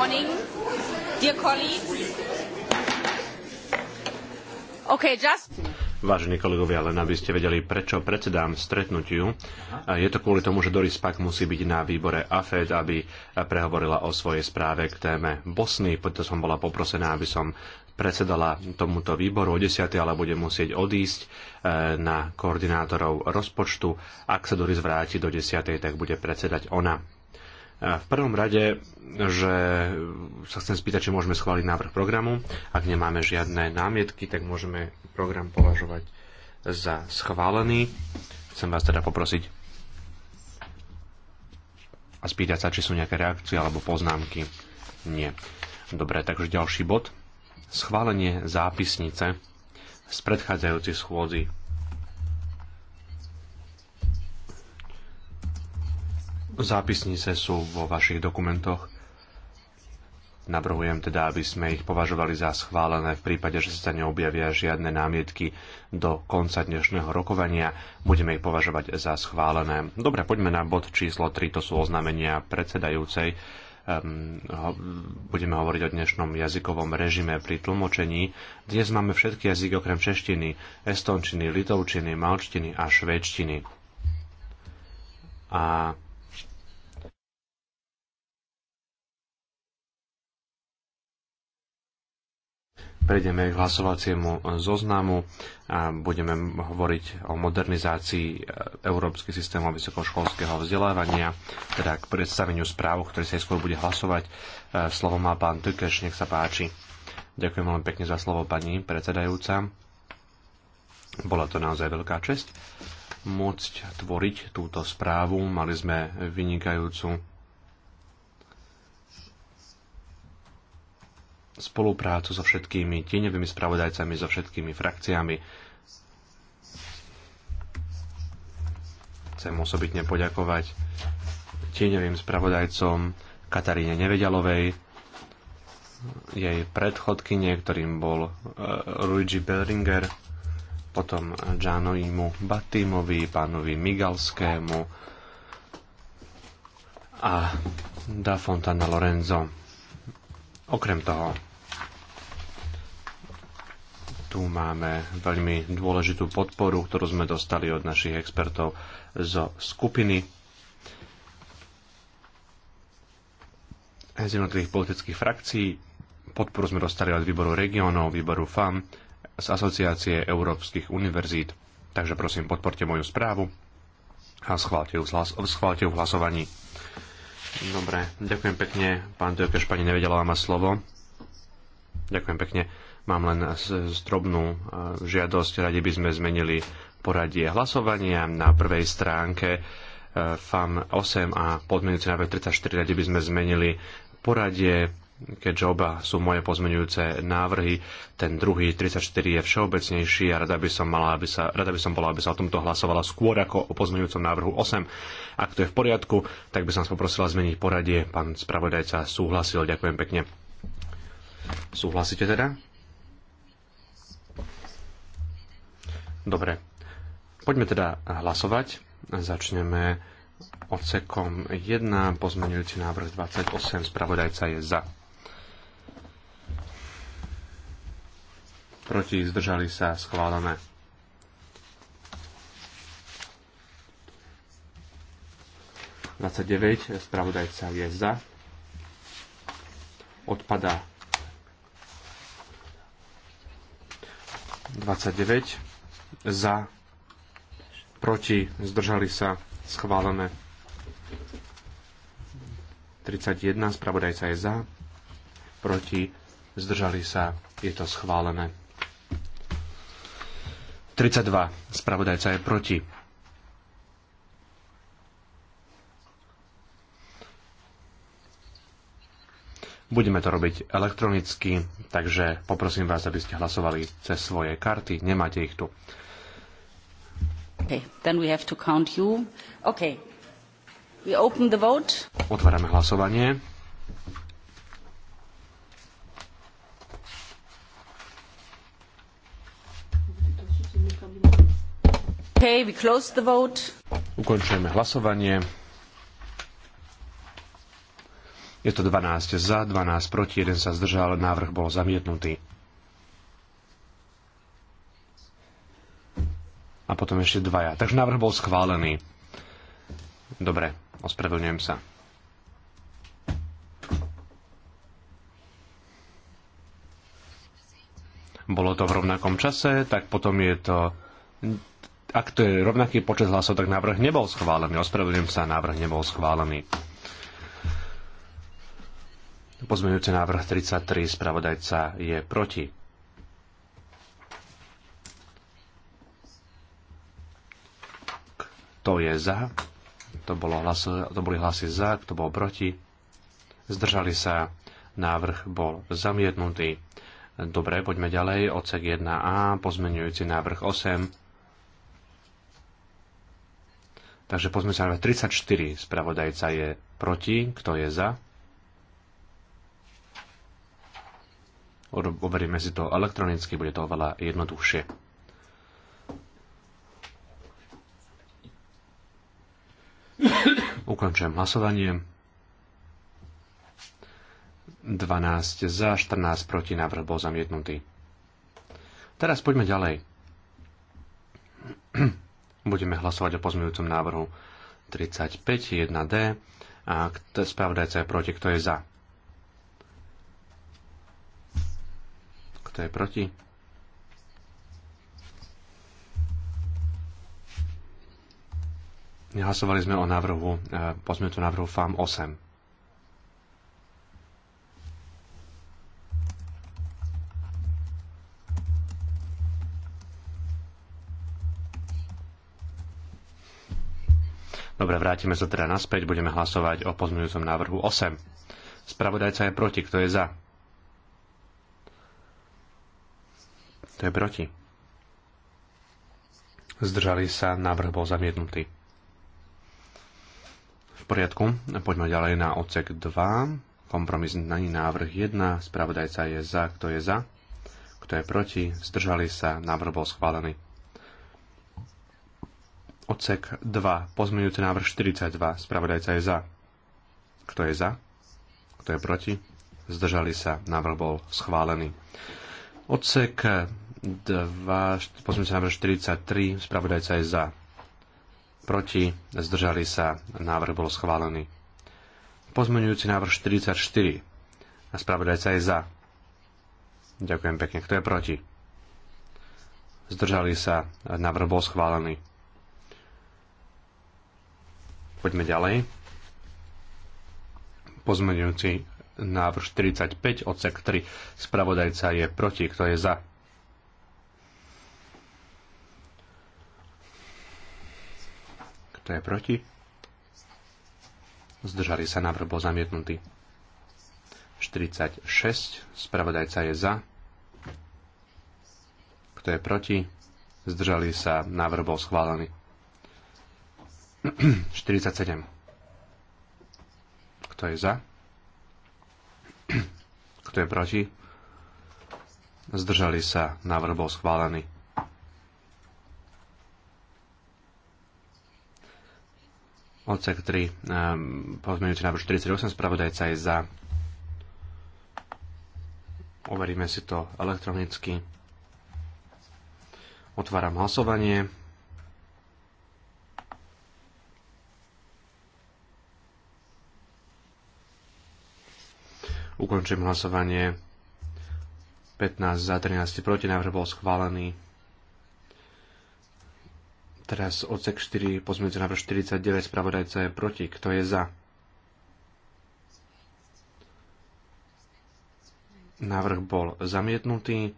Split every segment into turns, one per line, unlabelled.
morning, dear colleagues. Okay, just...
Vážení kolegovia, len aby ste vedeli, prečo predsedám stretnutiu. Je to kvôli tomu, že Doris Pak musí byť na výbore AFED, aby prehovorila o svojej správe k téme Bosny. Preto som bola poprosená, aby som predsedala tomuto výboru o 10. ale bude musieť odísť e, na koordinátorov rozpočtu. Ak sa Doris vráti do 10. tak bude predsedať ona. V prvom rade, že sa chcem spýtať, či môžeme schváliť návrh programu. Ak nemáme žiadne námietky, tak môžeme program považovať za schválený. Chcem vás teda poprosiť a spýtať sa, či sú nejaké reakcie alebo poznámky. Nie. Dobre, takže ďalší bod. Schválenie zápisnice z predchádzajúcich schôdzi Zápisnice sú vo vašich dokumentoch. Navrhujem teda, aby sme ich považovali za schválené v prípade, že sa neobjavia žiadne námietky do konca dnešného rokovania. Budeme ich považovať za schválené. Dobre, poďme na bod číslo 3, to sú oznámenia predsedajúcej. Ehm, budeme hovoriť o dnešnom jazykovom režime pri tlmočení. Dnes máme všetky jazyky okrem češtiny, estončiny, litovčiny, malčtiny a švédštiny. A prejdeme k hlasovaciemu eh, zoznamu a budeme hovoriť o modernizácii eh, Európskych systémov vysokoškolského vzdelávania, teda k predstaveniu správu, ktorý sa skôr bude hlasovať. Eh, slovo má pán Tykeš, nech sa páči. Ďakujem veľmi pekne za slovo, pani predsedajúca. Bola to naozaj veľká česť môcť tvoriť túto správu. Mali sme vynikajúcu spoluprácu so všetkými tieňovými spravodajcami, so všetkými frakciami. Chcem osobitne poďakovať tieňovým spravodajcom Kataríne Nevedialovej, jej predchodkyne, ktorým bol e, Luigi Bellinger, potom Gianoimu Batimovi, pánovi Migalskému a da Fontana Lorenzo. Okrem toho, tu máme veľmi dôležitú podporu, ktorú sme dostali od našich expertov zo skupiny z jednotlivých politických frakcií. Podporu sme dostali od výboru regionov, výboru FAM, z Asociácie európskych univerzít. Takže prosím, podporte moju správu a schválte ju, schválte ju v hlasovaní. Dobre, ďakujem pekne. Pán Dojokeš, pani nevedela má slovo. Ďakujem pekne. Mám len zdrobnú e, žiadosť, radi by sme zmenili poradie hlasovania na prvej stránke e, FAM 8 a podmenujúce návrh 34 radi by sme zmenili poradie keďže oba sú moje pozmenujúce návrhy. Ten druhý 34 je všeobecnejší a rada by som, mala, aby sa, rada by som bola, aby sa o tomto hlasovala skôr ako o pozmenujúcom návrhu 8. Ak to je v poriadku, tak by som vás poprosila zmeniť poradie. Pán spravodajca súhlasil, ďakujem pekne. Súhlasíte teda? Dobre, poďme teda hlasovať. Začneme odsekom 1, pozmenujúci návrh 28, spravodajca je za. Proti zdržali sa schválené. spravodajca je za. Odpadá 29 za, proti, zdržali sa, schválené. 31, spravodajca je za, proti, zdržali sa, je to schválené. 32, spravodajca je proti. Budeme to robiť elektronicky, takže poprosím vás, aby ste hlasovali cez svoje karty. Nemáte ich tu.
Otvárame
hlasovanie.
Okay, we close the vote.
Ukončujeme hlasovanie. Je to 12 za, 12 proti, 1 sa zdržal, návrh bol zamietnutý. a potom ešte dvaja. Takže návrh bol schválený. Dobre, ospravedlňujem sa. Bolo to v rovnakom čase, tak potom je to... Ak to je rovnaký počet hlasov, tak návrh nebol schválený. Ospravedlňujem sa, návrh nebol schválený. Pozmeňujúci návrh 33 spravodajca je proti. Kto je za? To, bolo hlas, to boli hlasy za, kto bol proti? Zdržali sa. Návrh bol zamietnutý. Dobre, poďme ďalej. Odsek 1a, pozmenujúci návrh 8. Takže pozme sa 34. Spravodajca je proti. Kto je za? Overíme si to elektronicky, bude to oveľa jednoduchšie. Ukončujem hlasovanie. 12 za, 14 proti, návrh bol zamietnutý. Teraz poďme ďalej. Budeme hlasovať o pozmeňujúcom návrhu 35 1D a spravodajca je proti, kto je za. Kto je proti? Hlasovali sme o návrhu, tu e, návrhu FAM 8. Dobre, vrátime sa teda naspäť. Budeme hlasovať o pozmeňujúcom návrhu 8. Spravodajca je proti. Kto je za? To je proti? Zdržali sa. Návrh bol zamietnutý poriadku, poďme ďalej na odsek 2. kompromis na návrh 1. Spravodajca je za, kto je za, kto je proti, zdržali sa, návrh bol schválený. Odsek 2. Pozmeňujúci návrh 42. Spravodajca je za. Kto je za? Kto je proti? Zdržali sa. Návrh bol schválený. Odsek 2. Pozmeňujúci návrh 43. Spravodajca je za proti, zdržali sa, návrh bol schválený. Pozmeňujúci návrh 44. A spravodajca je za. Ďakujem pekne. Kto je proti? Zdržali sa, návrh bol schválený. Poďme ďalej. Pozmeňujúci návrh 45 odsek 3. Spravodajca je proti, kto je za. Kto je proti? Zdržali sa. Návrh bol zamietnutý. 46. Spravodajca je za. Kto je proti? Zdržali sa. Návrh bol schválený. 47. Kto je za? Kto je proti? Zdržali sa. Návrh bol schválený. Odsek 3, ehm, pozmeňujúci návrh 48, spravodajca je za. Overíme si to elektronicky. Otváram hlasovanie. Ukončím hlasovanie. 15 za 13 proti návrh bol schválený. Teraz odsek 4, pozmeňte návrh 49, spravodajca je proti. Kto je za? Návrh bol zamietnutý.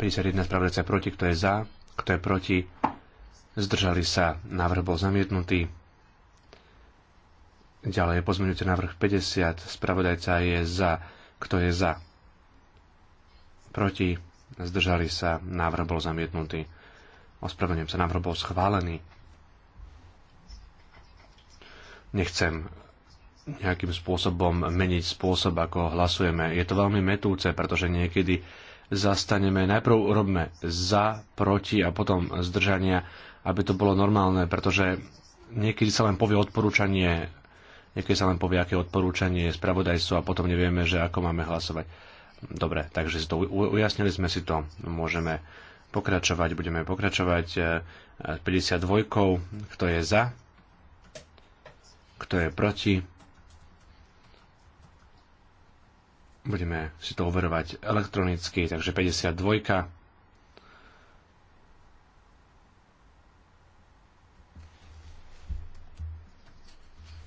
Prísad 1, spravodajca je proti. Kto je za? Kto je proti? Zdržali sa. Návrh bol zamietnutý. Ďalej pozmeňujúci návrh 50, spravodajca je za. Kto je za? proti, zdržali sa, návrh bol zamietnutý. Ospravedlňujem sa, návrh bol schválený. Nechcem nejakým spôsobom meniť spôsob, ako hlasujeme. Je to veľmi metúce, pretože niekedy zastaneme, najprv robme za, proti a potom zdržania, aby to bolo normálne, pretože niekedy sa len povie odporúčanie, niekedy sa len povie, aké odporúčanie je spravodajstvo a potom nevieme, že ako máme hlasovať. Dobre, takže to ujasnili sme si to. Môžeme pokračovať, budeme pokračovať 52, e, e, kto je za, kto je proti. Budeme si to overovať elektronicky, takže 52.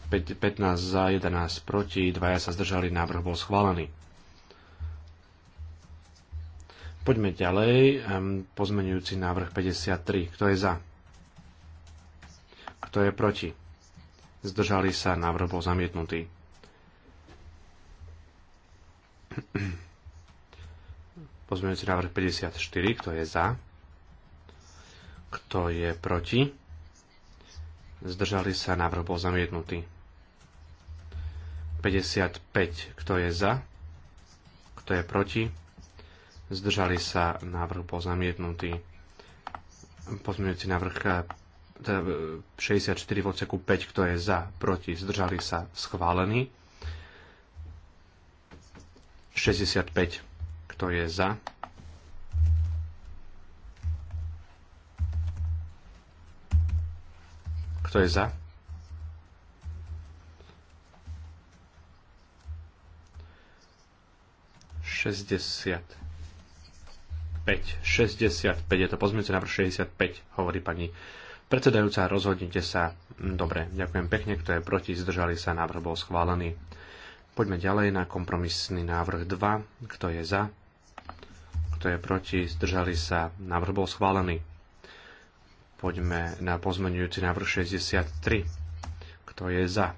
Pe 15 za, 11 proti, dvaja sa zdržali, návrh bol schválený. Poďme ďalej. Pozmenujúci návrh 53. Kto je za? Kto je proti? Zdržali sa. Návrh bol zamietnutý. Pozmenujúci návrh 54. Kto je za? Kto je proti? Zdržali sa. Návrh bol zamietnutý. 55. Kto je za? Kto je proti? zdržali sa, návrh bol zamietnutý. Pozmeňujúci návrh e, teda 64 e, v odseku 5, kto je za, proti, zdržali sa, schválený. 65, kto je za, Kto je za? Šesťdesiat 65, 65, je to pozmeňujúci návrh 65, hovorí pani predsedajúca, rozhodnite sa. Mm, dobre, ďakujem pekne, kto je proti, zdržali sa, návrh bol schválený. Poďme ďalej na kompromisný návrh 2, kto je za, kto je proti, zdržali sa, návrh bol schválený. Poďme na pozmeňujúci návrh 63, kto je za,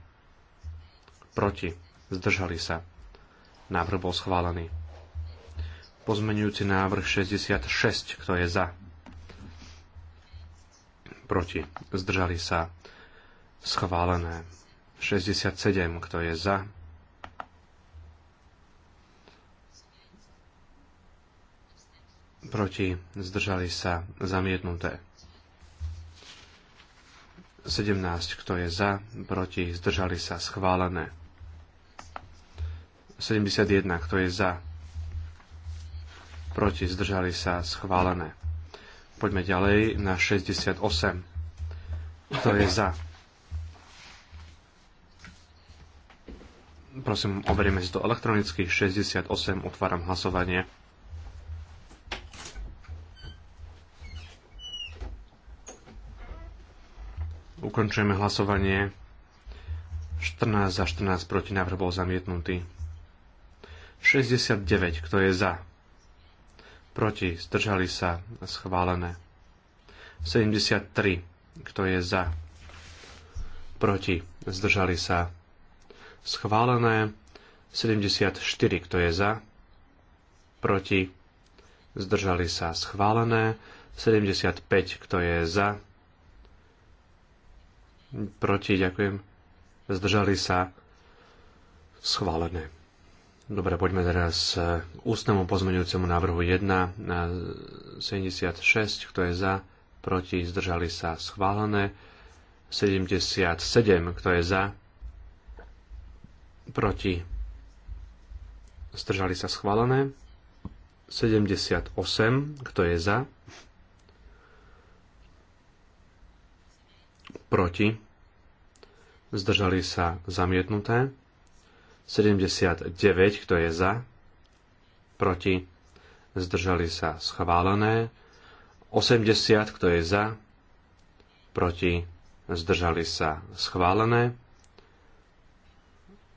proti, zdržali sa, návrh bol schválený. Pozmenujúci návrh 66. Kto je za? Proti. Zdržali sa. Schválené. 67. Kto je za? Proti. Zdržali sa. Zamietnuté. 17. Kto je za? Proti. Zdržali sa. Schválené. 71. Kto je za? proti zdržali sa schválené. Poďme ďalej na 68.
Kto je za?
Prosím, overieme si to elektronicky. 68, otváram hlasovanie. Ukončujeme hlasovanie. 14 za 14 proti návrh bol zamietnutý. 69, kto je za? proti, zdržali sa, schválené. 73, kto je za, proti, zdržali sa, schválené. 74, kto je za, proti, zdržali sa, schválené. 75, kto je za, proti, ďakujem, zdržali sa, schválené. Dobre, poďme teraz k ústnemu pozmeňujúcemu návrhu 1 na 76, kto je za, proti, zdržali sa schválené. 77, kto je za, proti, zdržali sa schválené. 78, kto je za, proti, zdržali sa zamietnuté. 79, kto je za, proti, zdržali sa schválené. 80, kto je za, proti, zdržali sa schválené.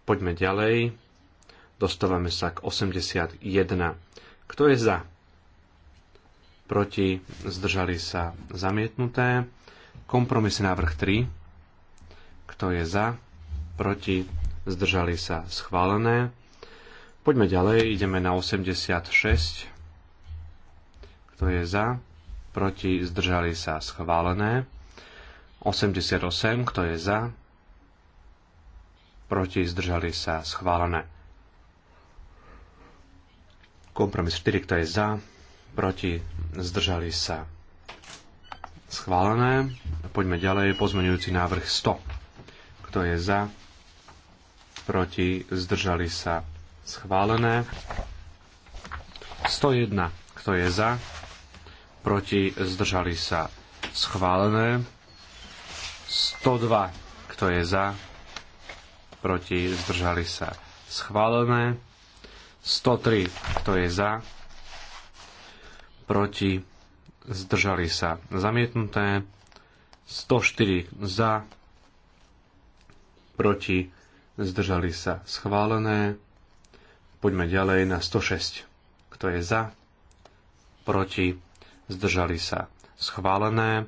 Poďme ďalej. Dostávame sa k 81. Kto je za? Proti, zdržali sa zamietnuté. Kompromisný návrh 3. Kto je za? Proti, zdržali sa schválené. Poďme ďalej, ideme na 86. Kto je za? Proti zdržali sa schválené. 88. Kto je za? Proti zdržali sa schválené. Kompromis 4. Kto je za? Proti zdržali sa schválené. Poďme ďalej. pozmeňujúci návrh 100. Kto je za? proti, zdržali sa schválené. 101, kto je za, proti, zdržali sa schválené. 102, kto je za, proti, zdržali sa schválené. 103, kto je za, proti, zdržali sa zamietnuté. 104 za, proti, zdržali sa schválené. Poďme ďalej na 106. Kto je za? Proti? Zdržali sa schválené.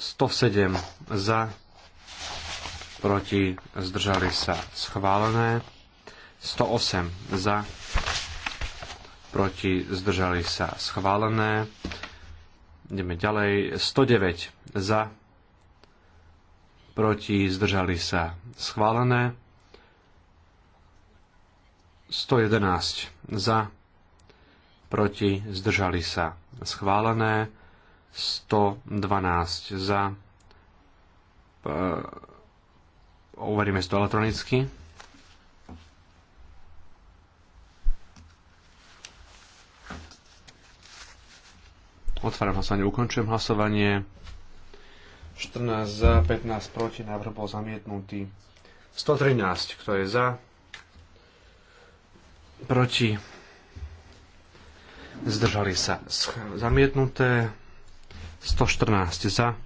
107 za, proti zdržali sa schválené. 108 za, proti zdržali sa schválené. Ideme ďalej. 109 za, proti, zdržali sa schválené. 111 za, proti, zdržali sa schválené. 112 za, overíme to elektronicky. Otváram hlasovanie, ukončujem hlasovanie. 14 za, 15 proti, návrh bol zamietnutý. 113, kto je za, proti, zdržali sa zamietnuté, 114 za,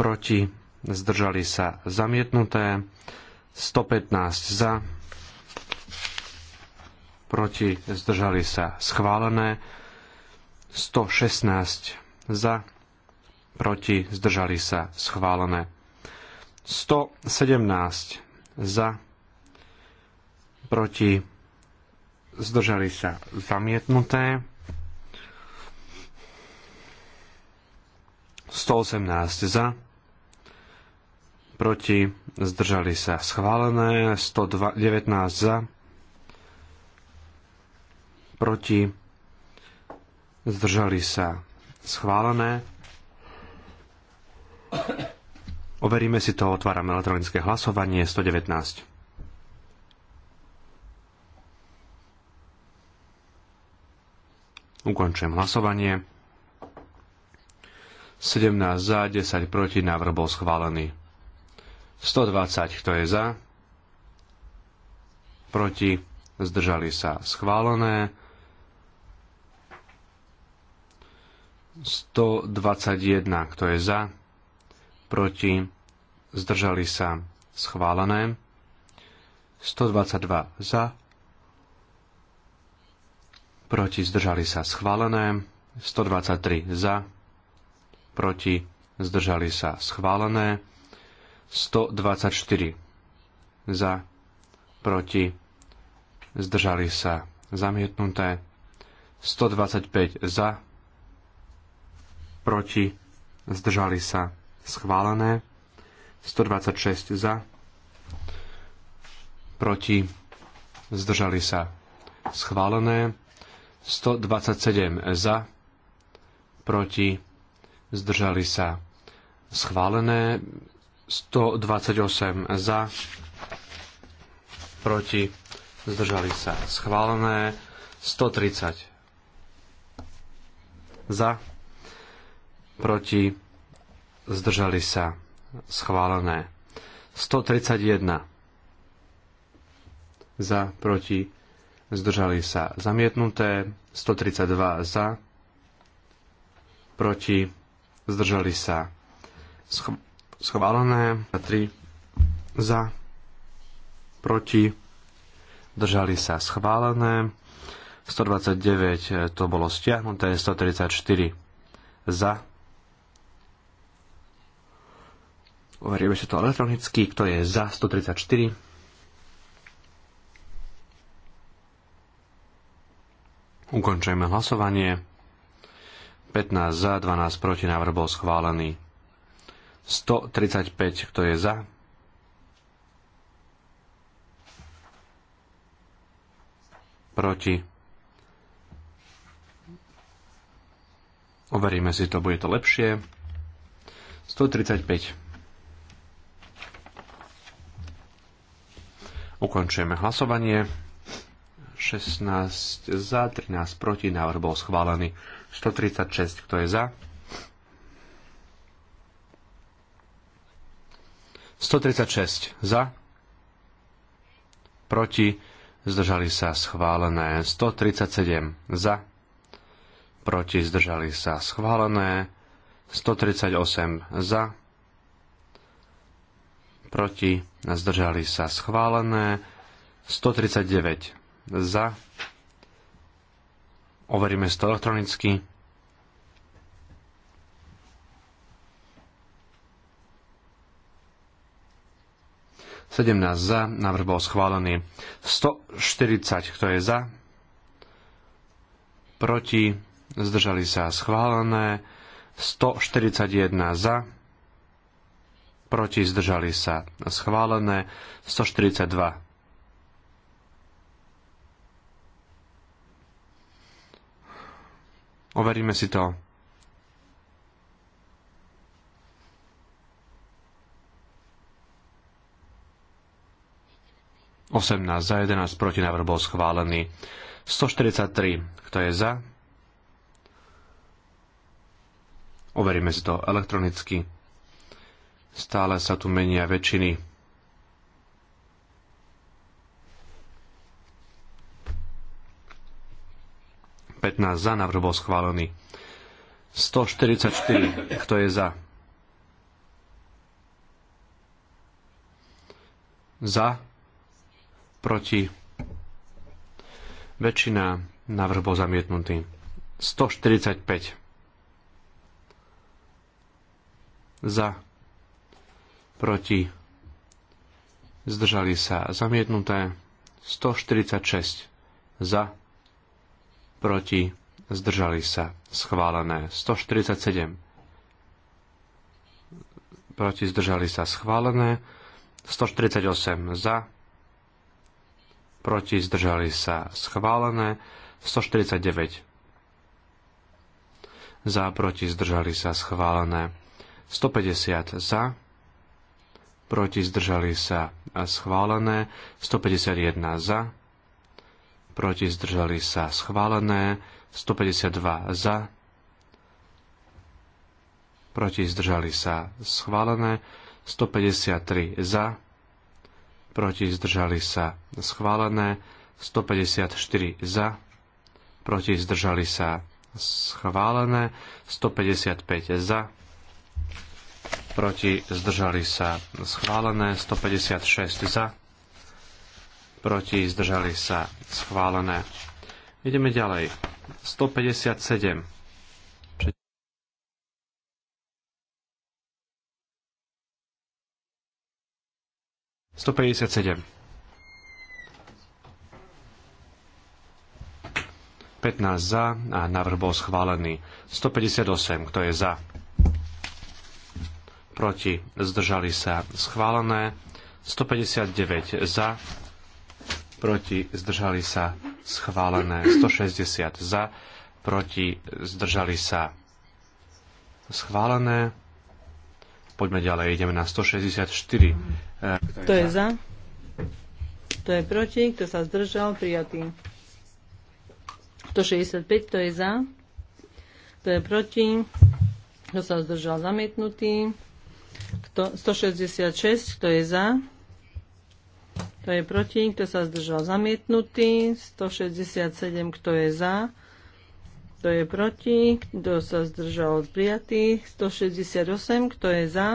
proti, zdržali sa zamietnuté, 115 za, proti, zdržali sa schválené, 116 za, proti, zdržali sa, schválené. 117 za, proti, zdržali sa, zamietnuté. 118 za, proti, zdržali sa, schválené. 119 za, proti, zdržali sa, schválené. Overíme si to, otváram elektronické hlasovanie 119. Ukončujem hlasovanie. 17 za, 10 proti, návrh bol schválený. 120, kto je za? Proti, zdržali sa schválené. 121, kto je za? proti, zdržali sa schválené, 122 za, proti, zdržali sa schválené, 123 za, proti, zdržali sa schválené, 124 za, proti, zdržali sa zamietnuté, 125 za, proti, zdržali sa schválené. 126 za, proti, zdržali sa, schválené. 127 za, proti, zdržali sa, schválené. 128 za, proti, zdržali sa, schválené. 130 za, proti, zdržali sa, schválené. 131 za, proti, zdržali sa, zamietnuté. 132 za, proti, zdržali sa, schválené. 3 za, proti, držali sa schválené. 129 to bolo stiahnuté, 134 za, Overíme si to elektronicky. Kto je za 134? Ukončujeme hlasovanie. 15 za, 12 proti, návrh bol schválený. 135, kto je za? Proti. Overíme si to, bude to lepšie. 135. Ukončujeme hlasovanie. 16 za, 13 proti, návrh bol schválený. 136, kto je za? 136 za, proti, zdržali sa schválené. 137 za, proti, zdržali sa schválené. 138 za, proti, zdržali sa schválené, 139 za, overíme to elektronicky. Sedemnáct za, návrh bol schválený. 140, kto je za? Proti, zdržali sa schválené. 141 za, proti zdržali sa schválené 142. Overíme si to. Osemnáct za 11 proti návrh bol schválený. 143. Kto je za? Overíme si to elektronicky. Stále sa tu menia väčšiny. za návrh bol schválený. 144. Kto je za? Za? Proti? Väčšina návrh bol zamietnutý. 145. Za? proti, zdržali sa zamietnuté, 146 za, proti, zdržali sa schválené, 147 proti, zdržali sa schválené, 148 za, proti, zdržali sa schválené, 149 za, proti, zdržali sa schválené, 150 za, proti zdržali sa schválené, 151 za, proti zdržali sa schválené, 152 za, proti zdržali sa schválené, 153 za, proti zdržali sa schválené, 154 za, proti zdržali sa schválené, 155 za, proti, zdržali sa schválené, 156 za, proti, zdržali sa schválené. Ideme ďalej.
157. Sto päťdesiat sedem.
Pätnásť za a návrh bol schválený. Sto päťdesiat osem. Kto je za? proti, zdržali sa schválené, 159 za, proti, zdržali sa schválené, 160 za, proti, zdržali sa schválené. Poďme ďalej, ideme na 164. E, kto je
za? Kto je proti? Kto sa zdržal? Prijatý. 165, kto je za? Kto je proti? Kto sa zdržal? Zamietnutý. Kto, 166, kto je za? Kto je proti? Kto sa zdržal? Zamietnutý. 167, kto je za? Kto je proti? Kto sa zdržal? Prijatý. 168, kto je za?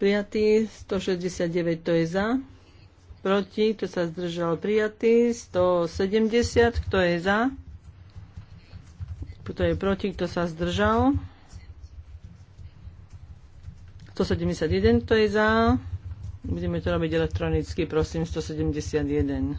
Prijatý. 169, kto je za? Proti, kto sa zdržal? Prijatý. 170, kto je za? Kto je proti? Kto sa zdržal? 171, to je za. Budeme to robiť elektronicky, prosím, 171.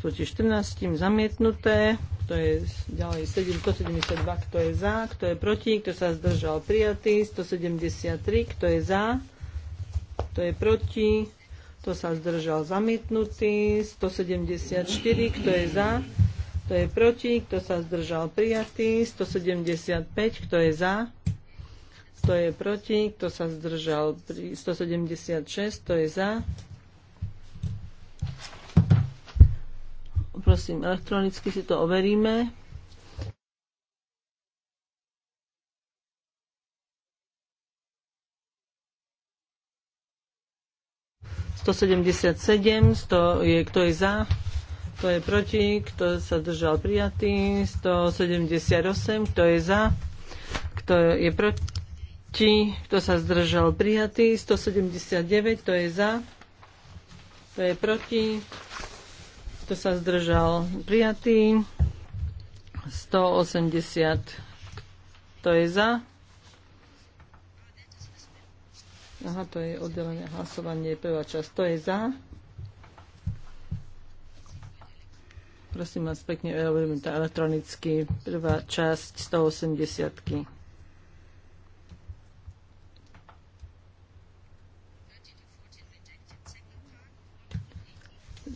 proti 14, 14 zamietnuté, kto je ďalej 7, 172, kto je za, kto je proti, kto sa zdržal prijatý, 173, kto je za, kto je proti, kto sa zdržal zamietnutý, 174, kto je za, kto je proti, kto sa zdržal prijatý, 175, kto je za, kto je proti, kto sa zdržal, 176, kto je za. Prosím, elektronicky si to overíme. Sto sedemdesiat sedem, kto je za? kto je proti, kto sa držal prijatý, 178, kto je za, kto je proti, kto sa zdržal prijatý, 179, kto je za, kto je proti, kto sa zdržal prijatý, 180, kto je za, Aha, to je oddelené hlasovanie, prvá časť, to je za. Prosím vás pekne, ja budem elektronicky. Prvá časť 180. -ky.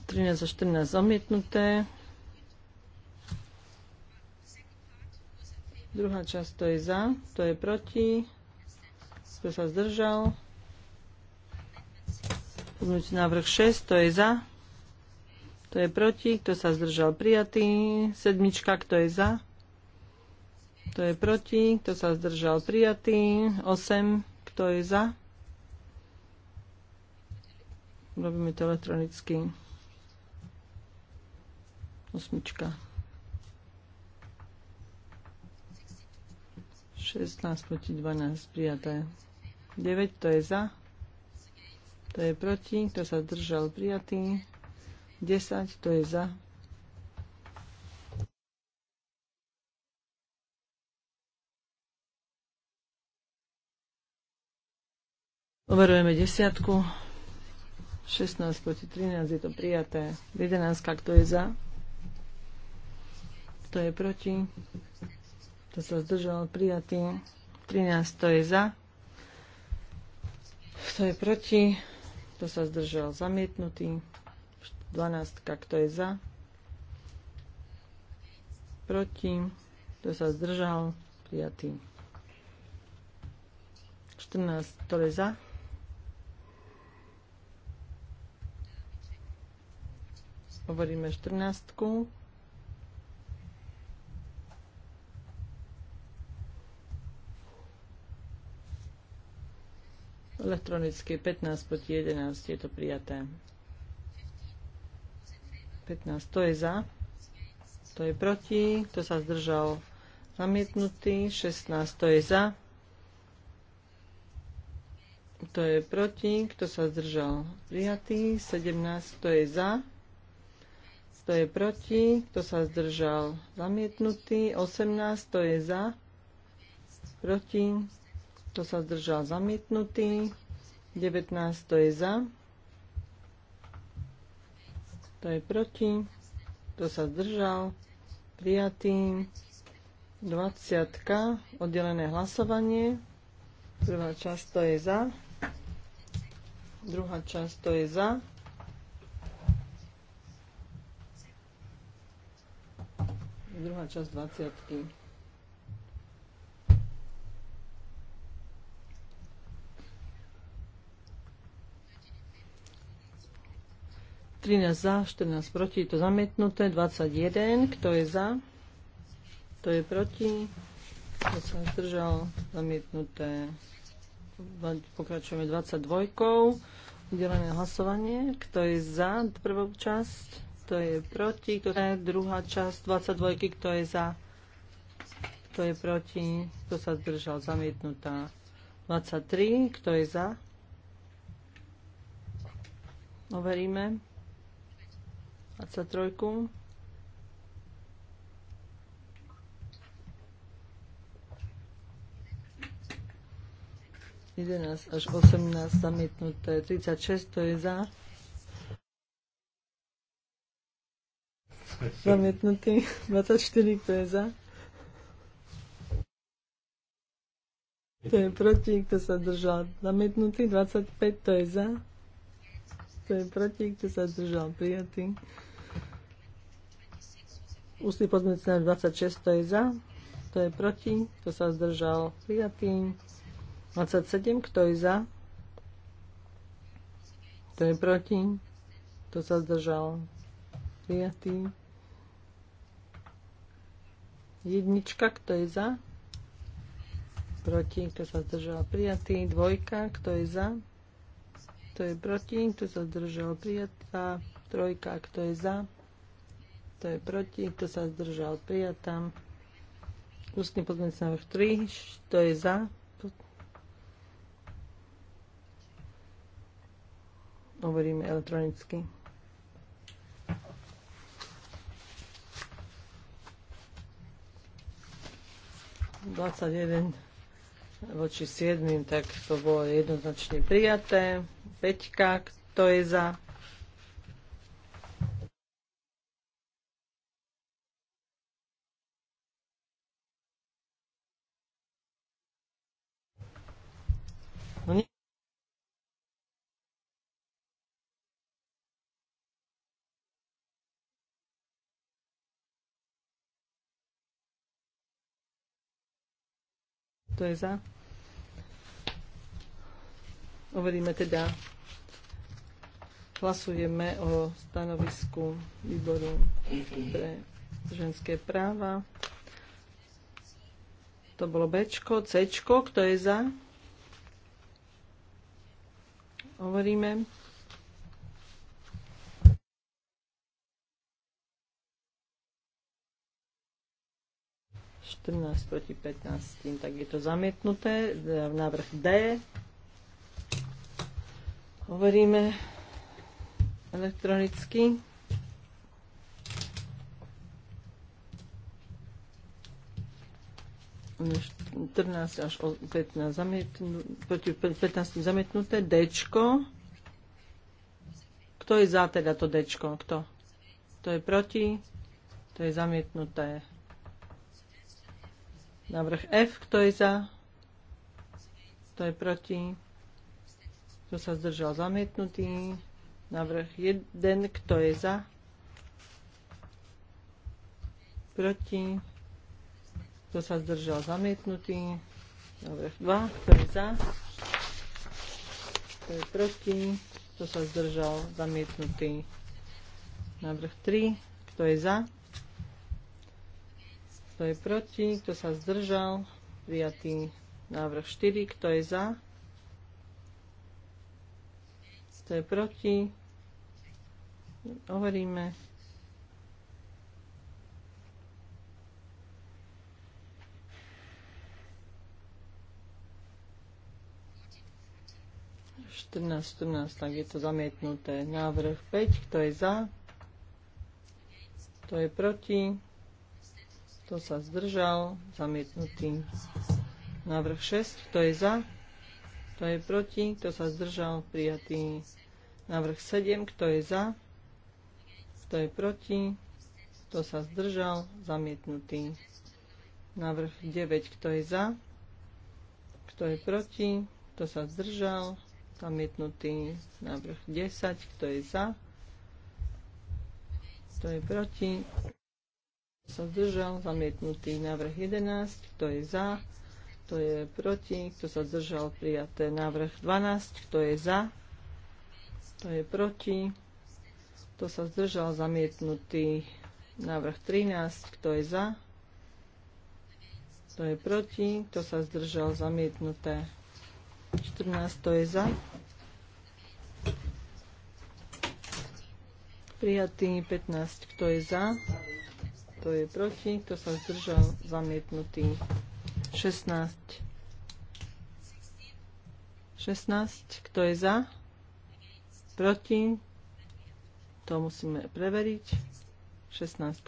13 a 14 zamietnuté. Druhá časť to je za, to je proti. Kto sa zdržal? Pozmite návrh 6, to je za. Kto je proti? Kto sa zdržal? Prijatý. Sedmička. Kto je za? Kto je proti? Kto sa zdržal? Prijatý. 8. Kto je za? Robíme to elektronicky. Osmička. 16 proti 12. Prijaté. 9. to je za? to je proti? Kto sa zdržal? Prijatý. 10, to je za. Overujeme desiatku. 16 proti 13 je to prijaté. 11, kto je za? Kto je proti? Kto sa zdržal? Prijatý. 13, to je za. Kto je proti? Kto sa zdržal? Zamietnutý. 12. Kto je za? Proti? Kto sa zdržal? Prijatý. 14. Kto je za? Hovoríme 14. -ku. Elektronicky 15 proti 11 je to prijaté. 15. To je za. To je proti. Kto sa zdržal? Zamietnutý. 16. To je za. To je proti. Kto sa zdržal? Prijatý. 17. To je za. To je proti. Kto sa zdržal? Zamietnutý. 18. To je za. Proti. Kto sa zdržal? Zamietnutý. 19. To je za kto je proti? Kto sa zdržal? Prijatý. 20. Oddelené hlasovanie. Prvá časť to je za. Druhá časť to je za. Druhá časť 20. 13 za, 14 proti, to zamietnuté. 21, kto je za? Kto je proti? Kto sa zdržal? Zamietnuté. Pokračujeme 22. Udelené hlasovanie. Kto je za prvú časť? Kto je proti? Kto je druhá časť 22. Kto je za? Kto je proti? Kto sa zdržal? Zamietnutá. 23. Kto je za? Overíme. 23. Jedenáct až 18 zamietnuté. 36 to je za. Zamietnutý. 24 to je za. To je proti, kto sa držal. Zamietnutý. 25 to je za kto je proti, kto sa držal prijatý. Ústny pozmeňujúci návrh 26, to je za, kto je proti, kto sa zdržal prijatý. 27, kto je za, kto je proti, kto sa zdržal prijatý. Jednička, kto je za? Proti, kto sa zdržal? Prijatý. Dvojka, kto je za? kto je proti, kto sa zdržal prijatá, trojka, kto je za, kto je proti, kto sa zdržal prijatá, ústny pozmeňujúci návrh 3, kto je za, hovoríme elektronicky. Dvadsať jeden voči siedmim, tak to bolo jednoznačne prijaté. Peťka, kto je za? No kto je za? hovoríme teda, hlasujeme o stanovisku výboru pre ženské práva. To bolo B, C, kto je za? Hovoríme. proti 15, tak je to zamietnuté. Návrh D, Hovoríme elektronicky. No, 14 až 15 zamietnuté, proti 15 zamietnuté, D. Kto je za teda to D? Kto? Kto je proti? To je zamietnuté. Návrh F, kto je za? To je proti? Kto sa zdržal zamietnutý? Navrh 1. Kto je za? Proti? Kto sa zdržal zamietnutý? Navrh 2. Kto je za? Kto je proti? Kto sa zdržal zamietnutý? Navrh 3. Kto je za? Kto je proti? Kto sa zdržal? Prijatý návrh 4. Kto je za? kto je proti. Overíme. Štrnáct, štrnáct, tak je to zamietnuté. Návrh 5, kto je za? Kto je proti? Kto sa zdržal? Zamietnutý. Návrh 6, kto je za? Kto je proti? Kto sa zdržal? Prijatý. Návrh 7. Kto je za? Kto je proti? Kto sa zdržal? Zamietnutý. Návrh 9. Kto je za? Kto je proti? Kto sa zdržal? Zamietnutý. Návrh 10. Kto je za? Kto je proti? Kto sa zdržal? Zamietnutý. Návrh 11. Kto je za? kto je proti, kto sa zdržal prijaté. Návrh 12, kto je za, kto je proti, kto sa zdržal zamietnutý. Návrh 13, kto je za, kto je proti, kto sa zdržal zamietnuté. 14, kto je za. Prijatý 15, kto je za, kto je proti, kto sa zdržal zamietnutý. 16. 16. Kto je za? Proti? To musíme preveriť. 16.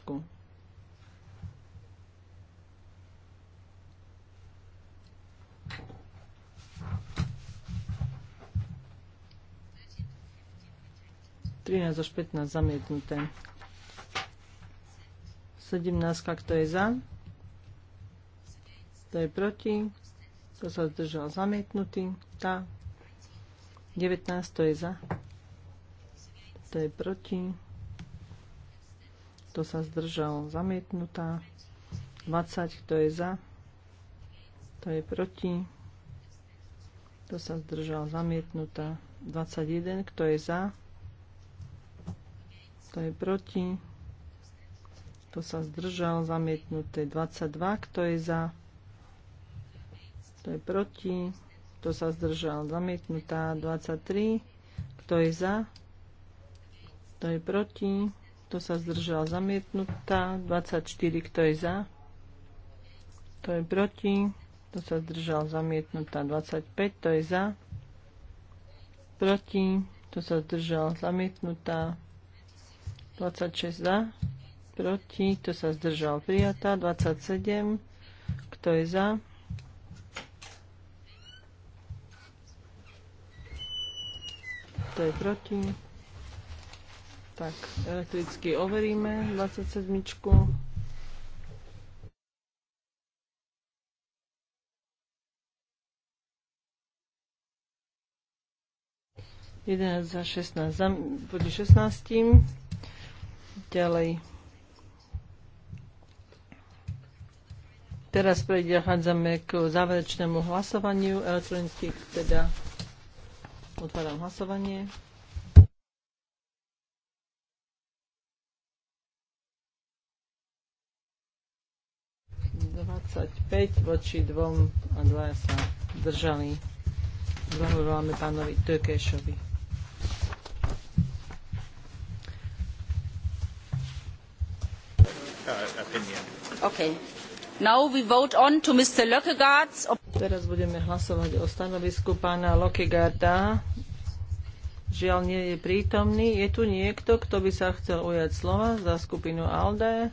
Trinásť až 15 zamietnuté. 17, kto je za? Kto je proti, to sa zdržal zamietnutý, tá. 19 to je za, to je proti, to sa zdržal zamietnutá, 20 kto je za, Kto je proti, to sa zdržal zamietnutá, 21 kto je za, to je proti, to sa zdržal zamietnuté, 22 kto je za, kto je proti? Kto sa zdržal? Zamietnutá 23. Kto je za? Kto je proti? Kto sa zdržal? Zamietnutá 24. Kto je za? Kto je proti? Kto sa zdržal? Zamietnutá 25. Kto je za? Proti? Kto sa zdržal? Zamietnutá 26 za? Proti? Kto sa zdržal? Prijatá 27. Kto je za? kto je proti. Tak, elektricky overíme 27. Jeden za 16. Za, proti 16. Ďalej. Teraz prechádzame k záverečnému hlasovaniu elektronických teda Otváram hlasovanie. voči dvom a dvaja sa držali. Blahovoláme pánovi Tökešovi.
Uh,
okay. Teraz budeme hlasovať o stanovisku pána Lokegarda. Žiaľ, nie je prítomný. Je tu niekto, kto by sa chcel ujať slova za skupinu ALDE?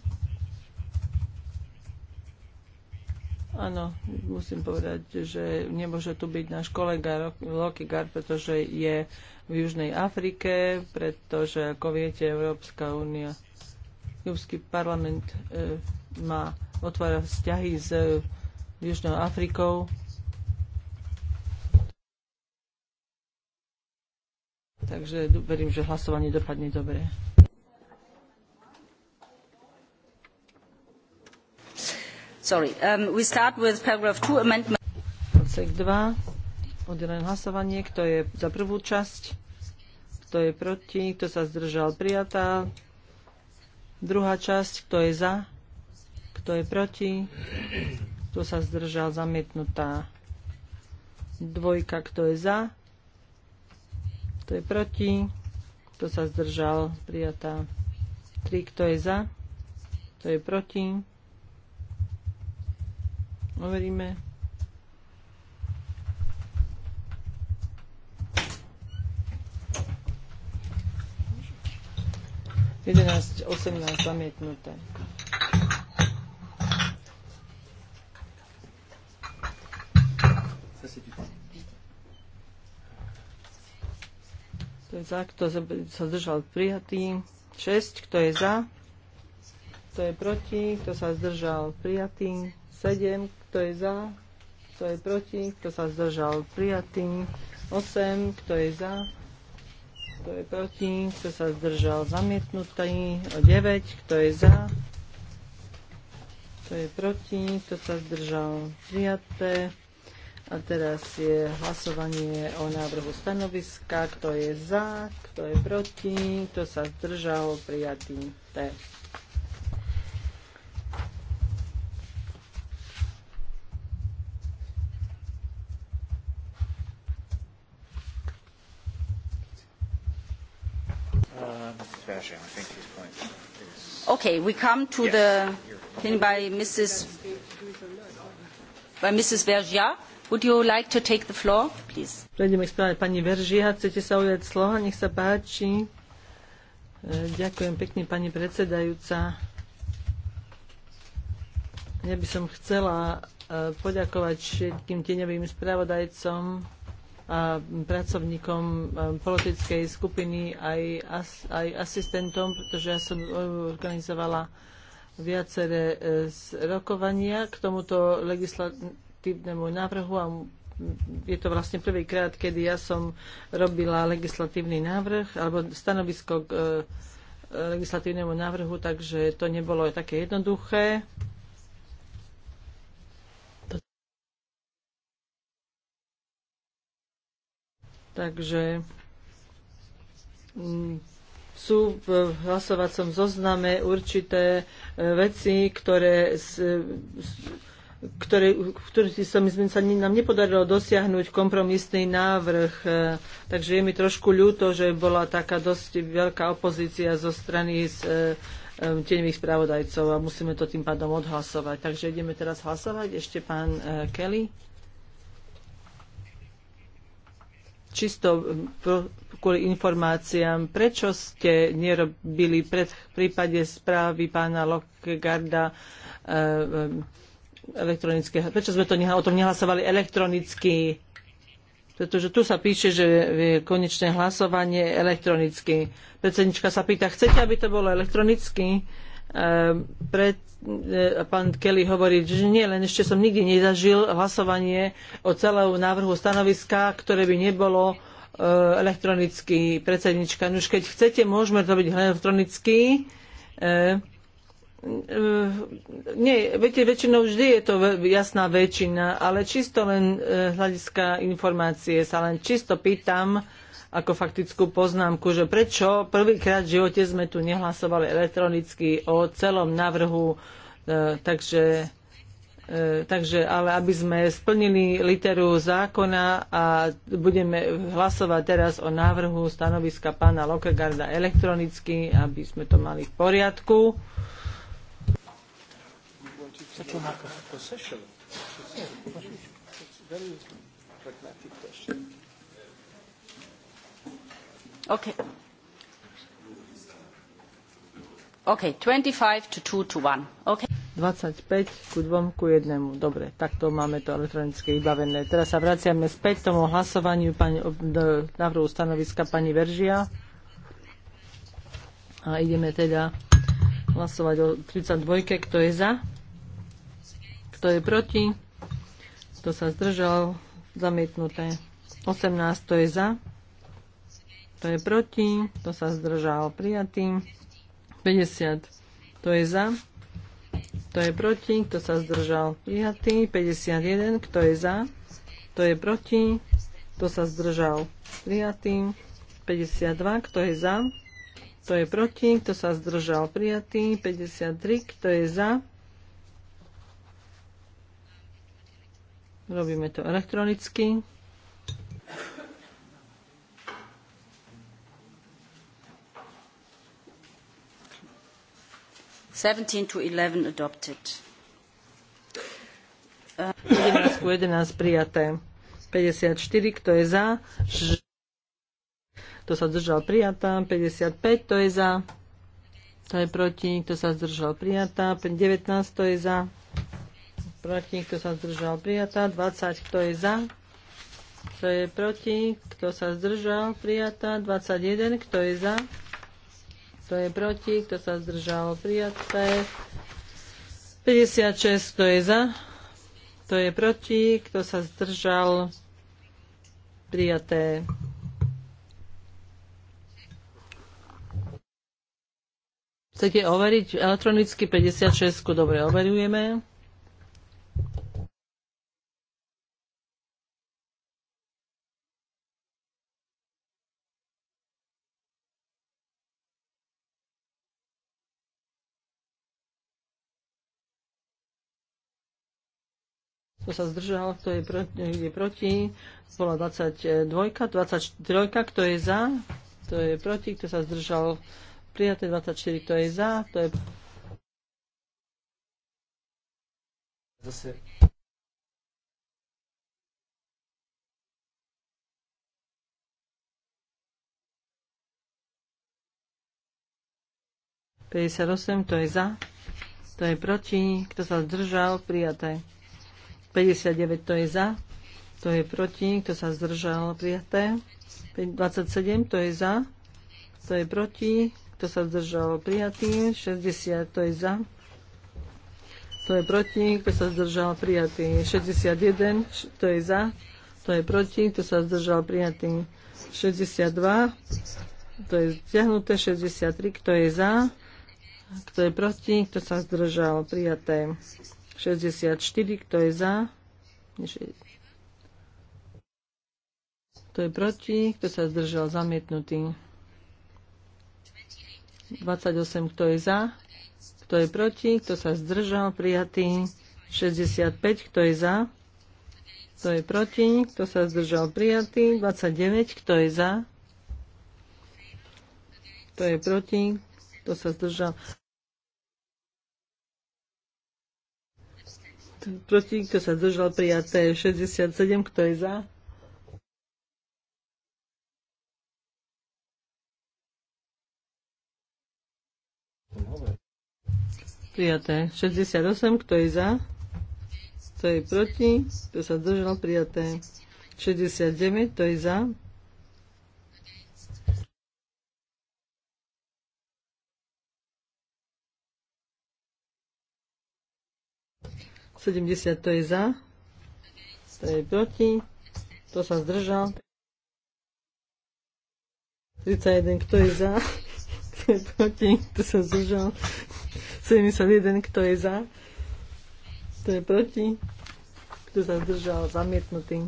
Áno, musím povedať, že nemôže tu byť náš kolega Lokigard, pretože je v Južnej Afrike, pretože, ako viete, Európska únia, Európsky parlament e, má, otvára vzťahy s e, Južnou Afrikou. Takže verím, že hlasovanie dopadne dobre. Sorry. Um, we start with paragraph amendment. Odsek 2. Oddelené hlasovanie. Kto je za prvú časť? Kto je proti? Kto sa zdržal? Prijatá. Druhá časť. Kto je za? Kto je proti? Kto sa zdržal? Zamietnutá. Dvojka. Kto je za? Kto je proti? Kto sa zdržal? Prijatá. Tri. Kto je za? Kto je proti? Overíme. Jedenáct, osemnáct zamietnuté. Ça, c'est du temps. Kto je za, kto sa zdržal prijatý. 6, kto je za, kto je proti, kto sa zdržal prijatý. 7, kto je za, kto je proti, kto sa zdržal prijatý. 8, kto je za, kto je proti, kto sa zdržal zamietnutý. 9, kto je za, kto je proti, kto sa zdržal prijaté. A teraz je hlasovanie o návrhu stanoviska. Kto je za, kto je proti, kto sa zdržal, prijatý T.
Okay, we come to the thing by Mrs. by Mrs. Vergia. Would you like to take the floor,
please? Prejdeme k správe pani Veržia. Chcete sa ujať slova? Nech sa páči. E, ďakujem pekne, pani predsedajúca. Ja by som chcela e, poďakovať všetkým tieňovým spravodajcom a pracovníkom e, politickej skupiny aj, as, aj asistentom, pretože ja som organizovala viaceré rokovania k tomuto legisla- legislatívnemu návrhu a je to vlastne prvýkrát, kedy ja som robila legislatívny návrh alebo stanovisko k e, legislatívnemu návrhu, takže to nebolo také jednoduché. Takže mm, sú v hlasovacom zozname určité e, veci, ktoré ktoré, ktorý som, sme sa, nám nepodarilo dosiahnuť kompromisný návrh. E, takže je mi trošku ľúto, že bola taká dosť veľká opozícia zo strany z, e, e, tieňových spravodajcov a musíme to tým pádom odhlasovať. Takže ideme teraz hlasovať. Ešte pán Kelly. Čisto kvôli informáciám, prečo ste nerobili pred, v prípade správy pána Lokegarda e, e, elektronické. Prečo sme to neha, o tom nehlasovali elektronicky? Pretože tu sa píše, že je konečné hlasovanie elektronicky. Predsednička sa pýta, chcete, aby to bolo elektronicky? E, pred, e, pán Kelly hovorí, že nie, len ešte som nikdy nezažil hlasovanie o celom návrhu stanoviska, ktoré by nebolo uh, elektronicky predsednička. No už keď chcete, môžeme to byť elektronicky. E, E, nie, viete, väčšinou vždy je to jasná väčšina, ale čisto len e, hľadiska informácie sa len čisto pýtam ako faktickú poznámku, že prečo prvýkrát v živote sme tu nehlasovali elektronicky o celom návrhu, e, takže takže ale aby sme splnili literu zákona a budeme hlasovať teraz o návrhu stanoviska pána Lokegarda elektronicky, aby sme to mali v poriadku such a matter.
possession. It's a
very pragmatic question. Okay.
Okay, 25 to 2 to 1. Okay.
25 ku 2 ku 1. Dobre, takto máme to elektronické vybavené. Teraz sa vraciame späť k tomu hlasovaniu pani, návrhu stanoviska pani Veržia. A ideme teda hlasovať o 32, kto je za. Kto je proti? Kto sa zdržal? Zamietnuté. 18. to je za? to je proti? Kto sa zdržal? Prijatý. 50. to je za? to je proti? Kto sa zdržal? Prijatý. 51. Kto je za? to je proti? Kto sa zdržal? Prijatý. 52. Kto je za? To je proti? Kto sa zdržal? Prijatý. 53. Kto je za? Robíme to elektronicky.
Seventeen to eleven 11
prijaté. 54, kto je za? Kto sa zdržal prijatá? 55, kto je za? Kto je proti? Kto sa zdržal prijatá? 19, kto je za? proti, kto sa zdržal, prijatá. 20, kto je za, kto je proti, kto sa zdržal, prijatá. 21, kto je za, kto je proti, kto sa zdržal, prijaté. 56, kto je za, kto je proti, kto sa zdržal, prijaté. Chcete overiť elektronicky 56? Dobre, overujeme. Kto sa zdržal, kto je proti, je proti. Bola 22, 23, kto je za, kto je proti, kto sa zdržal, prijaté 24, kto je za, kto je... Zase kto je za, kto je proti, kto sa zdržal, prijaté. 59 to je za, to je proti, kto sa zdržal, prijaté. 27 to je za, to je proti, kto sa zdržal, prijatý. 60 to je za, to je proti, kto sa zdržal, prijatý. 61 to je za, to je proti, kto sa zdržal, prijatý. 62 to je zťahnuté, 63 kto je za, kto je proti, kto sa zdržal, prijaté. 64, kto je za? Kto je proti? Kto sa zdržal? Zamietnutý. 28, kto je za? Kto je proti? Kto sa zdržal? Prijatý. 65, kto je za? Kto je proti? Kto sa zdržal? Prijatý. 29, kto je za? Kto je proti? Kto sa zdržal? proti, kto sa zdržal prijaté 67, kto je za? Prijaté 68, kto je za? Kto je proti? Kto sa zdržal prijaté 69, kto je za? 70 to je za, to je proti, to sa zdržal. 31, kto je za, kto je proti, kto sa zdržal. 71, kto je za, kto je proti, kto sa zdržal, zamietnutý.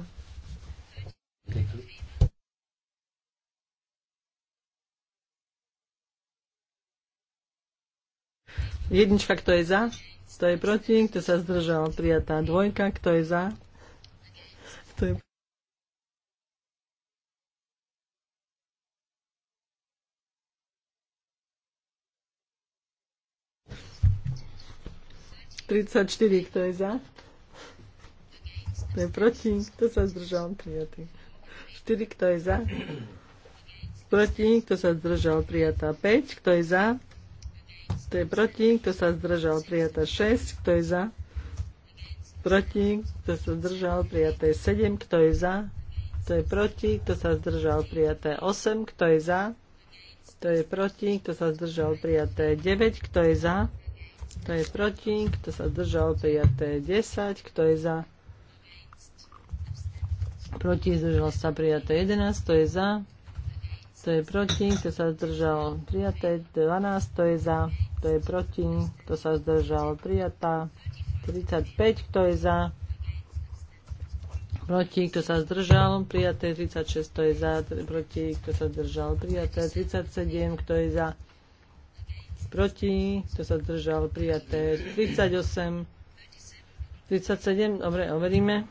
Jednička, kto je za, kto je proti? Kto sa zdržal? Prijatá dvojka. Kto je za? Kto je... Kto je za? Kto je proti? Kto sa zdržal? Prijatý. Štyri. Kto je za? Proti? Kto sa zdržal? Prijatá. Päť. Kto je za? kto je proti, kto sa zdržal, prijaté 6, kto je za, proti, kto sa zdržal, prijaté 7, kto je za, kto je proti, kto sa zdržal, prijaté 8, kto je za, kto je proti, kto sa zdržal, prijaté 9, kto je za, kto je proti, kto sa zdržal, prijaté 10, kto je za, proti, zdržal sa, prijaté 11, kto je za, kto je proti, kto sa zdržal, prijaté 12, kto je za, kto je proti, kto sa zdržal, prijatá. 35, kto je za, proti, kto sa zdržal, prijaté. 36, kto je za, proti, kto sa zdržal, prijaté. 37, kto je za, proti, kto sa zdržal, prijaté. 38, 37, dobre, overíme.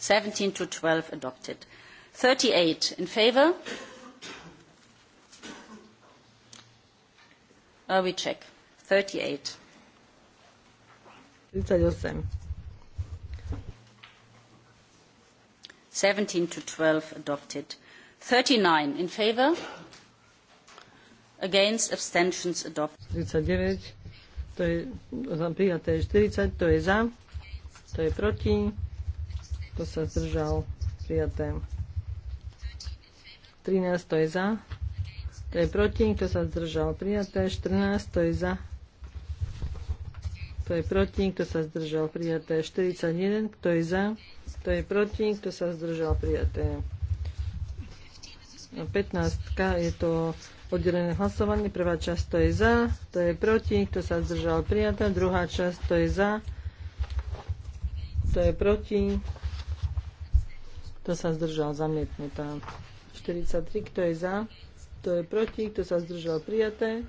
seventeen to twelve adopted thirty eight in favour uh, we check thirty eight seventeen to twelve adopted thirty nine in favour against abstentions adopted
to je prijaté 40, to je za, to je proti, to sa zdržal prijaté. 13 to je za. To je proti. Kto sa zdržal? Prijaté. 14 to je za. To je proti. Kto sa zdržal? Prijaté. 41. Kto je za? To je proti. Kto sa zdržal? Prijaté. 15 je to oddelené hlasovanie. Prvá časť to je za. To je proti. Kto sa zdržal? prijaté, Druhá časť to je za. To je proti. to sa zdržal? Zamietnutá. 43, kto je za, kto je proti, kto sa zdržal prijaté.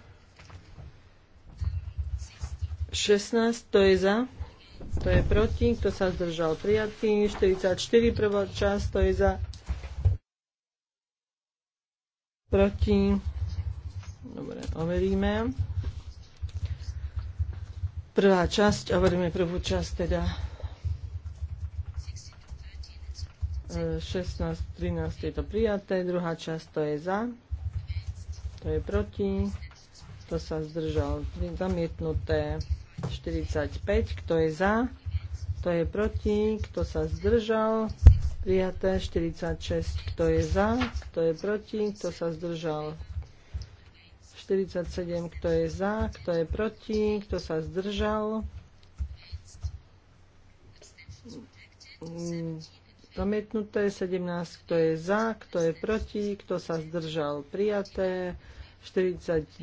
16, kto je za, kto je proti, kto sa zdržal prijatý. 44, prvá časť, kto je za, proti. Dobre, overíme. Prvá časť, overíme prvú časť teda. 16, 13 je to prijaté, druhá časť to je za, to je proti, to sa zdržal, zamietnuté 45, kto je za, kto je proti, kto sa zdržal, prijaté 46, kto je za, kto je proti, kto sa zdržal, 47, kto je za, kto je proti, kto sa zdržal. Mm, zamietnuté, 17, kto je za, kto je proti, kto sa zdržal, prijaté, 49,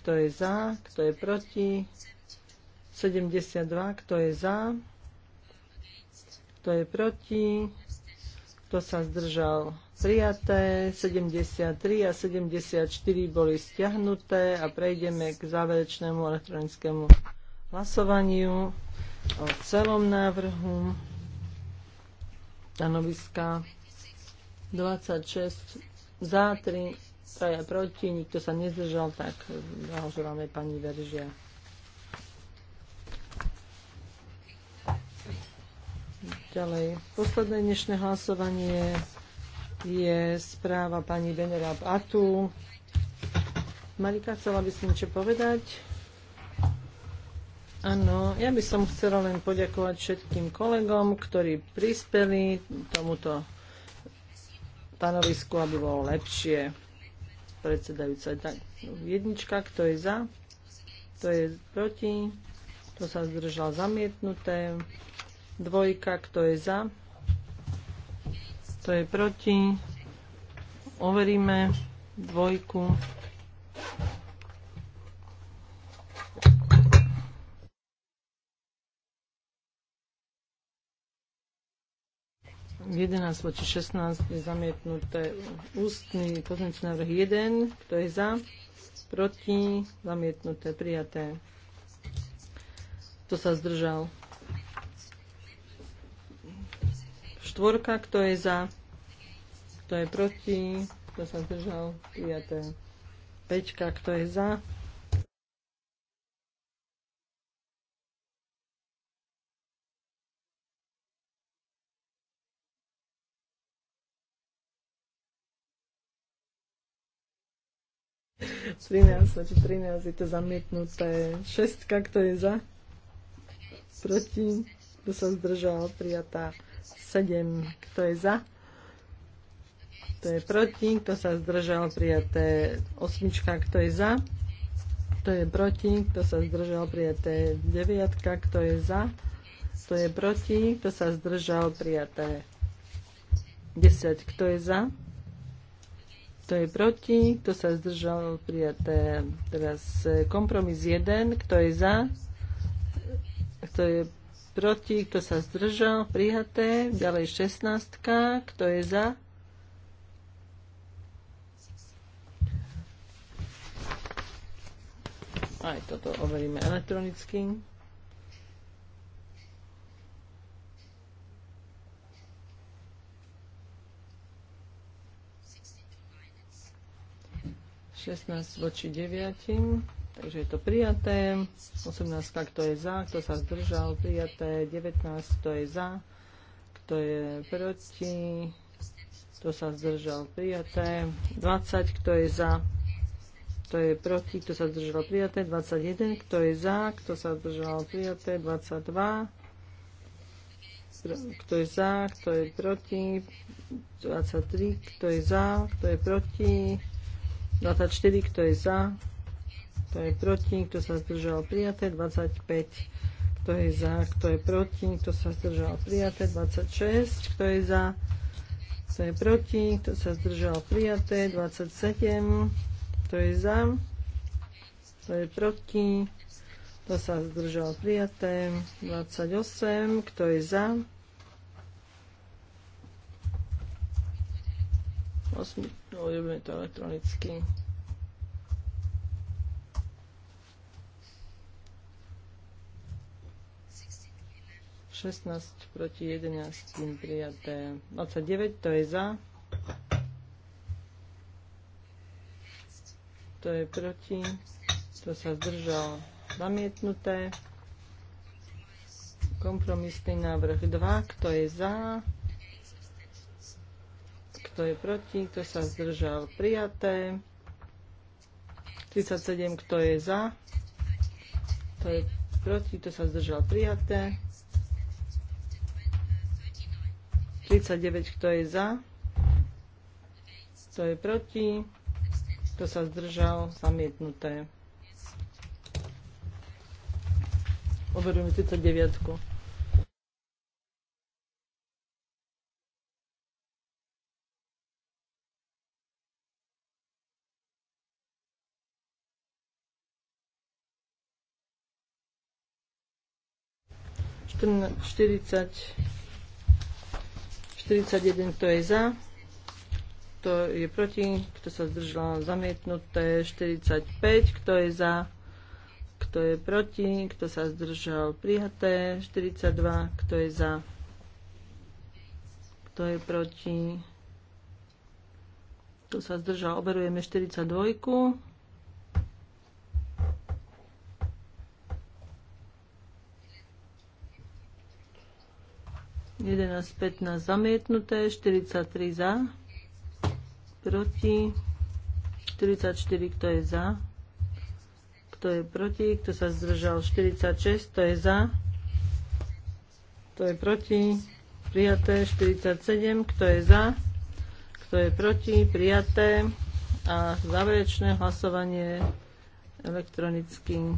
kto je za, kto je proti, 72, kto je za, kto je proti, kto sa zdržal, prijaté, 73 a 74 boli stiahnuté a prejdeme k záverečnému elektronickému hlasovaniu o celom návrhu stanoviska 26 za, 3 traja proti, nikto sa nezdržal, tak blahoželáme pani Veržia. Ďalej, posledné dnešné hlasovanie je správa pani venera Atu. Marika, chcela by si niečo povedať? Áno, ja by som chcela len poďakovať všetkým kolegom, ktorí prispeli tomuto stanovisku, aby bolo lepšie. Predsedajúca jednička, kto je za, kto je proti, kto sa zdržal zamietnuté, dvojka, kto je za, kto je proti, overíme dvojku. 11 voči 16 je zamietnuté ústny pozmeňujúci návrh 1. Kto je za? Proti? Zamietnuté. Prijaté. Kto sa zdržal? Štvorka. Kto je za? Kto je proti? Kto sa zdržal? Prijaté. Peťka, Kto je za? 13, či 13 je to zamietnuté. Šestka, kto je za? Proti? Kto sa zdržal? Prijatá. 7, kto je za? Kto je proti? Kto sa zdržal? Prijaté. Osmička, kto je za? Kto je proti? Kto sa zdržal? Prijaté. Deviatka, kto je za? Kto je proti? Kto sa zdržal? Prijaté. 10, kto je za? Kto je proti? Kto sa zdržal? Prijaté. Teraz e, kompromis 1. Kto je za? Kto je proti? Kto sa zdržal? Prijaté. Ďalej 16. Kto je za? Aj toto overíme elektronicky. 16 voči 9, takže je to prijaté. 18, kto je za, kto sa zdržal, prijaté. 19, kto je za, kto je proti, kto sa zdržal, prijaté. 20, kto je za, kto je proti, kto sa zdržal, prijaté. 21, kto je za, kto sa zdržal, prijaté. 22, kto je za, kto je proti, 23, kto je za, kto je proti, 24, kto je za, kto je proti, kto sa zdržal prijaté, 25, kto je za, kto je proti, kto sa zdržal prijaté, 26, kto je za, kto je proti, kto sa zdržal prijaté, 27, kto je za, kto je proti, kto sa zdržal prijaté, 28, kto je za, Urobíme no, to elektronicky. Šestnáct proti jedenáctim prijaté. 29, to je za. To je proti. To sa zdržal. Zamietnuté. Kompromisný návrh 2, kto je za? kto je proti, kto sa zdržal prijaté. 37, kto je za, kto je proti, kto sa zdržal prijaté. 39, kto je za, kto je proti, kto sa zdržal, zamietnuté. Overujeme 39. 40, 41, kto je za, kto je proti, kto sa zdržal zamietnuté, 45, kto je za, kto je proti, kto sa zdržal prijaté, 42, kto je za, kto je proti, kto sa zdržal, oberujeme 42. 11, 15 zamietnuté, 43 za, proti, 44, kto je za, kto je proti, kto sa zdržal, 46, kto je za, kto je proti, prijaté, 47, kto je za, kto je proti, prijaté a záverečné hlasovanie elektronicky.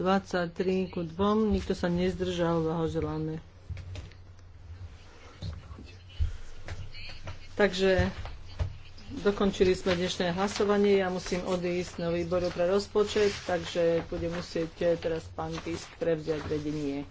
23 ku 2, nikto sa nezdržal, blahoželáme. Takže dokončili sme dnešné hlasovanie. Ja musím odísť na výboru pre rozpočet, takže budem musieť teraz pán Pisk prevziať vedenie.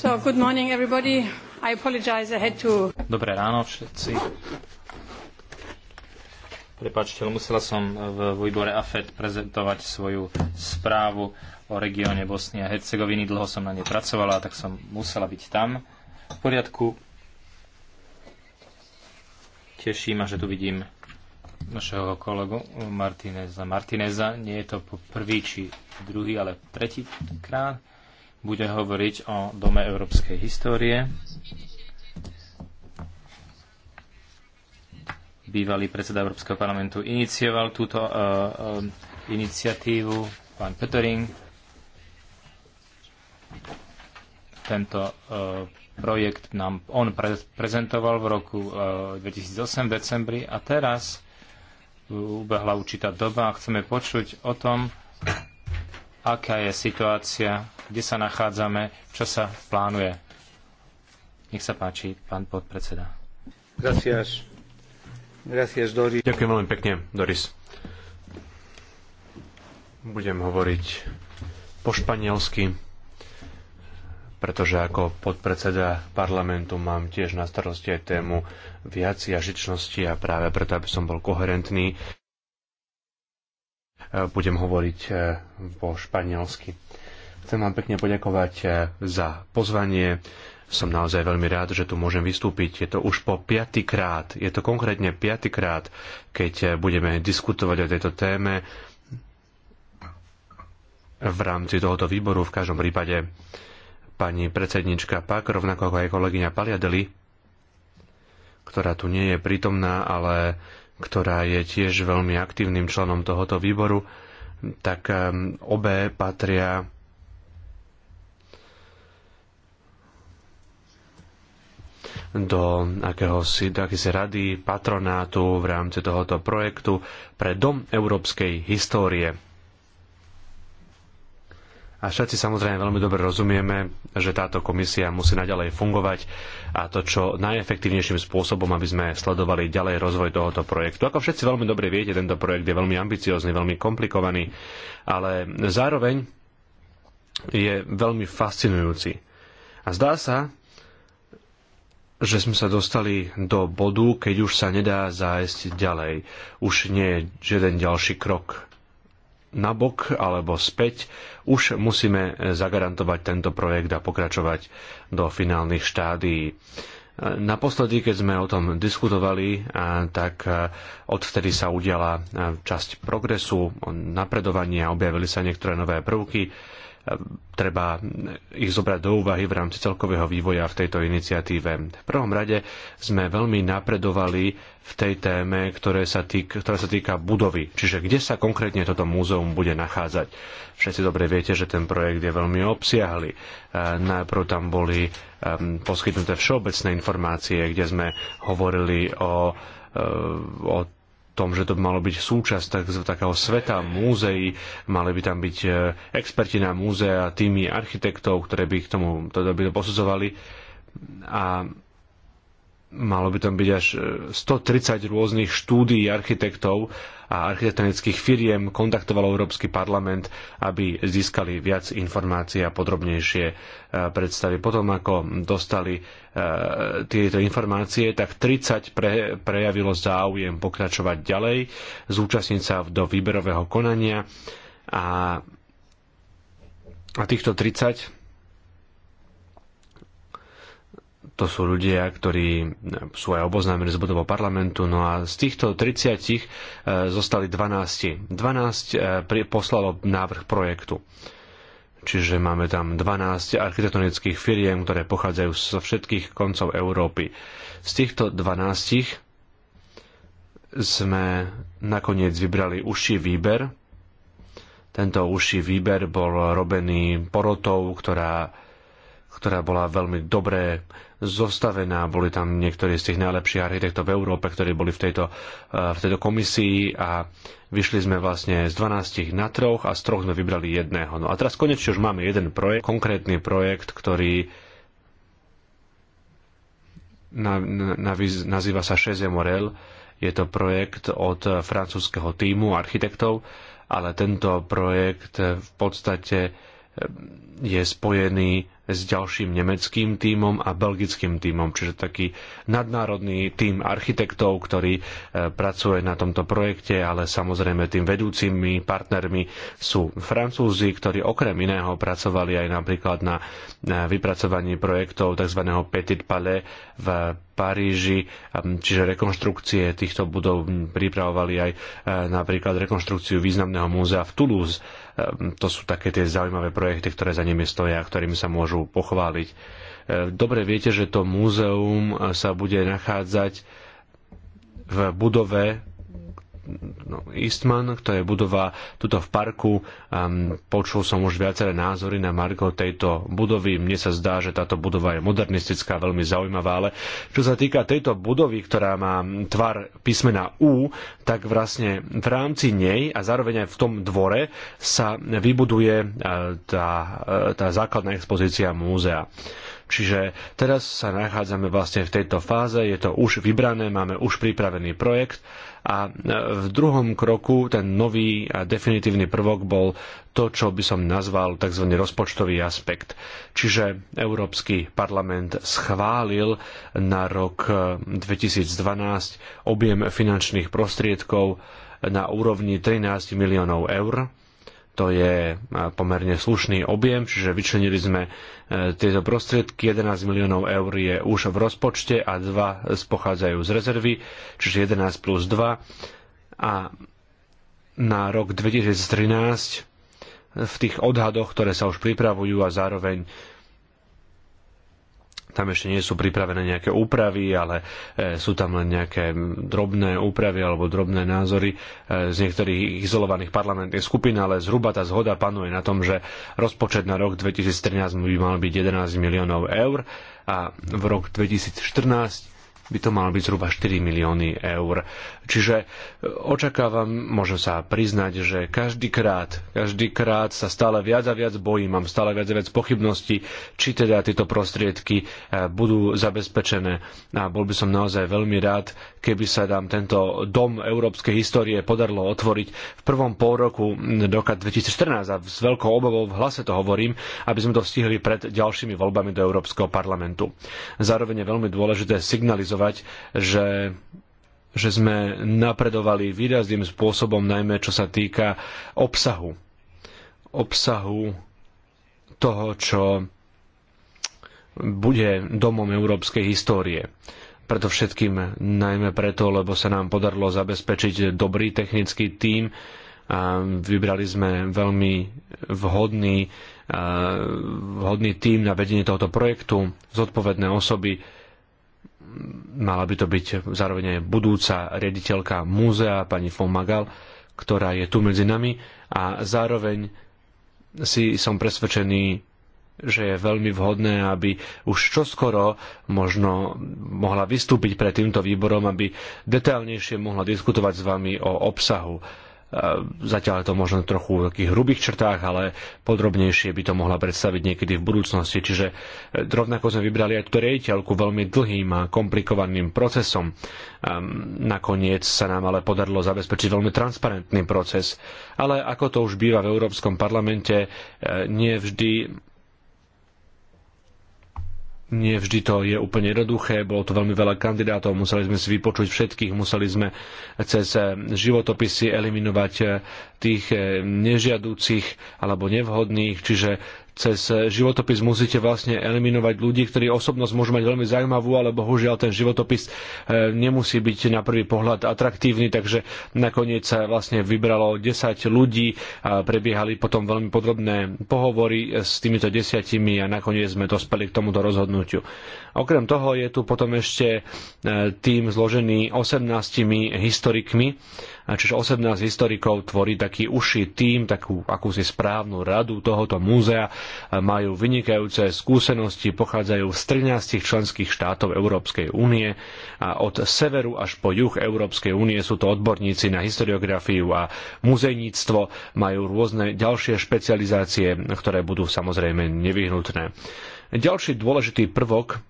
So, good morning everybody. I apologize, I had to...
Dobré ráno všetci. Prepačte, musela som v výbore AFED prezentovať svoju správu o regióne Bosny a Hercegoviny. Dlho som na nej pracovala, tak som musela byť tam. V poriadku. Teší ma, že tu vidím našeho kolegu Martineza. Martineza nie je to po prvý či druhý, ale tretí krát bude hovoriť o Dome európskej histórie. Bývalý predseda Európskeho parlamentu inicioval túto uh, uh, iniciatívu, pán Petering. Tento uh, projekt nám on pre, prezentoval v roku uh, 2008 v decembri a teraz ubehla určitá doba a chceme počuť o tom, aká je situácia, kde sa nachádzame, čo sa plánuje. Nech sa páči, pán podpredseda.
Gracias. Gracias, Doris. Ďakujem veľmi pekne, Doris. Budem hovoriť po španielsky, pretože ako podpredseda parlamentu mám tiež na starosti aj tému viac jažičnosti a práve preto, aby som bol koherentný, budem hovoriť e, po španielsky. Chcem vám pekne poďakovať e, za pozvanie. Som naozaj veľmi rád, že tu môžem vystúpiť. Je to už po piatýkrát, je to konkrétne piatýkrát, keď e, budeme diskutovať o tejto téme v rámci tohoto výboru. V každom prípade pani predsednička Pak, rovnako ako aj kolegyňa Paliadeli, ktorá tu nie je prítomná, ale ktorá je tiež veľmi aktívnym členom tohoto výboru, tak obe patria do akéhosi, do akési rady patronátu v rámci tohoto projektu pre Dom európskej histórie. A všetci samozrejme veľmi dobre rozumieme, že táto komisia musí naďalej fungovať a to čo najefektívnejším spôsobom, aby sme sledovali ďalej rozvoj tohoto projektu. Ako všetci veľmi dobre viete, tento projekt je veľmi ambiciózny, veľmi komplikovaný, ale zároveň je veľmi fascinujúci. A zdá sa, že sme sa dostali do bodu, keď už sa nedá zájsť ďalej. Už nie je žiaden ďalší krok nabok alebo späť, už musíme zagarantovať tento projekt a pokračovať do finálnych štádií. Naposledy, keď sme o tom diskutovali, tak odvtedy sa udiala časť progresu, napredovania, objavili sa niektoré nové prvky, treba ich zobrať do úvahy v rámci celkového vývoja v tejto iniciatíve. V prvom rade sme veľmi napredovali v tej téme, ktoré sa týk, ktorá sa týka budovy, čiže kde sa konkrétne toto múzeum bude nachádzať. Všetci dobre viete, že ten projekt je veľmi obsiahly. E, najprv tam boli e, poskytnuté všeobecné informácie, kde sme hovorili o e, o tom, že to by malo byť súčasť tak, takého sveta múzeí, mali by tam byť e, experti na múzea, týmy architektov, ktoré by k tomu teda by to posudzovali. A malo by tam byť až 130 e, rôznych štúdií architektov a architektonických firiem kontaktovalo Európsky parlament, aby získali viac informácií a podrobnejšie e, predstavy. Potom, ako dostali e, tieto informácie, tak 30 pre, prejavilo záujem pokračovať ďalej, zúčastniť sa do výberového konania a, a týchto 30 To sú ľudia, ktorí eh, sú aj oboznámení z budovou parlamentu. No a z týchto 30 eh, zostali 12. 12 eh, poslalo návrh projektu. Čiže máme tam 12 architektonických firiem, ktoré pochádzajú zo všetkých koncov Európy. Z týchto 12 sme nakoniec vybrali užší výber. Tento užší výber bol robený porotou, ktorá ktorá bola veľmi dobré zostavená. Boli tam niektorí z tých najlepších architektov v Európe, ktorí boli v tejto, eh, v tejto komisii a vyšli sme vlastne z 12 na troch a z troch sme vybrali jedného. No a teraz konečne už máme jeden projekt, konkrétny projekt, ktorý na, na, na, nazýva sa Chez Morel. Je to projekt od francúzského týmu architektov, ale tento projekt v podstate eh, je spojený s ďalším nemeckým tímom a belgickým tímom, čiže taký nadnárodný tím architektov, ktorý e, pracuje na tomto projekte, ale samozrejme tým vedúcimi partnermi sú Francúzi, ktorí okrem iného pracovali aj napríklad na vypracovaní projektov tzv. Petit Palais v Paríži, čiže rekonštrukcie týchto budov pripravovali aj e, napríklad rekonštrukciu významného múzea v Toulouse. To sú také tie zaujímavé projekty, ktoré za nimi stoja a ktorými sa môžu môžu pochváliť. E, dobre viete, že to múzeum sa bude nachádzať v budove No, Eastman, to je budova tuto v parku. Um, počul som už viaceré názory na Margo tejto budovy. Mne sa zdá, že táto budova je modernistická, veľmi zaujímavá, ale čo sa týka tejto budovy, ktorá má tvar písmena U, tak vlastne v rámci nej a zároveň aj v tom dvore sa vybuduje e, tá, e, tá základná expozícia múzea. Čiže teraz sa nachádzame vlastne v tejto fáze, je to už vybrané, máme už pripravený projekt a e, v druhom kroku ten nový a definitívny prvok bol to, čo by som nazval tzv. rozpočtový aspekt. Čiže Európsky parlament schválil na rok 2012 e, objem finančných prostriedkov na úrovni 13 miliónov eur to je pomerne slušný objem, čiže vyčlenili sme e, tieto prostriedky. 11 miliónov eur je už v rozpočte a 2 pochádzajú z rezervy, čiže 11 plus 2. A na rok 2013 v tých odhadoch, ktoré sa už pripravujú a zároveň tam ešte nie sú pripravené nejaké úpravy, ale e, sú tam len nejaké drobné úpravy alebo drobné názory e, z niektorých izolovaných parlamentných skupín, ale zhruba tá zhoda panuje na tom, že rozpočet na rok 2013 by mal byť 11 miliónov eur a v rok 2014 by to malo byť zhruba 4 milióny eur. Čiže e, očakávam, môžem sa priznať, že každý krát, každý krát sa stále viac a viac bojím, mám stále viac a viac pochybností, či teda tieto prostriedky e, budú zabezpečené. A bol by som naozaj veľmi rád, keby sa nám tento dom európskej histórie podarilo otvoriť v prvom pol roku do 2014 a s veľkou obavou v hlase to hovorím, aby sme to stihli pred ďalšími voľbami do Európskeho parlamentu. Zároveň je veľmi dôležité signalizovať konštatovať, že že sme napredovali výrazným spôsobom, najmä čo sa týka obsahu. Obsahu toho, čo bude domom európskej histórie všetkým, najmä preto, lebo sa nám podarilo zabezpečiť dobrý technický tím a vybrali sme veľmi vhodný, vhodný tím na vedenie tohoto projektu, zodpovedné osoby, mala by to byť zároveň aj budúca riaditeľka múzea, pani von Magal, ktorá je tu medzi nami a zároveň si som presvedčený, že je veľmi vhodné, aby už čoskoro možno mohla vystúpiť pred týmto výborom, aby detailnejšie mohla diskutovať s vami o obsahu Ehm, zatiaľ je to možno trochu v takých hrubých črtách, ale podrobnejšie by to mohla predstaviť niekedy v budúcnosti. Čiže e, rovnako sme vybrali aj túto riaditeľku veľmi dlhým a komplikovaným procesom. Ehm, nakoniec sa nám ale podarilo zabezpečiť veľmi transparentný proces. Ale ako to už býva v Európskom parlamente, e, nie vždy nie vždy to je úplne jednoduché, bolo to veľmi veľa kandidátov, museli sme si vypočuť všetkých, museli sme cez eh, životopisy eliminovať eh, tých eh, nežiadúcich alebo nevhodných, čiže cez životopis musíte vlastne eliminovať ľudí, ktorí osobnosť môžu mať veľmi zaujímavú, ale bohužiaľ ten životopis e, nemusí byť na prvý pohľad atraktívny, takže nakoniec sa vlastne vybralo 10 ľudí a prebiehali potom veľmi podrobné pohovory s týmito desiatimi a nakoniec sme dospeli k tomuto rozhodnutiu. Okrem toho je tu potom ešte e, tým zložený 18 historikmi, čiže 18 historikov tvorí taký uši tým, takú akúsi správnu radu tohoto múzea. E, majú vynikajúce skúsenosti, pochádzajú z 13 členských štátov Európskej únie a od severu až po juh Európskej únie sú to odborníci na historiografiu a muzejníctvo, majú rôzne ďalšie špecializácie, ktoré budú samozrejme nevyhnutné. Ďalší dôležitý prvok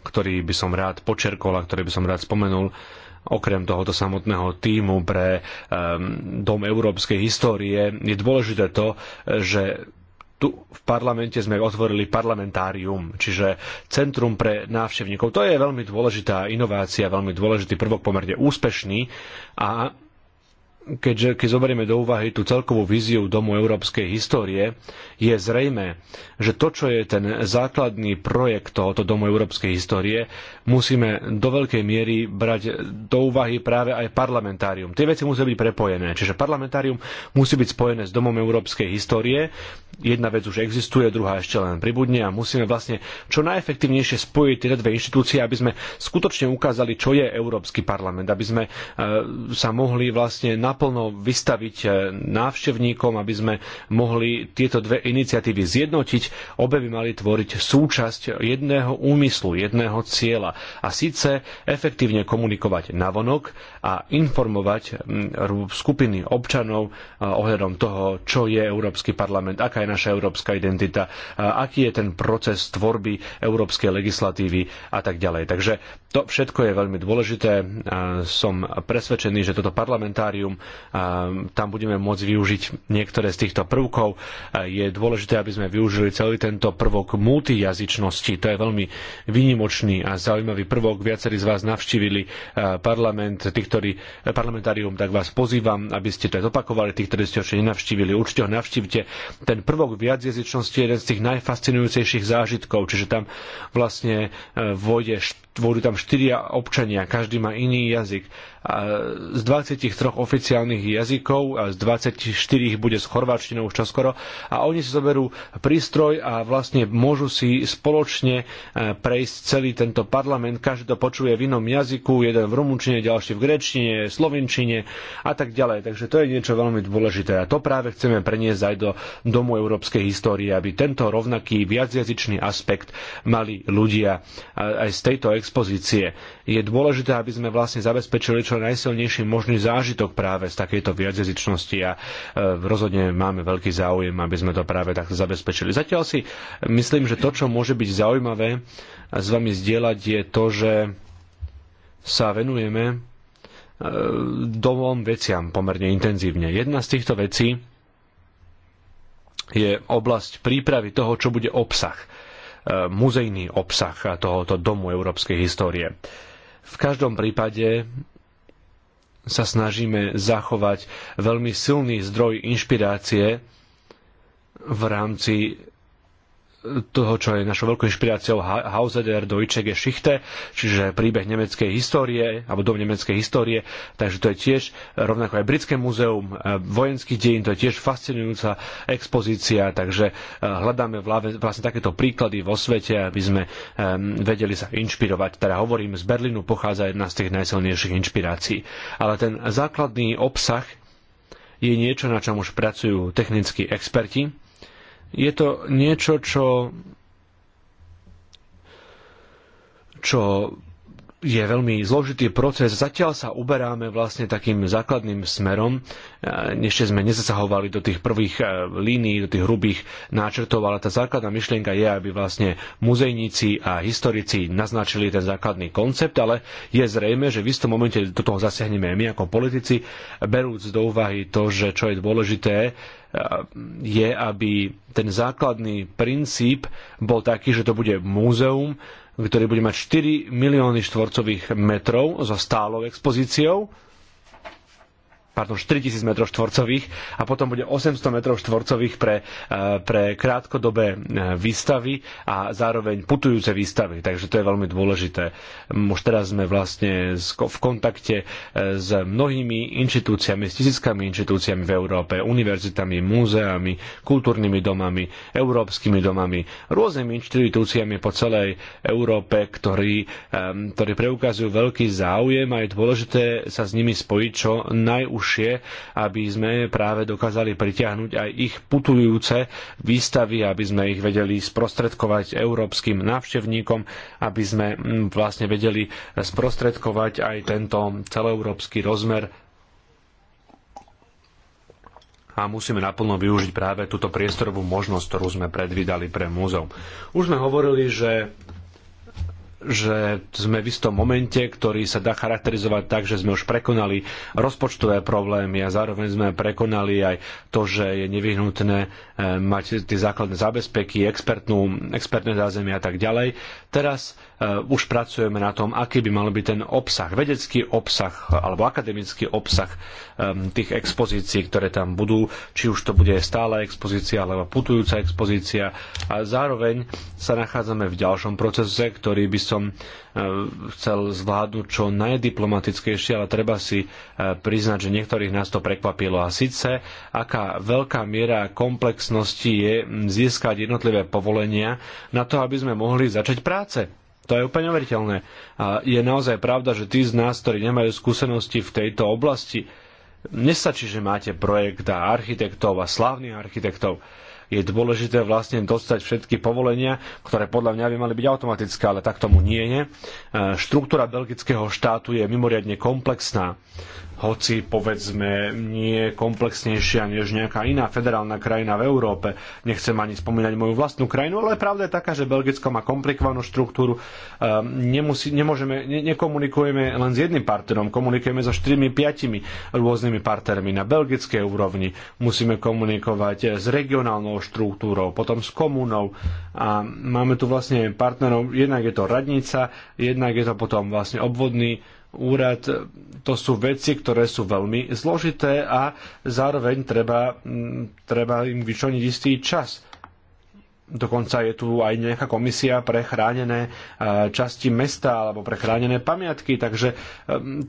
ktorý by som rád počerkol a ktorý by som rád spomenul, okrem tohoto samotného týmu pre um, Dom európskej histórie, je dôležité to, že tu v parlamente sme otvorili parlamentárium, čiže centrum pre návštevníkov. To je veľmi dôležitá inovácia, veľmi dôležitý prvok, pomerne úspešný a keďže keď zoberieme do úvahy tú celkovú víziu Domu európskej histórie, je zrejme, že to, čo je ten základný projekt tohoto Domu európskej histórie, musíme do veľkej miery brať do úvahy práve aj parlamentárium. Tie veci musia byť prepojené, čiže parlamentárium musí byť spojené s Domom európskej histórie. Jedna vec už existuje, druhá ešte len pribudne a musíme vlastne čo najefektívnejšie spojiť tie dve inštitúcie, aby sme skutočne ukázali, čo je Európsky parlament, aby sme e, sa mohli vlastne na naplno vystaviť eh, návštevníkom, aby sme mohli tieto dve iniciatívy zjednotiť. Obe by mali tvoriť súčasť jedného úmyslu, jedného cieľa. A síce efektívne komunikovať navonok a informovať mm, skupiny občanov eh, ohľadom toho, čo je Európsky parlament, aká je naša európska identita, eh, aký je ten proces tvorby európskej legislatívy a tak ďalej. Takže to všetko je veľmi dôležité. Som presvedčený, že toto parlamentárium tam budeme môcť využiť niektoré z týchto prvkov. Je dôležité, aby sme využili celý tento prvok multijazyčnosti. To je veľmi výnimočný a zaujímavý prvok. Viacerí z vás navštívili e, parlament, tých, ktorí, e, parlamentárium, tak vás pozývam, aby ste to aj opakovali, tých, ktorí ste ho ešte nenavštívili. Určite ho navštívte. Ten prvok viacjazyčnosti je jeden z tých najfascinujúcejších zážitkov, čiže tam vlastne e, vode boli tam štyria občania, každý má iný jazyk. Z 23 oficiálnych jazykov, a z 24 bude s chorváčtinou už čoskoro a oni si zoberú prístroj a vlastne môžu si spoločne e, prejsť celý tento parlament. Každý to počuje v inom jazyku, jeden v rumunčine, ďalší v grečtine, slovinčine a tak ďalej. Takže to je niečo veľmi dôležité a to práve chceme preniesť aj do domu európskej histórie, aby tento rovnaký viacjazyčný aspekt mali ľudia aj z tejto expozície. Je dôležité, aby sme vlastne zabezpečili čo najsilnejší možný zážitok práve z takejto viacjazyčnosti a e, rozhodne máme veľký záujem, aby sme to práve takto zabezpečili. Zatiaľ si myslím, že to, čo môže byť zaujímavé s vami zdieľať, je to, že sa venujeme e, domom veciam pomerne intenzívne. Jedna z týchto vecí je oblasť prípravy toho, čo bude obsah E, muzejný obsah tohoto domu európskej histórie. V každom prípade sa snažíme zachovať veľmi silný zdroj inšpirácie v rámci toho, čo je našou veľkou inšpiráciou Hauser der Deutsche Geschichte, čiže príbeh nemeckej histórie, alebo dom nemeckej histórie, takže to je tiež rovnako aj Britské múzeum e, vojenských dejín, to je tiež fascinujúca expozícia, takže e, hľadáme vlastne takéto príklady vo svete, aby sme vedeli sa inšpirovať. Teda hovorím, z Berlínu pochádza jedna z tých najsilnejších inšpirácií. Ale ten základný obsah je niečo, na čom už pracujú technickí experti, je to niečo, čo čo je veľmi zložitý proces. Zatiaľ sa uberáme vlastne takým základným smerom. E, ešte sme nezasahovali do tých prvých e, línií, do tých hrubých náčrtov, ale tá základná myšlienka je, aby vlastne muzejníci a historici naznačili ten základný koncept, ale je zrejme, že v istom momente do toho zasiahneme aj my ako politici, berúc do úvahy to, že čo je dôležité, e, je, aby ten základný princíp bol taký, že to bude múzeum, ktorý bude mať 4 milióny štvorcových metrov so stálou expozíciou pardon, 4000 m štvorcových a potom bude 800 m štvorcových pre, e, pre krátkodobé e, výstavy a zároveň putujúce výstavy. Takže to je veľmi dôležité. Už teraz sme vlastne v kontakte e, s mnohými inštitúciami, s tisíckami inštitúciami v Európe, univerzitami, múzeami, kultúrnymi domami, európskymi domami, rôznymi inštitúciami po celej Európe, ktorí, ktorí preukazujú veľký záujem a je dôležité sa s nimi spojiť čo najúž jednoduchšie, aby sme práve dokázali pritiahnuť aj ich putujúce výstavy, aby sme ich vedeli sprostredkovať európskym návštevníkom, aby sme mm, vlastne vedeli sprostredkovať aj tento celoeurópsky rozmer a musíme naplno využiť práve túto priestorovú možnosť, ktorú sme predvídali pre múzeum. Už sme hovorili, že že sme v istom momente, ktorý sa dá charakterizovať tak, že sme už prekonali rozpočtové problémy a zároveň sme prekonali aj to, že je nevyhnutné eh, mať tie základné zábezpeky, expertnú, expertné zázemie a tak ďalej. Teraz Eh, už pracujeme na tom, aký by mal byť ten obsah, vedecký obsah alebo akademický obsah ehm, tých expozícií, ktoré tam budú, či už to bude stála expozícia alebo putujúca expozícia. A zároveň sa nachádzame v ďalšom procese, ktorý by som eh, chcel zvládnuť čo najdiplomatickejšie, ale treba si eh, priznať, že niektorých nás to prekvapilo. A síce, aká veľká miera komplexnosti je hm, získať jednotlivé povolenia na to, aby sme mohli začať práce. To je úplne overiteľné. A je naozaj pravda, že tí z nás, ktorí nemajú skúsenosti v tejto oblasti, nestačí, že máte projekt a architektov a slavných architektov je dôležité vlastne dostať všetky povolenia, ktoré podľa mňa by mali byť automatické, ale tak tomu nie je. E, štruktúra belgického štátu je mimoriadne komplexná, hoci povedzme nie je komplexnejšia než nejaká iná federálna krajina v Európe. Nechcem ani spomínať moju vlastnú krajinu, ale pravda je taká, že Belgicko má komplikovanú štruktúru. E, nemusí, nemôžeme, ne, nekomunikujeme len s jedným partnerom, komunikujeme so 4-5 rôznymi partnermi na belgickej úrovni. Musíme komunikovať s regionálnou štruktúrou, potom s komunou a máme tu vlastne partnerov, jednak je to radnica, jednak je to potom vlastne obvodný úrad, to sú veci, ktoré sú veľmi zložité a zároveň treba, treba im vyčoniť istý čas Dokonca je tu aj nejaká komisia pre chránené e, časti mesta alebo pre chránené pamiatky, takže e,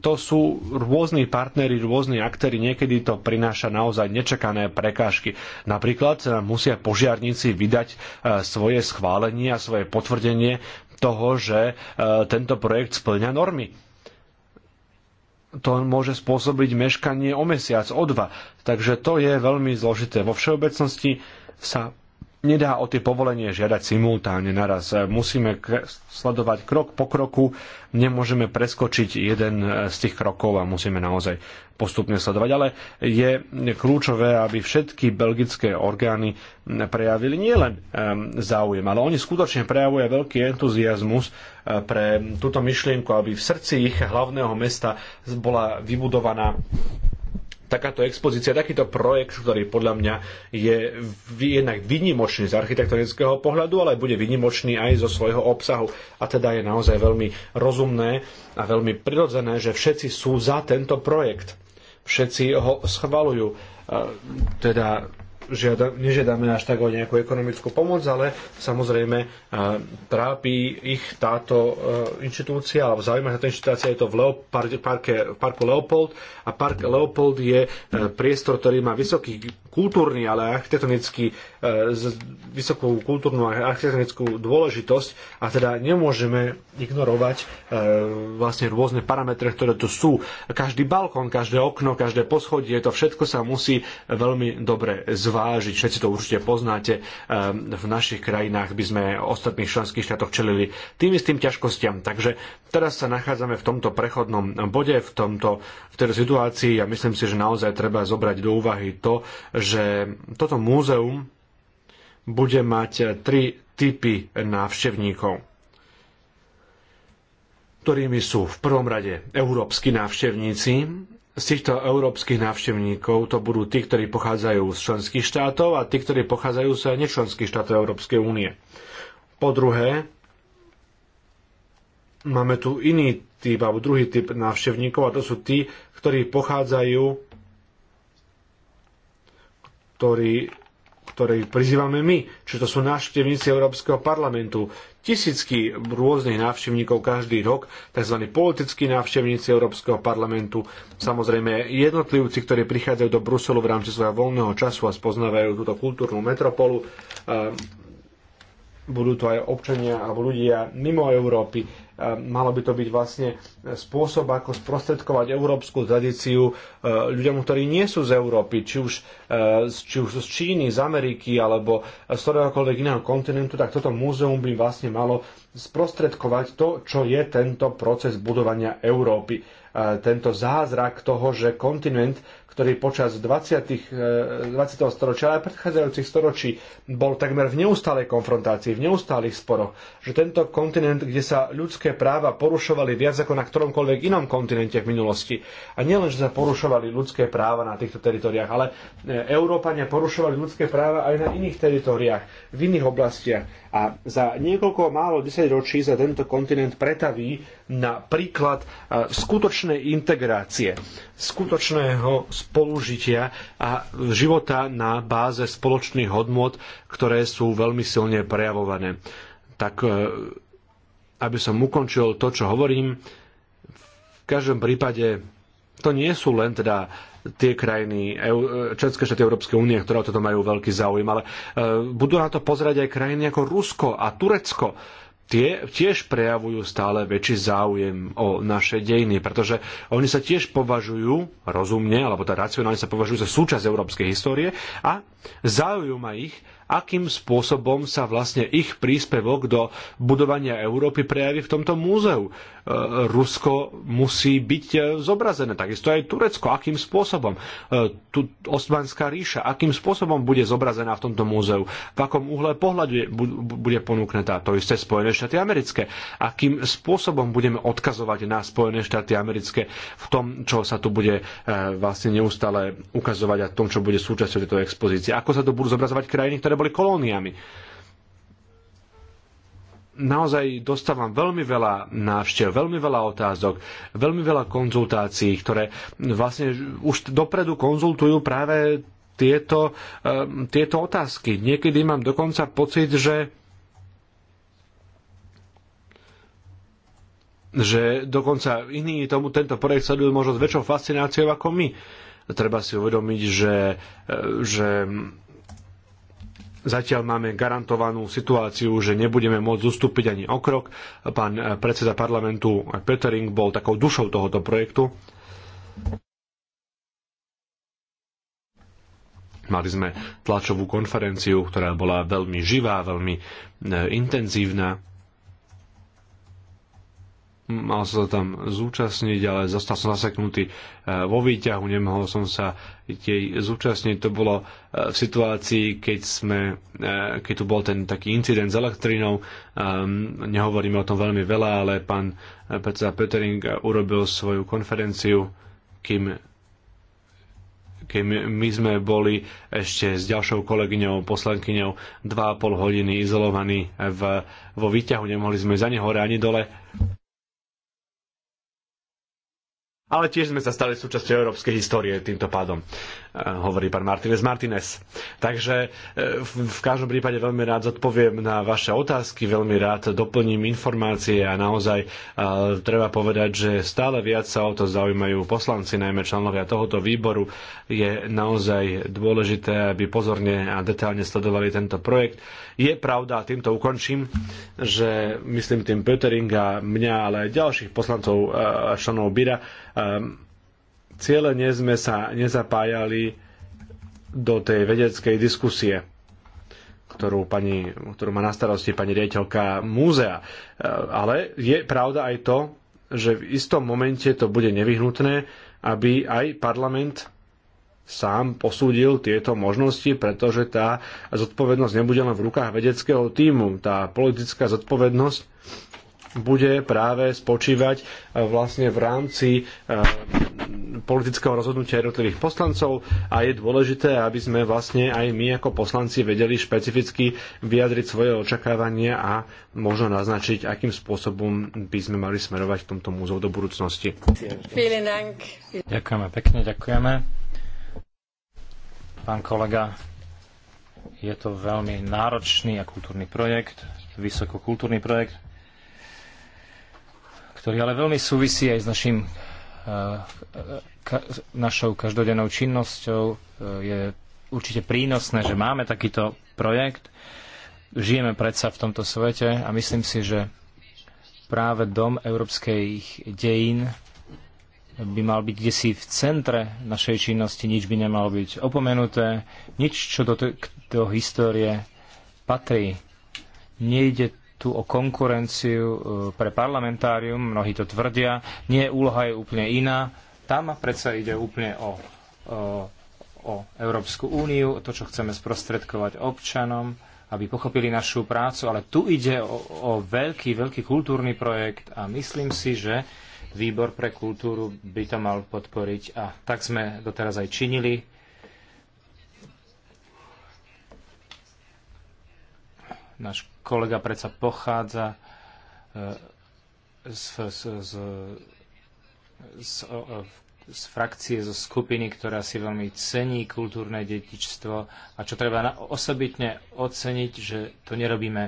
to sú rôzni partnery, rôzni aktéry, niekedy to prináša naozaj nečakané prekážky. Napríklad e, musia požiarníci vydať svoje schválenie a svoje potvrdenie toho, že tento projekt splňa normy to môže spôsobiť meškanie o mesiac, o dva. Takže to je veľmi zložité. Vo všeobecnosti sa nedá o tie povolenie žiadať simultáne naraz. Musíme sledovať krok po kroku, nemôžeme preskočiť jeden e, z tých krokov a musíme naozaj postupne sledovať. Ale je kľúčové, aby všetky belgické orgány prejavili nielen záujem, ale oni skutočne prejavujú veľký entuziasmus e, pre túto myšlienku, aby v srdci ich hlavného mesta bola vybudovaná takáto expozícia, takýto projekt, ktorý podľa mňa je jednak vynimočný z architektonického pohľadu, ale bude vynimočný aj zo svojho obsahu. A teda je naozaj veľmi rozumné a veľmi prirodzené, že všetci sú za tento projekt. Všetci ho schvalujú. E, teda žiada, nežiadame až tak o nejakú ekonomickú pomoc, ale samozrejme e, trápi ich táto e, inštitúcia, alebo zaujíma sa tá inštitúcia, je to v, Leopard, parke, v parku Leopold a park Leopold je e, priestor, ktorý má vysoký kultúrny, ale architektonický, architektonický, vysokú kultúrnu a architektonickú dôležitosť a teda nemôžeme ignorovať e, vlastne rôzne parametre, ktoré tu sú. Každý balkón, každé okno, každé poschodie, to všetko sa musí veľmi dobre zvážiť. Všetci to určite poznáte. E, v našich krajinách by sme ostatných členských štátoch čelili tým istým ťažkostiam. Takže Teraz sa nachádzame v tomto prechodnom bode, v, tomto, v tejto situácii a myslím si, že naozaj treba zobrať do úvahy to, že toto múzeum bude mať tri typy návštevníkov ktorými sú v prvom rade európsky návštevníci, z týchto európskych návštevníkov to budú tí, ktorí pochádzajú z členských štátov a tí, ktorí pochádzajú z nečlenských štátov Európskej únie. Po druhé, máme tu iný typ alebo druhý typ návštevníkov a to sú tí, ktorí pochádzajú, ktorí, ktorých prizývame my, čiže to sú návštevníci Európskeho parlamentu. Tisícky rôznych návštevníkov každý rok, tzv. politickí návštevníci Európskeho parlamentu, samozrejme jednotlivci, ktorí prichádzajú do Bruselu v rámci svojho voľného času a spoznávajú túto kultúrnu metropolu, ehm, budú to aj občania alebo ľudia mimo Európy, Malo by to byť vlastne spôsob, ako sprostredkovať európsku tradíciu e, ľuďom, ktorí nie sú z Európy, či už, e, či už z Číny, z Ameriky alebo z ktoréhokoľvek iného kontinentu, tak toto múzeum by vlastne malo sprostredkovať to, čo je tento proces budovania Európy. E, tento zázrak toho, že kontinent ktorý počas 20. 20. E, storočia, ale aj predchádzajúcich storočí bol takmer v neustálej konfrontácii, v neustálych sporoch, že tento kontinent, kde sa ľudské práva porušovali viac ako na ktoromkoľvek inom kontinente v minulosti. A nielen, že sa porušovali ľudské práva na týchto teritoriách, ale e, Európania porušovali ľudské práva aj na iných teritoriách, v iných oblastiach a za niekoľko málo desaťročí sa tento kontinent pretaví na príklad skutočnej integrácie, skutočného spolužitia a života na báze spoločných hodnôt, ktoré sú veľmi silne prejavované. Tak e, aby som ukončil to, čo hovorím, v každom prípade to nie sú len teda tie krajiny, členské štáty Európskej únie, ktoré o toto majú veľký záujem, ale e, budú na to pozerať aj krajiny ako Rusko a Turecko, tie tiež prejavujú stále väčší záujem o naše dejiny, pretože oni sa tiež považujú rozumne, alebo tá teda racionálne sa považujú za súčasť európskej histórie a ma ich, akým spôsobom sa vlastne ich príspevok do budovania Európy prejaví v tomto múzeu. E, Rusko musí byť e, zobrazené, takisto aj Turecko, akým spôsobom. E, tu Osmanská ríša, akým spôsobom bude zobrazená v tomto múzeu, v akom uhle pohľadu bude ponúknutá, to isté Spojené štáty americké, akým spôsobom budeme odkazovať na Spojené štáty americké v tom, čo sa tu bude vlastne neustále ukazovať a v tom, čo bude súčasťou tejto expozície. Ako sa tu budú zobrazovať krajiny, ktoré boli kolóniami naozaj dostávam veľmi veľa návštev, veľmi veľa otázok, veľmi veľa konzultácií, ktoré vlastne už dopredu konzultujú práve tieto, ehm, tieto otázky. Niekedy mám dokonca pocit, že že dokonca iní tomu tento projekt sledujú možno s väčšou fascináciou ako my. Treba si uvedomiť, že, ehm, že Zatiaľ máme garantovanú situáciu, že nebudeme môcť zostúpiť ani okrok. Pán eh, predseda parlamentu Petering bol takou dušou tohoto projektu. Mali sme tlačovú konferenciu, ktorá bola veľmi živá, veľmi eh, intenzívna mal sa tam zúčastniť, ale zostal som zaseknutý e, vo výťahu, nemohol som sa jej zúčastniť. To bolo e, v situácii, keď, sme, e, keď tu bol ten taký incident s elektrínou. Ehm, nehovoríme o tom veľmi veľa, ale pán predseda Petering urobil svoju konferenciu, kým keď my sme boli ešte s ďalšou kolegyňou, poslankyňou 2,5 hodiny izolovaní v, vo výťahu, nemohli sme za ani hore, ani dole ale tiež sme sa stali súčasťou európskej histórie týmto pádom. Eh, hovorí pán Martinez Martinez. Takže eh, v každom prípade veľmi rád zodpoviem na vaše otázky, veľmi rád doplním informácie a naozaj eh, treba povedať, že stále viac sa o to zaujímajú poslanci, najmä členovia tohoto výboru. Je naozaj dôležité, aby pozorne a detálne sledovali tento projekt. Je pravda, a týmto ukončím, že myslím tým Pöteringa, mňa, ale aj ďalších poslancov a členov Bira, cieľene sme sa nezapájali do tej vedeckej diskusie ktorú, pani, ktorú má na starosti pani riaditeľka múzea. Ale je pravda aj to, že v istom momente to bude nevyhnutné, aby aj parlament sám posúdil tieto možnosti, pretože tá zodpovednosť nebude len v rukách vedeckého týmu. Tá politická zodpovednosť bude práve spočívať eh, vlastne v rámci eh, politického rozhodnutia jednotlivých poslancov a je dôležité, aby sme vlastne aj my ako poslanci vedeli špecificky vyjadriť svoje očakávania a možno naznačiť, akým spôsobom by sme mali smerovať v tomto múzeu do budúcnosti.
Ďakujeme pekne, ďakujeme. Pán kolega, je to veľmi náročný a kultúrny projekt, vysokokultúrny projekt, ktorý ale veľmi súvisí aj s našim E, našou každodennou činnosťou. E, je určite prínosné, že máme takýto projekt. Žijeme predsa v tomto svete a myslím si, že práve Dom európskych dejín by mal byť kde si v centre našej činnosti, nič by nemalo byť opomenuté, nič, čo do, do histórie patrí. Nejde tu o konkurenciu e, pre parlamentárium, mnohí to tvrdia, nie, úloha je úplne iná. Tam predsa ide úplne o, o, o Európsku úniu, to, čo chceme sprostredkovať občanom, aby pochopili našu prácu, ale tu ide o, o veľký, veľký kultúrny projekt a myslím si, že výbor pre kultúru by to mal podporiť a tak sme doteraz aj činili. Náš kolega predsa pochádza z, z, z, z, z frakcie, zo skupiny, ktorá si veľmi cení kultúrne detičstvo a čo treba osobitne oceniť, že to nerobíme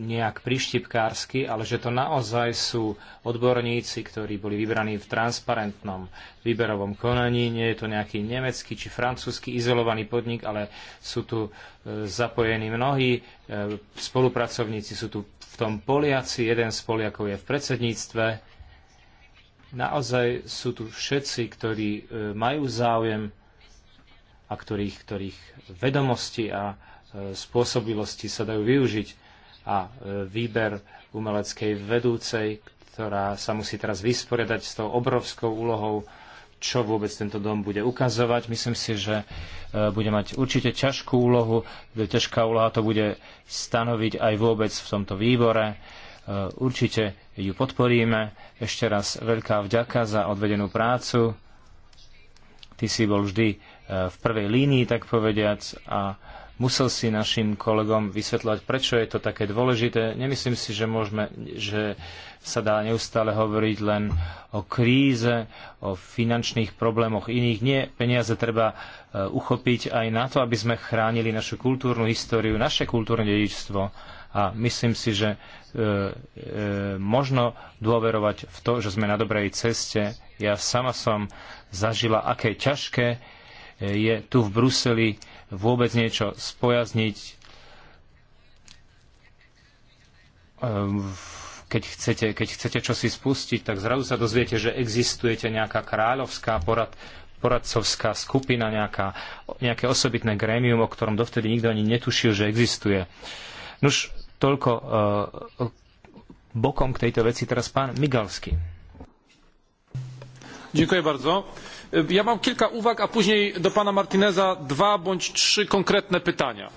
nejak prištipkársky, ale že to naozaj sú odborníci, ktorí boli vybraní v transparentnom výberovom konaní. Nie je to nejaký nemecký či francúzsky izolovaný podnik, ale sú tu e, zapojení mnohí. E, spolupracovníci sú tu v tom Poliaci, jeden z Poliakov je v predsedníctve. Naozaj sú tu všetci, ktorí e, majú záujem a ktorých, ktorých vedomosti a spôsobilosti sa dajú využiť a e, výber umeleckej vedúcej, ktorá sa musí teraz vysporiadať s tou obrovskou úlohou, čo vôbec tento dom bude ukazovať. Myslím si, že e, bude mať určite ťažkú úlohu. Ťažká úloha to bude stanoviť aj vôbec v tomto výbore. E, určite ju podporíme. Ešte raz veľká vďaka za odvedenú prácu. Ty si bol vždy v prvej línii, tak povediac, a musel si našim kolegom vysvetľovať, prečo je to také dôležité. Nemyslím si, že, môžeme, že sa dá neustále hovoriť len o kríze, o finančných problémoch iných. Nie, peniaze treba e, uchopiť aj na to, aby sme chránili našu kultúrnu históriu, naše kultúrne dedičstvo. A myslím si, že e, e, možno dôverovať v to, že sme na dobrej ceste. Ja sama som zažila, aké ťažké je tu v Bruseli vôbec niečo spojazniť. Ehm, keď chcete, keď chcete čosi spustiť, tak zrazu sa dozviete, že existujete nejaká kráľovská porad, poradcovská skupina, nejaká, nejaké osobitné grémium, o ktorom dovtedy nikto ani netušil, že existuje. Nuž, toľko uh, bokom k tejto veci teraz pán Migalsky. Ďakujem bardzo. E, ja mam kilka uwag, a później do pana Martineza dwa bądź trzy konkretne pytania.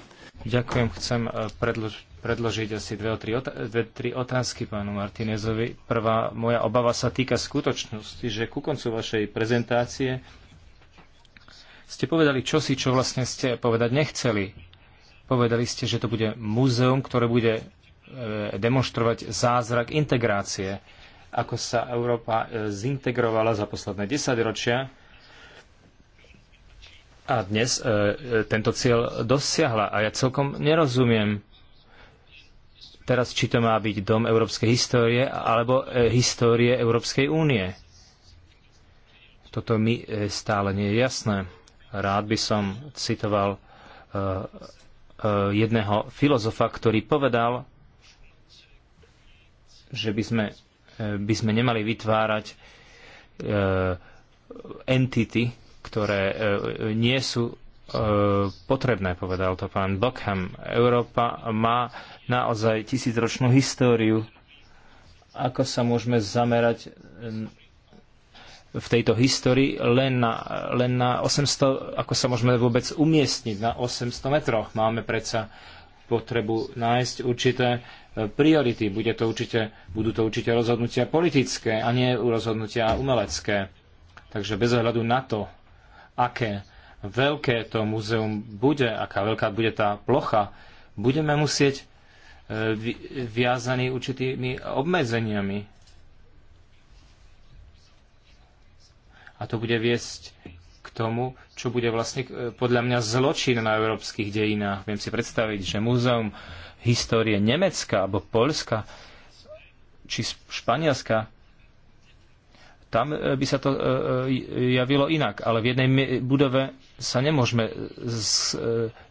Ďakujem, chcem e, predložiť, asi dve, tri, dve, tri otázky pánu Martinezovi. Prvá moja obava sa týka skutočnosti, že ku koncu vašej prezentácie ste povedali čosi, čo vlastne ste povedať nechceli. Povedali ste, že to bude múzeum, ktoré bude e, demonstrovať zázrak integrácie, ako sa Európa zintegrovala za posledné desaťročia a dnes e, e, tento cieľ dosiahla. A ja celkom nerozumiem teraz, či to má byť dom európskej histórie alebo e, histórie Európskej únie. Toto mi e, stále nie je jasné. Rád by som citoval e, e, jedného filozofa, ktorý povedal, že by sme, e, by sme nemali vytvárať e, entity, ktoré e, nie sú e, potrebné, povedal to pán Buckham. Európa má naozaj tisícročnú históriu. Ako sa môžeme zamerať v tejto histórii len na, len na 800, ako sa môžeme vôbec umiestniť na 800 metroch. Máme predsa potrebu nájsť určité e, priority. Bude to určite, budú to určite rozhodnutia politické a nie rozhodnutia umelecké. Takže bez ohľadu na to, aké veľké to múzeum bude, aká veľká bude tá plocha, budeme musieť e, viazaní určitými obmedzeniami. A to bude viesť k tomu, čo bude vlastne e, podľa mňa zločin na európskych dejinách. Viem si predstaviť, že múzeum histórie Nemecka alebo Polska či Španielska tam e, by sa to e, e, javilo inak, ale v jednej budove sa nemôžeme, z,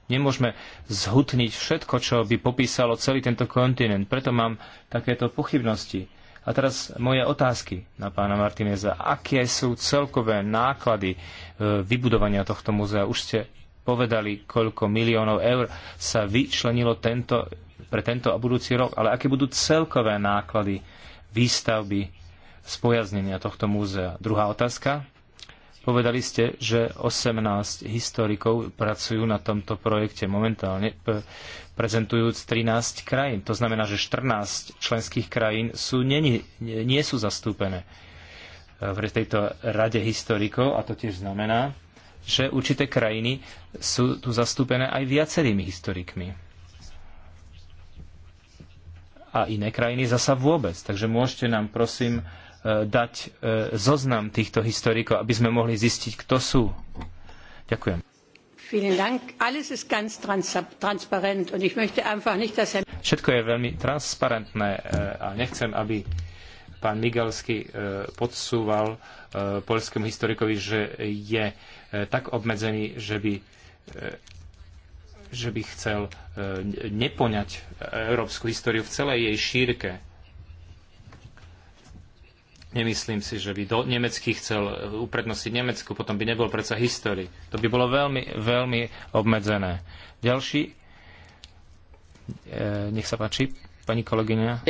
nemôžeme zhutniť všetko, čo by popísalo celý tento kontinent. Preto mám takéto pochybnosti. A teraz moje otázky na pána Martineza. Aké sú celkové náklady vybudovania tohto múzea? Už ste povedali, koľko miliónov eur sa vyčlenilo tento, pre tento a budúci rok, ale aké budú celkové náklady výstavby spojaznenia tohto múzea. Druhá otázka. Povedali ste, že 18 historikov pracujú na tomto projekte momentálne, prezentujúc 13 krajín. To znamená, že 14 členských krajín sú, nie, nie sú zastúpené e, v tejto rade historikov a to tiež znamená, že určité krajiny sú tu zastúpené aj viacerými historikmi. A iné krajiny zasa vôbec. Takže môžete nám prosím Eh, dať eh, zoznam týchto historikov, aby sme mohli zistiť, kto sú. Ďakujem.
Er-
Všetko je veľmi transparentné eh, a nechcem, aby pán Migalsky podsúval poľskému historikovi, že je tak obmedzený, že by že by chcel nepoňať európsku históriu v celej jej šírke Nemyslím si, že by do Nemecký chcel eh, uprednostiť Nemecku, potom by nebol predsa histórii. To by bolo veľmi, veľmi obmedzené. Ďalší, e, nech sa páči, pani kolegyňa.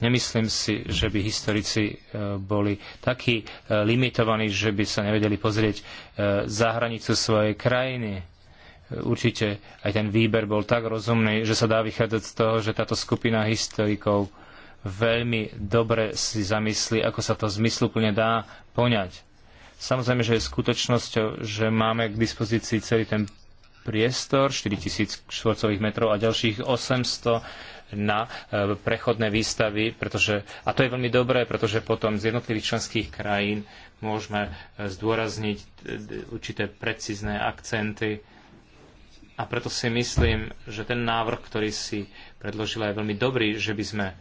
Nemyslím si, že by historici eh, boli takí limitovaní, že by sa nevedeli pozrieť za hranicu svojej krajiny určite aj ten výber bol tak rozumný, že sa dá vychádzať z toho, že táto skupina historikov veľmi dobre si zamyslí, ako sa to zmysluplne dá poňať. Samozrejme, že je skutočnosťou, že máme k dispozícii celý ten priestor 4000 štvorcových metrov a ďalších 800 na e, prechodné výstavy, pretože, a to je veľmi dobré, pretože potom z jednotlivých členských krajín môžeme e, zdôrazniť e, určité precízne akcenty, a preto si myslím, že ten návrh, ktorý si predložila, je veľmi dobrý, že by sme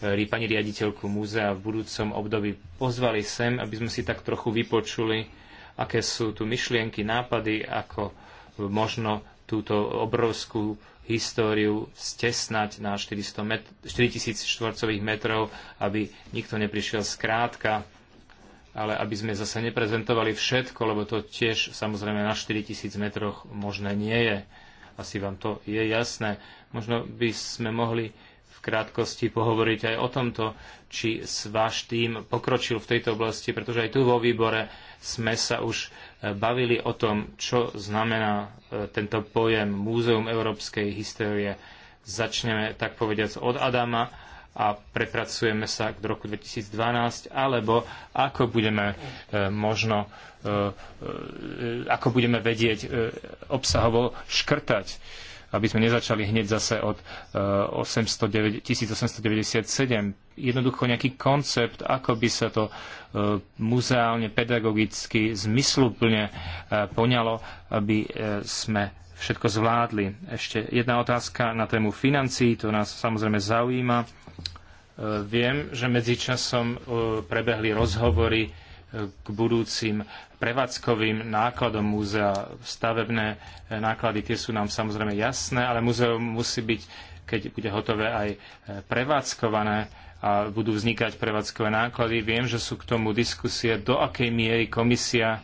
e, pani riaditeľku múzea v budúcom období pozvali sem, aby sme si tak trochu vypočuli, aké sú tu myšlienky, nápady, ako e, možno túto obrovskú históriu stesnať na 400 met- 4000 štvorcových metrov, aby nikto neprišiel zkrátka, ale aby sme zase neprezentovali všetko, lebo to tiež samozrejme na 4000 metroch možné nie je. Asi vám to je jasné. Možno by sme mohli v krátkosti pohovoriť aj o tomto, či s váš tým pokročil v tejto oblasti, pretože aj tu vo výbore sme sa už e, bavili o tom, čo znamená e, tento pojem Múzeum európskej histórie. Začneme, tak povediac, od Adama a prepracujeme sa k roku 2012, alebo ako budeme e, možno e, e, ako budeme vedieť obsahovo škrtať, aby sme nezačali hneď zase od 1897. Jednoducho nejaký koncept, ako by sa to muzeálne, pedagogicky, zmysluplne poňalo, aby sme všetko zvládli. Ešte jedna otázka na tému financií, to nás samozrejme zaujíma Viem, že medzičasom e, prebehli rozhovory e, k budúcim prevádzkovým nákladom múzea. Stavebné e, náklady tie sú nám samozrejme jasné, ale múzeum musí byť, keď bude hotové, aj prevádzkované a budú vznikať prevádzkové náklady. Viem, že sú k tomu diskusie, do akej miery komisia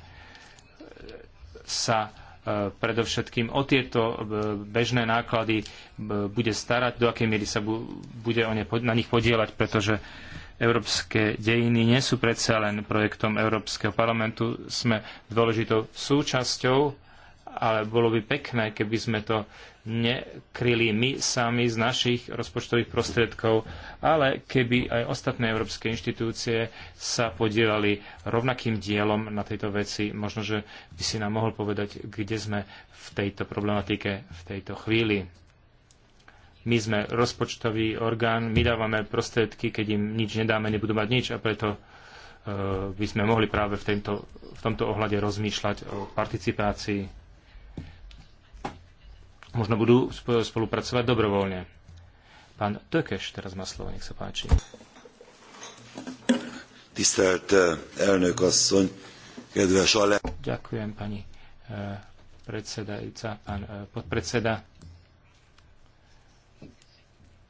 sa E, predovšetkým o tieto e, bežné náklady e, bude starať, do akej miery sa bude ne, na nich podielať, pretože európske dejiny nie sú predsa len projektom Európskeho parlamentu, sme dôležitou súčasťou, ale bolo by pekné, keby sme to nekryli my sami z našich rozpočtových prostriedkov, ale keby aj ostatné európske inštitúcie sa podielali rovnakým dielom na tejto veci, možno, že by si nám mohol povedať, kde sme v tejto problematike v tejto chvíli. My sme rozpočtový orgán, my dávame prostriedky, keď im nič nedáme, nebudú mať nič a preto e, by sme mohli práve v, tento, v tomto ohľade rozmýšľať o participácii možno budú spolupracovať dobrovoľne. Pán Tökeš teraz má slovo, nech sa páči.
Tisztelt eh, elnök asszony,
kedves ale... Ďakujem, pani eh, predsedajúca, pán eh, podpredseda.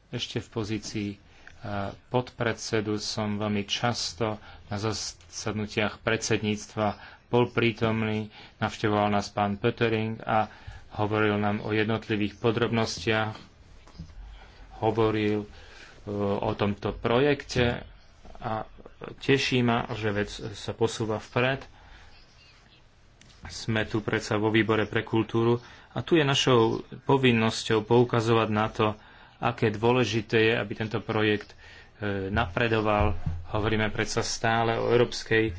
Ešte v pozícii podpredsedu som veľmi často na zasadnutiach predsedníctva bol prítomný, navštevoval nás pán Pöttering a hovoril nám o jednotlivých podrobnostiach, hovoril e, o tomto projekte a teší ma, že vec sa posúva vpred. Sme tu predsa vo výbore pre kultúru a tu je našou povinnosťou poukazovať na to, aké dôležité je, aby tento projekt e, napredoval. Hovoríme predsa stále o európskej e,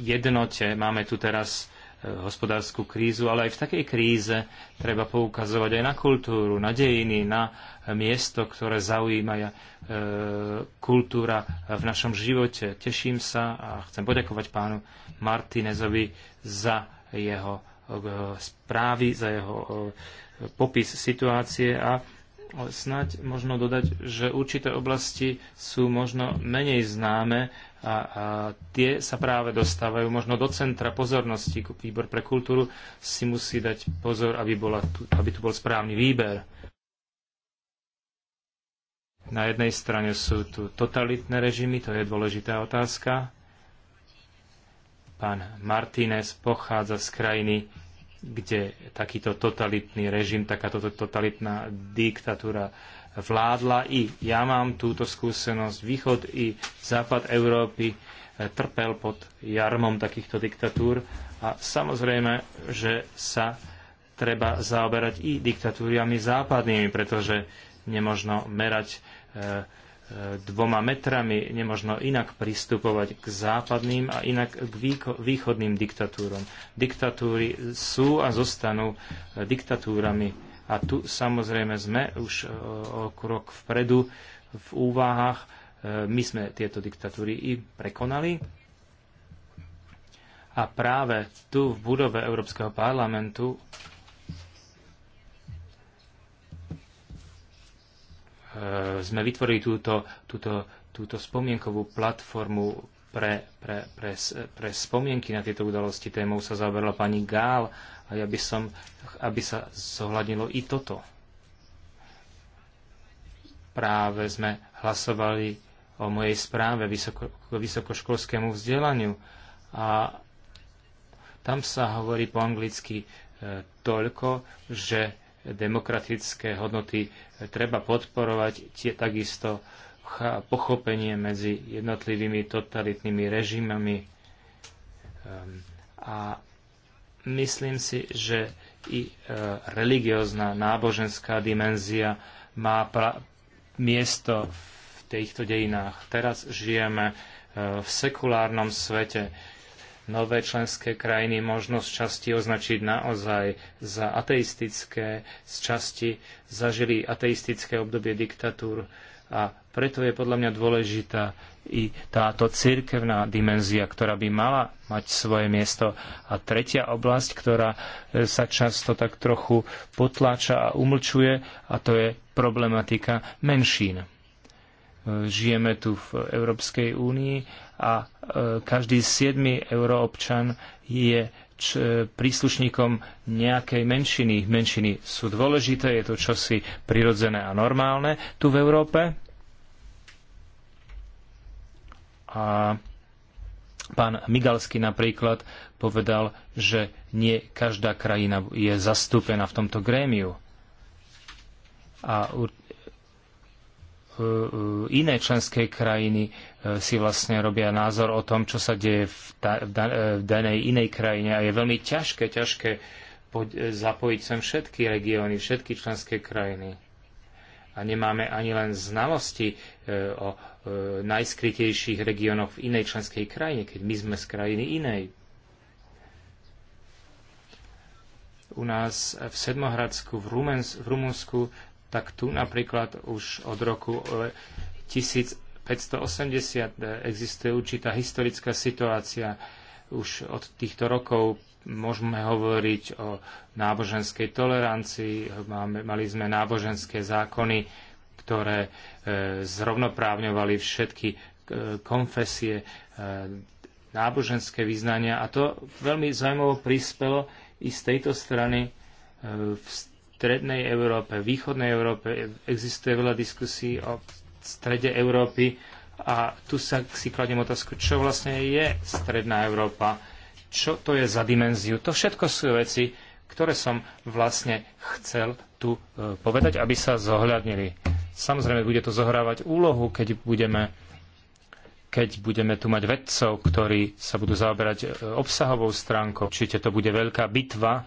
jednote. Máme tu teraz hospodárskú krízu, ale aj v takej kríze treba poukazovať aj na kultúru, na dejiny, na miesto, ktoré zaujíma e, kultúra v našom živote. Teším sa a chcem poďakovať pánu Martinezovi za jeho e, správy, za jeho e, popis situácie a snať možno dodať, že určité oblasti sú možno menej známe a, a tie sa práve dostávajú možno do centra pozornosti. Výbor pre kultúru si musí dať pozor, aby, bola tu, aby tu bol správny výber. Na jednej strane sú tu totalitné režimy, to je dôležitá otázka. Pán Martínez pochádza z krajiny, kde takýto totalitný režim, takáto totalitná diktatúra vládla i ja mám túto skúsenosť. Východ i západ Európy eh, trpel pod jarmom takýchto diktatúr a samozrejme, že sa treba zaoberať i diktatúriami západnými, pretože nemožno merať eh, eh, dvoma metrami, nemožno inak pristupovať k západným a inak k východným diktatúrom. Diktatúry sú a zostanú diktatúrami a tu samozrejme sme už e, o krok vpredu v úvahách. E, my sme tieto diktatúry i prekonali. A práve tu v budove Európskeho parlamentu e, sme vytvorili túto, túto, túto spomienkovú platformu pre, pre, pre, pre spomienky na tieto udalosti. Témou sa zaoberala pani Gál a ja by som, aby sa zohľadnilo i toto. Práve sme hlasovali o mojej správe vysoko, vysokoškolskému vzdelaniu a tam sa hovorí po anglicky e, toľko, že demokratické hodnoty e, treba podporovať tie takisto pochopenie medzi jednotlivými totalitnými režimami ehm, a Myslím si, že i e, religiózna, náboženská dimenzia má miesto v týchto dejinách. Teraz žijeme e, v sekulárnom svete. Nové členské krajiny možno z časti označiť naozaj za ateistické, z časti zažili ateistické obdobie diktatúr a preto je podľa mňa dôležitá i táto cirkevná dimenzia, ktorá by mala mať svoje miesto. A tretia oblasť, ktorá e, sa často tak trochu potláča a umlčuje, a to je problematika menšín. E, žijeme tu v Európskej únii a e, každý siedmy euroobčan je príslušníkom nejakej menšiny. Menšiny sú dôležité, je to čosi prirodzené a normálne tu v Európe a pán Migalsky napríklad povedal, že nie každá krajina je zastúpená v tomto grémiu. A iné členské krajiny e, si vlastne robia názor o tom, čo sa deje v, e, danej inej krajine. A je veľmi ťažké, ťažké e, zapojiť sem všetky regióny, všetky členské krajiny. A nemáme ani len znalosti o najskrytejších regiónoch v inej členskej krajine, keď my sme z krajiny inej. U nás v Sedmohradsku, v, Rumens, v Rumunsku, tak tu napríklad už od roku 1580 e, existuje určitá historická situácia. Už od týchto rokov môžeme hovoriť o náboženskej tolerancii, máme, mali sme náboženské zákony, ktoré e, zrovnoprávňovali všetky e, konfesie, e, náboženské vyznania a to veľmi zaujímavo prispelo i z tejto strany v strednej Európe, v východnej Európe existuje veľa diskusí o strede Európy a tu sa si kladiem otázku, čo vlastne je stredná Európa, čo to je za dimenziu. To všetko sú veci, ktoré som vlastne chcel tu povedať, aby sa zohľadnili. Samozrejme, bude to zohrávať úlohu, keď budeme, keď budeme tu mať vedcov, ktorí sa budú zaoberať e, obsahovou stránkou. Určite to bude veľká bitva. E,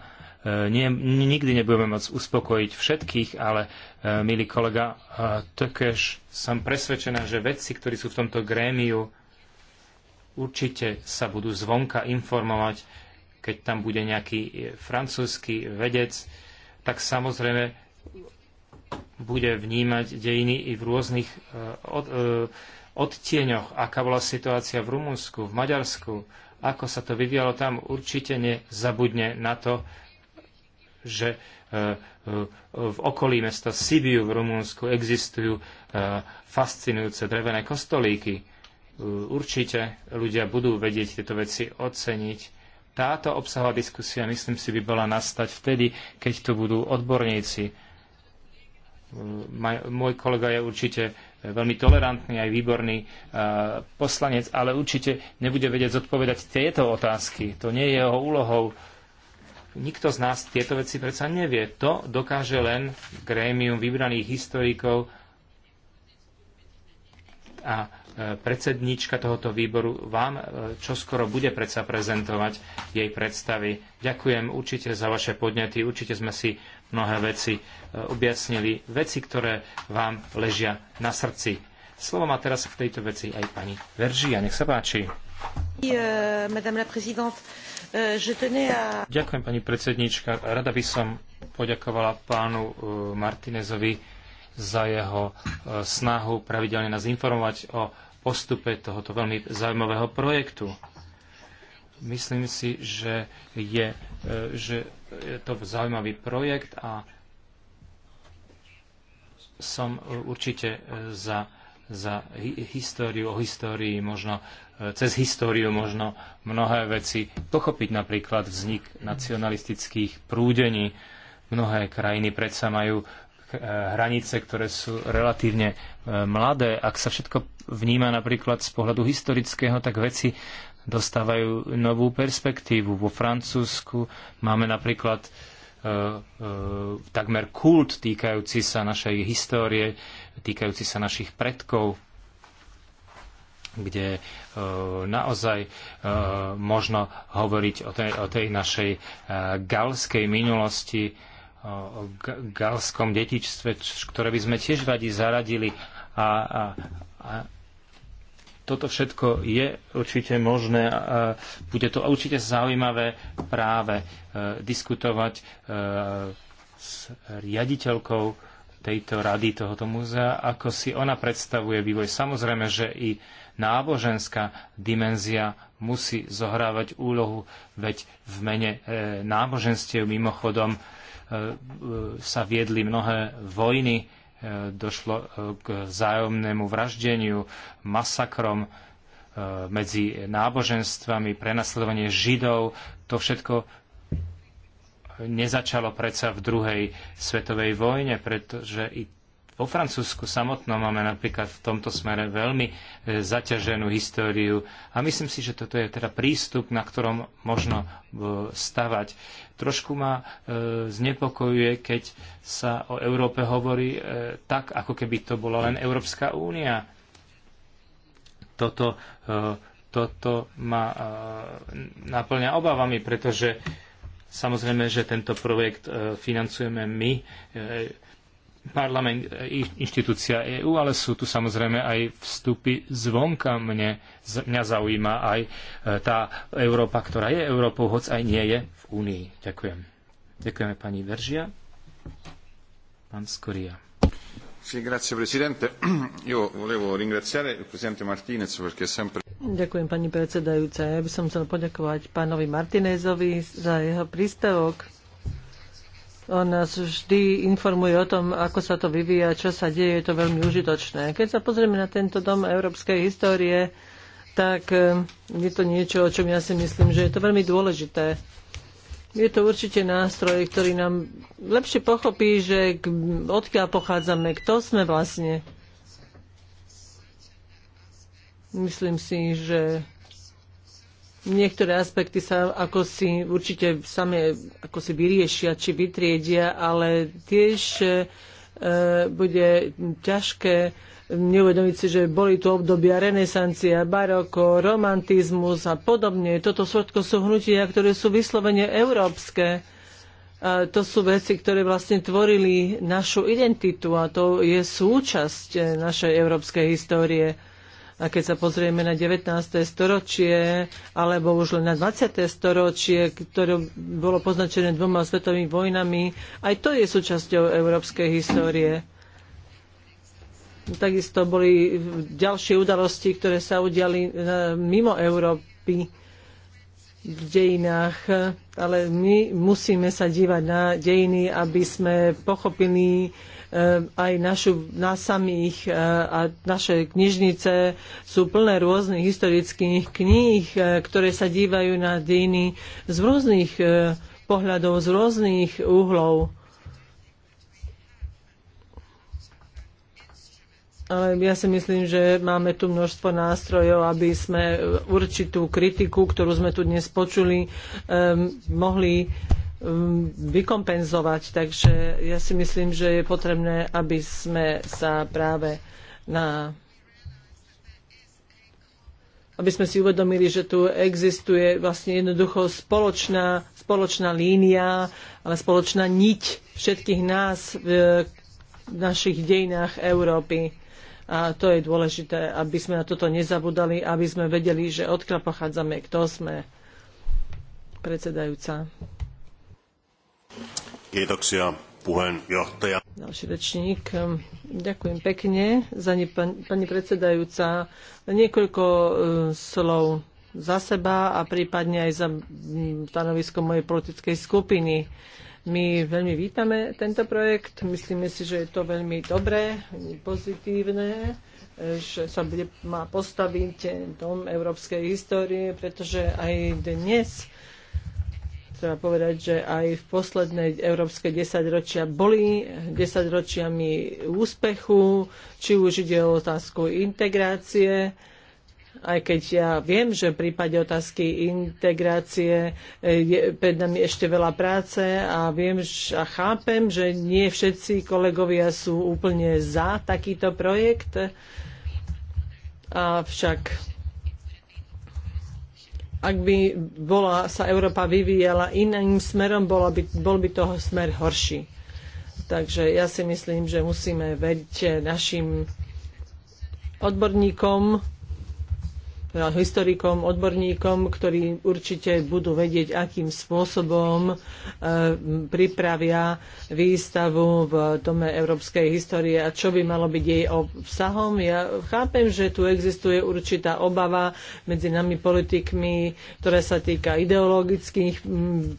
nie, nikdy nebudeme môcť uspokojiť všetkých, ale e, milý kolega Tökeš, som presvedčená, že vedci, ktorí sú v tomto grémiu, určite sa budú zvonka informovať, keď tam bude nejaký francúzsky vedec, tak samozrejme bude vnímať dejiny i v rôznych e, od, e, odtieňoch, aká bola situácia v Rumunsku, v Maďarsku, ako sa to vyvíjalo tam, určite nezabudne na to, že e, v okolí mesta Sibiu v Rumunsku existujú fascinujúce drevené kostolíky. Určite ľudia budú vedieť tieto veci oceniť. Táto obsahová diskusia, myslím si, by bola nastať vtedy, keď tu budú odborníci, môj kolega je určite veľmi tolerantný, aj výborný e, poslanec, ale určite nebude vedieť zodpovedať tieto otázky. To nie je jeho úlohou. Nikto z nás tieto veci predsa nevie. To dokáže len grémium vybraných historikov a e, predsednička tohoto výboru vám e, čoskoro bude predsa prezentovať jej predstavy. Ďakujem určite za vaše podnety, určite sme si mnohé veci e, objasnili, veci, ktoré vám ležia na srdci. Slovo má teraz v tejto veci aj pani Veržia. Nech sa páči.
E, e,
Ďakujem, pani predsednička. Rada by som poďakovala pánu Martinezovi za jeho snahu pravidelne nás informovať o postupe tohoto veľmi zaujímavého projektu. Myslím si, že je, že je to zaujímavý projekt a som určite e, za, za históriu, o histórii možno, e, cez históriu možno mnohé veci pochopiť, napríklad vznik nacionalistických prúdení. Mnohé krajiny predsa majú e, hranice, ktoré sú relatívne mladé. Ak sa všetko vníma napríklad z pohľadu historického, tak veci dostávajú novú perspektívu. Vo Francúzsku máme napríklad Uh, uh, takmer kult týkajúci sa našej histórie, týkajúci sa našich predkov, kde uh, naozaj možno hovoriť o tej, o tej našej galskej minulosti, o galskom detičstve, ktoré by sme tiež radi zaradili a, a, a toto všetko je určite možné a bude to určite zaujímavé práve e, diskutovať e, s riaditeľkou tejto rady, tohoto múzea, ako si ona predstavuje vývoj. Samozrejme, že i náboženská dimenzia musí zohrávať úlohu, veď v mene e, náboženstiev mimochodom sa viedli mnohé vojny, došlo e, k zájomnému vraždeniu, masakrom e, medzi náboženstvami, prenasledovanie židov. To všetko nezačalo predsa v druhej svetovej vojne, pretože i vo Francúzsku samotno máme napríklad v tomto smere veľmi e, zaťaženú históriu a myslím si, že toto je teda prístup, na ktorom možno e, stavať. Trošku ma e, znepokojuje, keď sa o Európe hovorí tak, ako keby to bola len Európska únia. Toto, toto ma naplňa obavami, pretože samozrejme, že tento projekt financujeme my parlament, eh, inštitúcia EÚ, ale sú tu samozrejme aj vstupy zvonka. Mne, mňa zaujíma aj eh, tá Európa, ktorá je Európou, hoc aj nie je v Únii. Ďakujem. Ďakujeme pani
Veržia. Pán Skoria.
Sì, grazie Presidente.
Io volevo ringraziare il Presidente Martinez perché sempre... Ďakujem pani predsedajúca. Ja by som chcel poďakovať pánovi Martinezovi za jeho príspevok on nás vždy informuje o tom, ako sa to vyvíja, čo sa deje, je to veľmi užitočné. Keď sa pozrieme na tento dom európskej histórie, tak e, je to niečo, o čom ja si myslím, že je to veľmi dôležité. Je to určite nástroj, ktorý nám lepšie pochopí, že odkiaľ pochádzame, kto sme vlastne. Myslím si, že Niektoré aspekty sa ako si určite same ako si vyriešia či vytriedia, ale tiež e, bude ťažké neuvedomiť si, že boli tu obdobia renesancia, baroko, romantizmus a podobne. Toto všetko sú hnutia, ktoré sú vyslovene európske. A to sú veci, ktoré vlastne tvorili našu identitu a to je súčasť e, našej európskej histórie. A keď sa pozrieme na 19. storočie, alebo už len na 20. storočie, ktoré bolo poznačené dvoma svetovými vojnami, aj to je súčasťou európskej histórie. Takisto boli ďalšie udalosti, ktoré sa udiali e, mimo Európy v dejinách, ale my musíme sa dívať na dejiny, aby sme pochopili Ehm, aj našu, nás samých e, a naše knižnice sú plné rôznych historických kníh, e, ktoré sa dívajú na dejiny z rôznych e, pohľadov, z rôznych uhlov. ale ja si myslím, že máme tu množstvo nástrojov, aby sme určitú kritiku, ktorú sme tu dnes počuli, ehm, mohli Um, vykompenzovať. Takže ja si myslím, že je potrebné, aby sme sa práve na aby sme si uvedomili, že tu existuje vlastne jednoducho spoločná, spoločná línia, ale spoločná niť všetkých nás v našich dejinách Európy. A to je dôležité, aby sme na toto nezabudali, aby sme vedeli, že odkiaľ pochádzame, kto sme. Predsedajúca.
Kiitoksia puheenjohtaja.
Ďalší rečník. Ďakujem pekne za ne, pani predsedajúca. Niekoľko e, slov za seba a prípadne aj za stanovisko mojej politickej skupiny. My veľmi vítame tento projekt, myslíme si, že je to veľmi dobré, pozitívne, e, že sa bude, má postaviť dom európskej histórie, pretože aj dnes treba povedať, že aj v poslednej európske desaťročia boli desaťročiami úspechu, či už ide o otázku integrácie, aj keď ja viem, že v prípade otázky integrácie eh, je pred nami ešte veľa práce a viem a chápem, že nie všetci kolegovia sú úplne za takýto projekt. Avšak ak by bola, sa Európa vyvíjala iným smerom, bola by, bol by toho smer horší. Takže ja si myslím, že musíme veriť našim odborníkom, No, historikom, odborníkom, ktorí určite budú vedieť, akým spôsobom e, pripravia výstavu v Dome európskej histórie a čo by malo byť jej obsahom. Ja chápem, že tu existuje určitá obava medzi nami politikmi, ktorá sa týka ideologických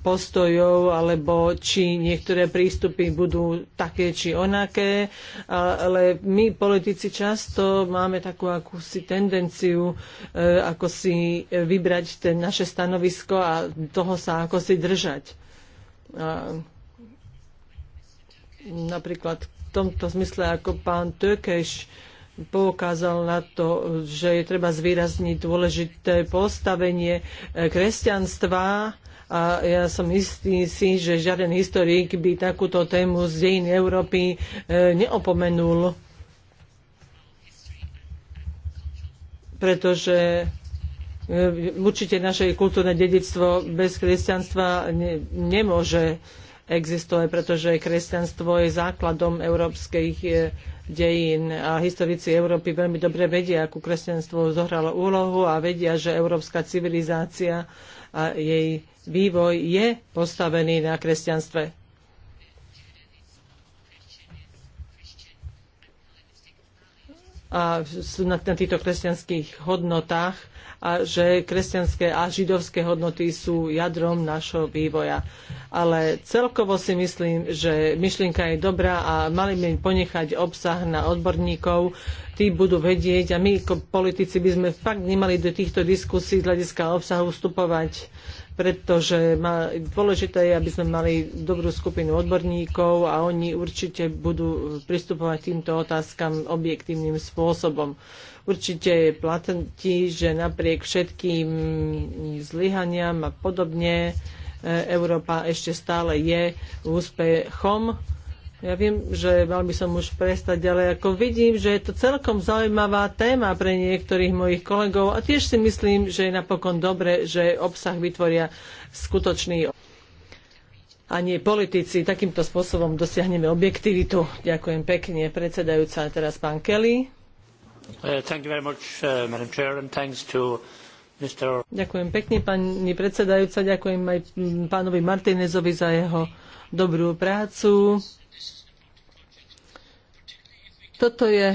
postojov, alebo či niektoré prístupy budú také či onaké, ale my politici často máme takú akúsi tendenciu e, E, ako si vybrať ten naše stanovisko a toho sa ako si držať. A napríklad v tomto zmysle, ako pán Tökeš poukázal na to, že je treba zvýrazniť dôležité postavenie e, kresťanstva a ja som istý si, že žiaden historik by takúto tému z dejín Európy e, neopomenul. pretože e, určite naše kultúrne dedictvo bez kresťanstva ne, nemôže existovať, pretože kresťanstvo je základom európskych e, dejín a historici Európy veľmi dobre vedia, akú kresťanstvo zohralo úlohu a vedia, že európska civilizácia a jej vývoj je postavený na kresťanstve. a sú na, na týchto kresťanských hodnotách a že kresťanské a židovské hodnoty sú jadrom našho vývoja. Ale celkovo si myslím, že myšlienka je dobrá a mali by ponechať obsah na odborníkov. Tí budú vedieť a my ako politici by sme fakt nemali do týchto diskusí z hľadiska obsahu vstupovať pretože dôležité je, aby sme mali dobrú skupinu odborníkov a oni určite budú pristupovať k týmto otázkam objektívnym spôsobom. Určite platí, že napriek všetkým zlyhaniam a podobne e, Európa ešte stále je úspechom ja viem, že mal by som už prestať ďalej, ako vidím, že je to celkom zaujímavá téma pre niektorých mojich kolegov a tiež si myslím, že je napokon dobre, že obsah vytvoria skutočný a nie politici. Takýmto spôsobom dosiahneme objektivitu. Ďakujem pekne. Predsedajúca teraz pán Kelly.
Uh, uh,
Ďakujem pekne, pani predsedajúca. Ďakujem aj pánovi Martinezovi za jeho dobrú prácu. Toto je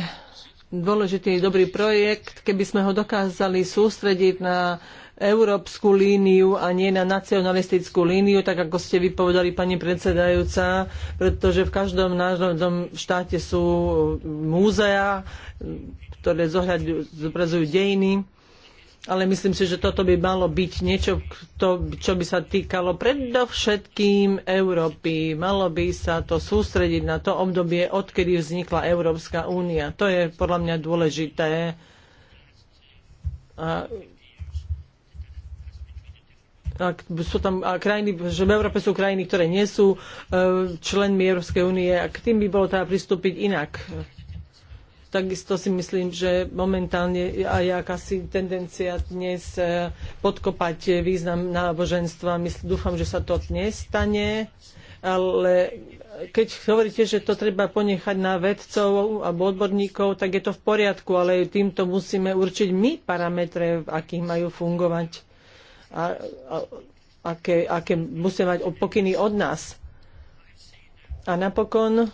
dôležitý, dobrý projekt, keby sme ho dokázali sústrediť na európsku líniu a nie na nacionalistickú líniu, tak ako ste vypovedali pani predsedajúca, pretože v každom národnom štáte sú múzea, ktoré zobrazujú dejiny ale myslím si, že toto by malo byť niečo, to, čo by sa týkalo predovšetkým Európy. Malo by sa to sústrediť na to obdobie, odkedy vznikla Európska únia. To je podľa mňa dôležité. A ak sú tam a krajiny, že v Európe sú krajiny, ktoré nie sú e, členmi Európskej únie a k tým by bolo teda pristúpiť inak. Takisto si myslím, že momentálne je aj akási tendencia dnes eh, podkopať význam náboženstva. dúfam, že sa to nestane, ale keď hovoríte, že to treba ponechať na vedcov alebo odborníkov, tak je to v poriadku, ale týmto musíme určiť my parametre, v akých majú fungovať a, a aké, aké musia mať pokyny od nás. A napokon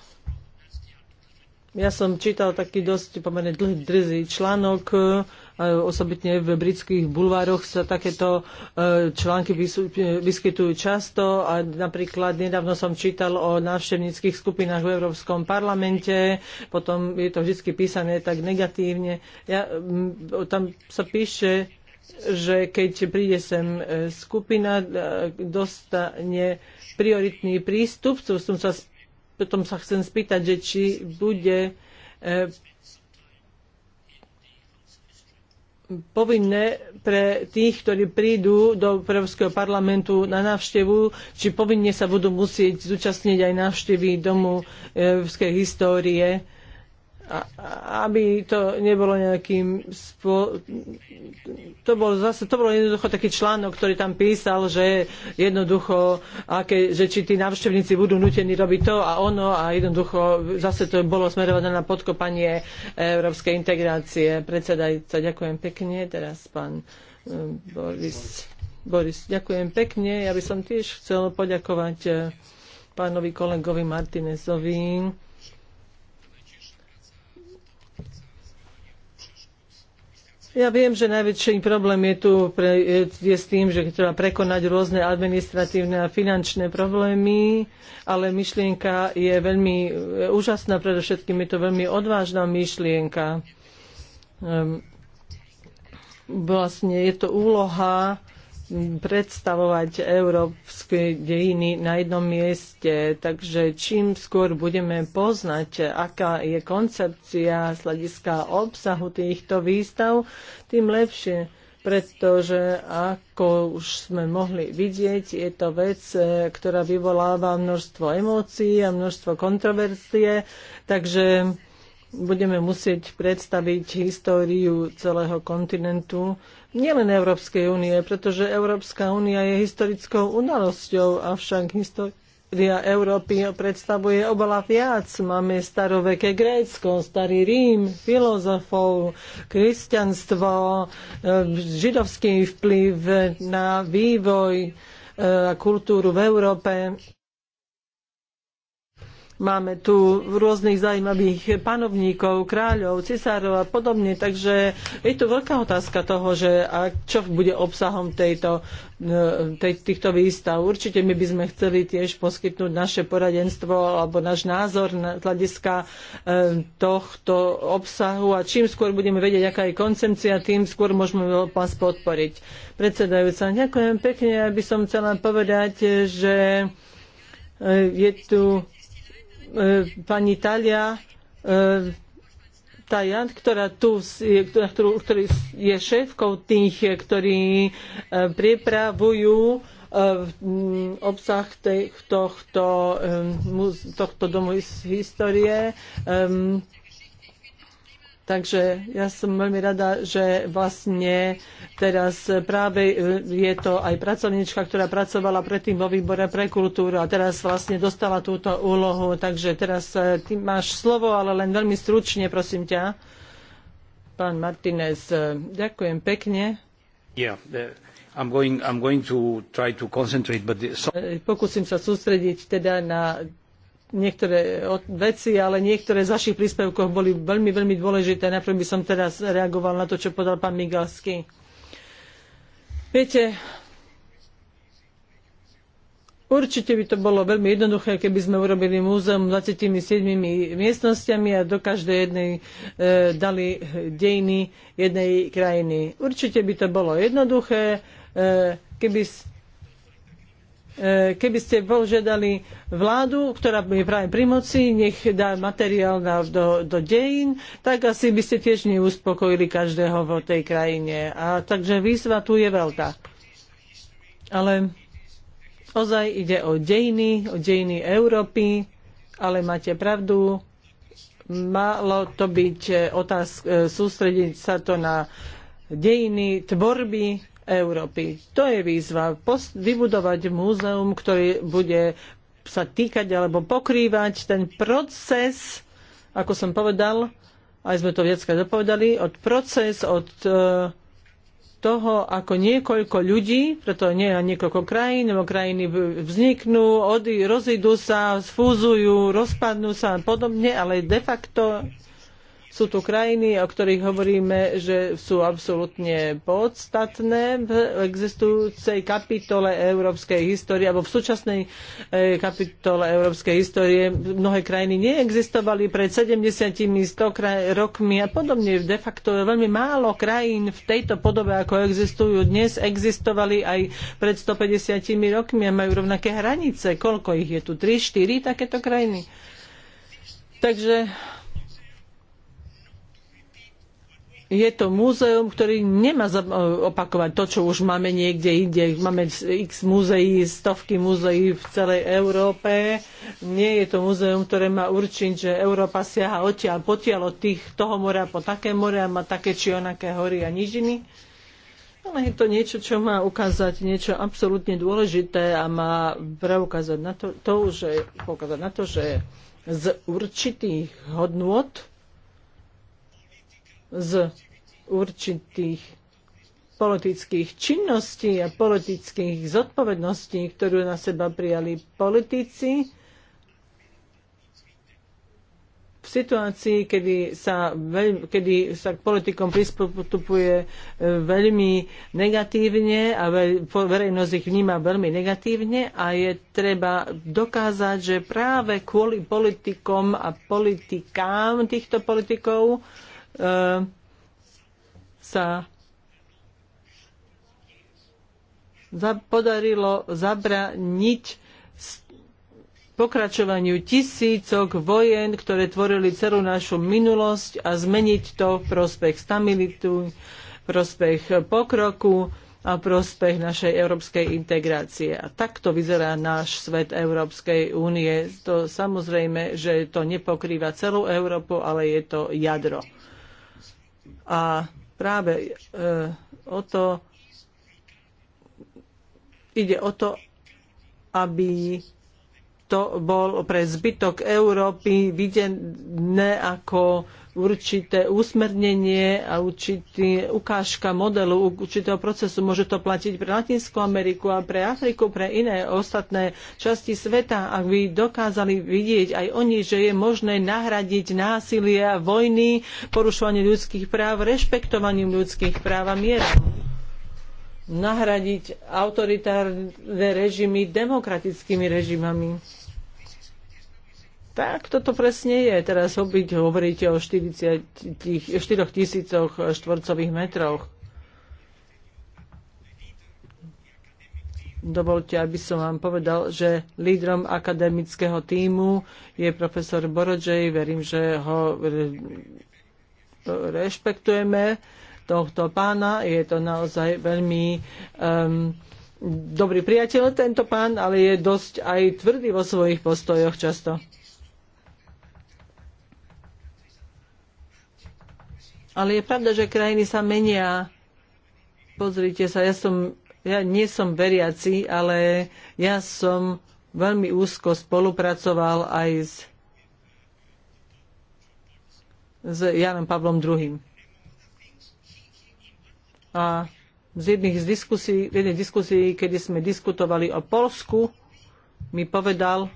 ja som čítal taký dosť pomerne dlhý, drzý článok, e, osobitne v britských bulvároch sa takéto e, články e, vyskytujú často a napríklad nedávno som čítal o návštevníckých skupinách v Európskom parlamente, potom je to vždy písané tak negatívne. Ja, tam sa píše, že keď príde sem skupina, dostane prioritný prístup, som sa potom sa chcem spýtať, že či bude e, povinné pre tých, ktorí prídu do Európskeho parlamentu na návštevu, či povinne sa budú musieť zúčastniť aj návštevy Domu európskej histórie aby to nebolo nejakým spô... to bol zase, to bol jednoducho taký článok, ktorý tam písal, že jednoducho, aké, že či tí návštevníci budú nutení robiť to a ono a jednoducho zase to bolo smerované na podkopanie európskej integrácie. Predsedajca, ďakujem pekne. Teraz pán e, Boris. Boris, ďakujem pekne. Ja by som tiež chcel poďakovať e, pánovi kolegovi Martinezovi Ja viem, že najväčší problém je tu pre, je, je s tým, že treba prekonať rôzne administratívne a finančné problémy, ale myšlienka je veľmi e, úžasná, predovšetkým je to veľmi odvážna myšlienka. Um, vlastne je to úloha predstavovať európske dejiny na jednom mieste. Takže čím skôr budeme poznať, aká je koncepcia z hľadiska obsahu týchto výstav, tým lepšie pretože ako už sme mohli vidieť, je to vec, ktorá vyvoláva množstvo emócií a množstvo kontroverzie, takže budeme musieť predstaviť históriu celého kontinentu, nielen Európskej únie, pretože Európska únia je historickou udalosťou, avšak história Európy predstavuje obala viac. Máme staroveké Grécko, starý Rím, filozofov, kresťanstvo, e, židovský vplyv na vývoj e, a kultúru v Európe. Máme tu rôznych zaujímavých panovníkov, kráľov, cisárov a podobne, takže je tu veľká otázka toho, že a čo bude obsahom tejto, e, tej, týchto výstav. Určite my by sme chceli tiež poskytnúť naše poradenstvo alebo náš názor na hľadiska e, tohto obsahu a čím skôr budeme vedieť, aká je koncepcia, tým skôr môžeme vás podporiť. Predsedajúca, ďakujem pekne, aby som chcela povedať, že e, je tu E, pani Talia e, Tajan, ktorá tu je, ktorú, ktorý je šéfkou tých, ktorí e, pripravujú obsah tohto, tohto domu z histórie. Takže ja som veľmi rada, že vlastne teraz práve e, je to aj pracovnička, ktorá pracovala predtým vo výbore pre kultúru a teraz vlastne dostala túto úlohu. Takže teraz e, ty máš slovo, ale len veľmi stručne, prosím ťa. Pán Martinez, e, ďakujem pekne.
Yeah, I'm going, I'm going to try to concentrate, but...
Pokúsim sa sústrediť teda na niektoré veci, ale niektoré z vašich príspevkov boli veľmi, veľmi dôležité. Najprv by som teraz reagoval na to, čo podal pán Migalský. Viete, určite by to bolo veľmi jednoduché, keby sme urobili múzeum 27 miestnostiami a do každej jednej e, dali dejiny jednej krajiny. Určite by to bolo jednoduché, e, keby E, keby ste požiadali vládu, ktorá je práve pri moci, nech dá materiál do, do dejín, tak asi by ste tiež neuspokojili každého vo tej krajine. A takže výzva tu je veľká. Ale ozaj ide o dejiny, o dejiny Európy, ale máte pravdu, malo to byť e, otázka, e, sústrediť sa to na dejiny, tvorby Európy. To je výzva. vybudovať múzeum, ktoré bude sa týkať alebo pokrývať ten proces, ako som povedal, aj sme to viackrát dopovedali, od proces, od e, toho, ako niekoľko ľudí, preto nie niekoľko krajín, lebo krajiny vzniknú, odí, rozídu sa, sfúzujú, rozpadnú sa a podobne, ale de facto sú tu krajiny, o ktorých hovoríme, že sú absolútne podstatné v existujúcej kapitole európskej histórie alebo v súčasnej eh, kapitole európskej histórie. Mnohé krajiny neexistovali pred 70 100 rokmi a podobne. De facto veľmi málo krajín v tejto podobe, ako existujú dnes, existovali aj pred 150 rokmi a majú rovnaké hranice. Koľko ich je tu? 3-4 takéto krajiny? Takže je to múzeum, ktorý nemá opakovať to, čo už máme niekde inde. Máme x múzeí, stovky múzeí v celej Európe. Nie je to múzeum, ktoré má určiť, že Európa siaha odtiaľ, potiaľ od tých, toho mora po také more a má také či onaké hory a nižiny. Ale je to niečo, čo má ukázať niečo absolútne dôležité a má preukázať na to, to že, na to, že z určitých hodnôt z určitých politických činností a politických zodpovedností, ktorú na seba prijali politici v situácii, kedy sa, veľ, kedy sa k politikom pristupuje e, veľmi negatívne a veľ, verejnosť ich vníma veľmi negatívne a je treba dokázať, že práve kvôli politikom a politikám týchto politikov E, sa podarilo zabraniť pokračovaniu tisícok vojen, ktoré tvorili celú našu minulosť a zmeniť to v prospech stabilitu, prospech pokroku a prospech našej európskej integrácie. A takto vyzerá náš svet Európskej únie. To samozrejme, že to nepokrýva celú Európu, ale je to jadro. A práve e, o to ide o to, aby to bol pre zbytok Európy videné ako určité úsmernenie a určitý ukážka modelu určitého procesu. Môže to platiť pre Latinskú Ameriku a pre Afriku, pre iné ostatné časti sveta, ak by dokázali vidieť aj oni, že je možné nahradiť násilie a vojny, porušovanie ľudských práv, rešpektovaním ľudských práv a mier, nahradiť autoritárne režimy demokratickými režimami. Tak, toto presne je. Teraz obyť hovoríte o 4 tisícoch štvorcových metroch. Dovolte, aby som vám povedal, že lídrom akademického týmu je profesor Borodžej. Verím, že ho rešpektujeme. Tohto pána je to naozaj veľmi um, dobrý priateľ tento pán, ale je dosť aj tvrdý vo svojich postojoch často. Ale je pravda, že krajiny sa menia. Pozrite sa, ja som, ja nie som veriaci, ale ja som veľmi úzko spolupracoval aj s, s Janom Pavlom II. A z jedných z diskusí, jednej diskusí, kedy sme diskutovali o Polsku, mi povedal,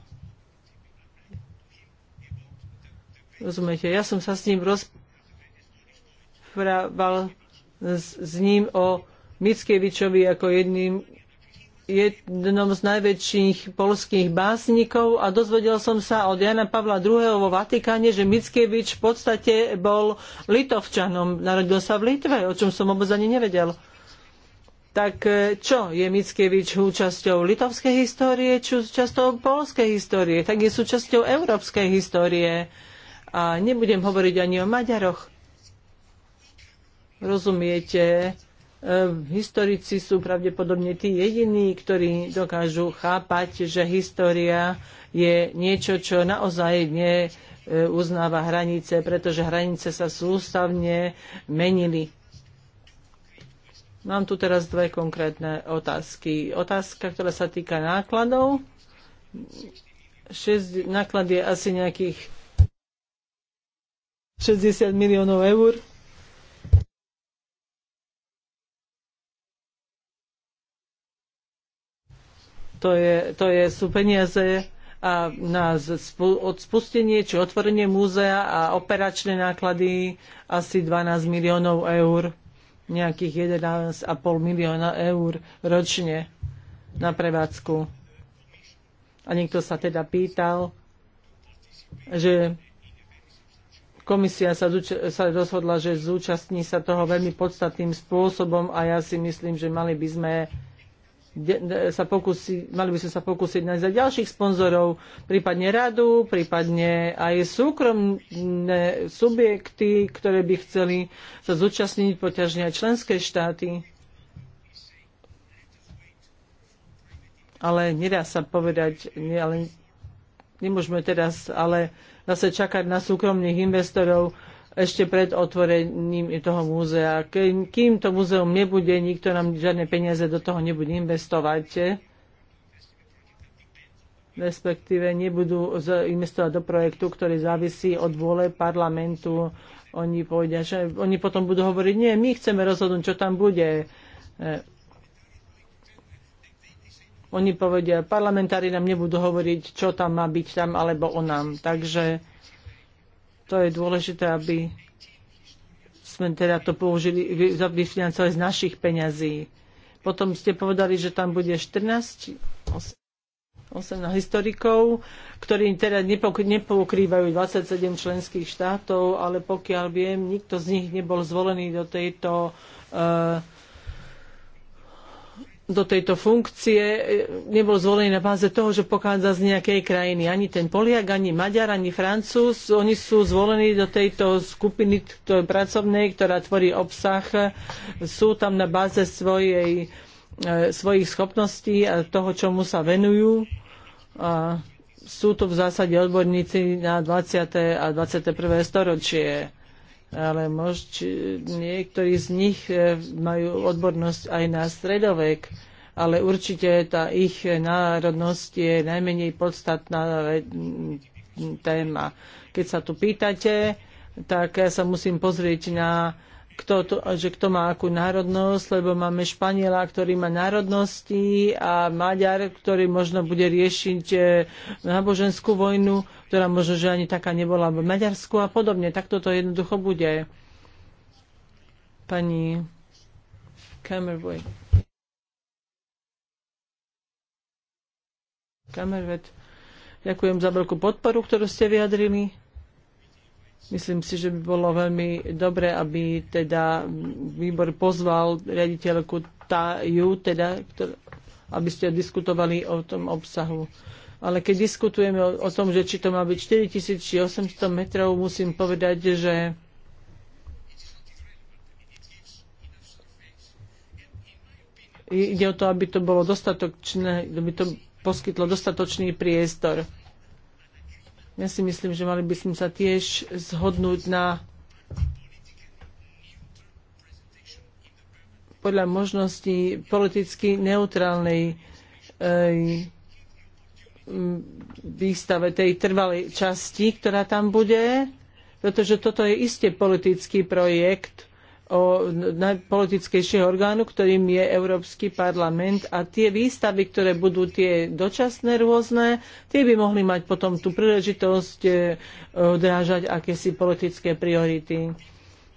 rozumiete, ja som sa s ním rozprával rozprával s, s ním o Mickevičovi ako jedným jednom z najväčších polských básnikov a dozvedel som sa od Jana Pavla II. vo Vatikáne, že Mickiewicz v podstate bol litovčanom, narodil sa v Litve, o čom som vôbec ani nevedel. Tak e, čo, je Mickiewicz súčasťou litovskej histórie, či súčasťou polskej histórie, tak je súčasťou európskej histórie. A nebudem hovoriť ani o Maďaroch rozumiete. E, historici sú pravdepodobne tí jediní, ktorí dokážu chápať, že história je niečo, čo naozaj e, uznáva hranice, pretože hranice sa sústavne menili. Mám tu teraz dve konkrétne otázky. Otázka, ktorá sa týka nákladov. 6, náklad je asi nejakých 60 miliónov eur To, je, to je, sú peniaze a na spustenie či otvorenie múzea a operačné náklady asi 12 miliónov eur, nejakých 11,5 milióna eur ročne na prevádzku. A niekto sa teda pýtal, že komisia sa, sa rozhodla, že zúčastní sa toho veľmi podstatným spôsobom a ja si myslím, že mali by sme E, sa pokusí, mali by sme sa pokúsiť nájsť aj ďalších sponzorov, prípadne radu, prípadne aj súkromné subjekty, ktoré by chceli sa zúčastniť, poťažne aj členské štáty. Ale nedá sa povedať, nie, ale nemôžeme teraz ale zase čakať na súkromných investorov, ešte pred otvorením toho múzea. Kým to múzeum nebude, nikto nám žiadne peniaze do toho nebude investovať respektíve nebudú investovať do projektu, ktorý závisí od vôle parlamentu. Oni povedia, že oni potom budú hovoriť, nie, my chceme rozhodnúť, čo tam bude. E, oni povedia, parlamentári nám nebudú hovoriť, čo tam má byť tam alebo o nám. Takže to je dôležité, aby sme teda to použili, vyfinancovali z našich peňazí. Potom ste povedali, že tam bude 14, 8 historikov, ktorí teda nepokrývajú 27 členských štátov, ale pokiaľ viem, nikto z nich nebol zvolený do tejto uh, do tejto funkcie e, nebol zvolený na báze toho, že pochádza z nejakej krajiny. Ani ten Poliak, ani Maďar, ani Francúz, oni sú zvolení do tejto skupiny pracovnej, ktorá tvorí obsah. Sú tam na báze svojej, e, svojich schopností a toho, čomu sa venujú. A sú to v zásade odborníci na 20. a 21. storočie ale možno niektorí z nich e, majú odbornosť aj na stredovek, ale určite tá ich národnosť je najmenej podstatná téma. Keď sa tu pýtate, tak ja sa musím pozrieť na kto, to, že kto má akú národnosť, lebo máme Španiela, ktorý má národnosti a Maďar, ktorý možno bude riešiť e, náboženskú vojnu, ktorá možno, že ani taká nebola v Maďarsku a podobne. Tak toto jednoducho bude. Pani Kamervoj. Kamervet. Ďakujem za veľkú podporu, ktorú ste vyjadrili. Myslím si, že by bolo veľmi dobre, aby teda výbor pozval riaditeľku tá ju, teda, ktor, aby ste diskutovali o tom obsahu. Ale keď diskutujeme o, o tom, že či to má byť 4000 či 800 metrov, musím povedať, že ide o to, aby to bolo dostatočné, aby to poskytlo dostatočný priestor. Ja si myslím, že mali by sme sa tiež zhodnúť na podľa možností politicky neutrálnej eh, výstave tej trvalej časti, ktorá tam bude, pretože toto je iste politický projekt o najpolitickejšieho orgánu, ktorým je Európsky parlament. A tie výstavy, ktoré budú tie dočasné rôzne, tie by mohli mať potom tú príležitosť e, odrážať akési politické priority.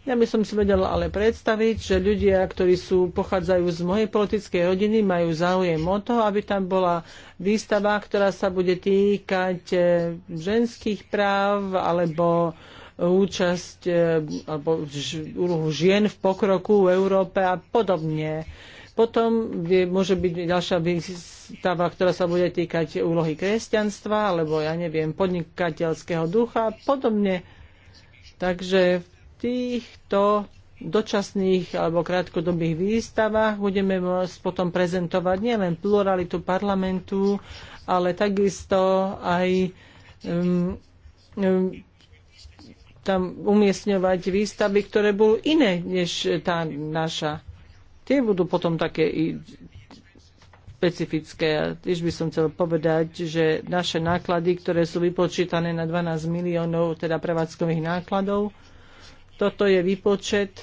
Ja by som si vedela ale predstaviť, že ľudia, ktorí sú, pochádzajú z mojej politickej rodiny, majú záujem o to, aby tam bola výstava, ktorá sa bude týkať e, ženských práv alebo účasť e, alebo úlohu žien v pokroku v Európe a podobne. Potom je, môže byť ďalšia výstava, ktorá sa bude týkať úlohy kresťanstva, alebo ja neviem, podnikateľského ducha a podobne. Takže v týchto dočasných alebo krátkodobých výstavách budeme môcť potom prezentovať nielen pluralitu parlamentu, ale takisto aj um, um, tam umiestňovať výstavy, ktoré budú iné než tá naša. Tie budú potom také špecifické. A tiež by som chcel povedať, že naše náklady, ktoré sú vypočítané na 12 miliónov, teda prevádzkových nákladov, toto je výpočet.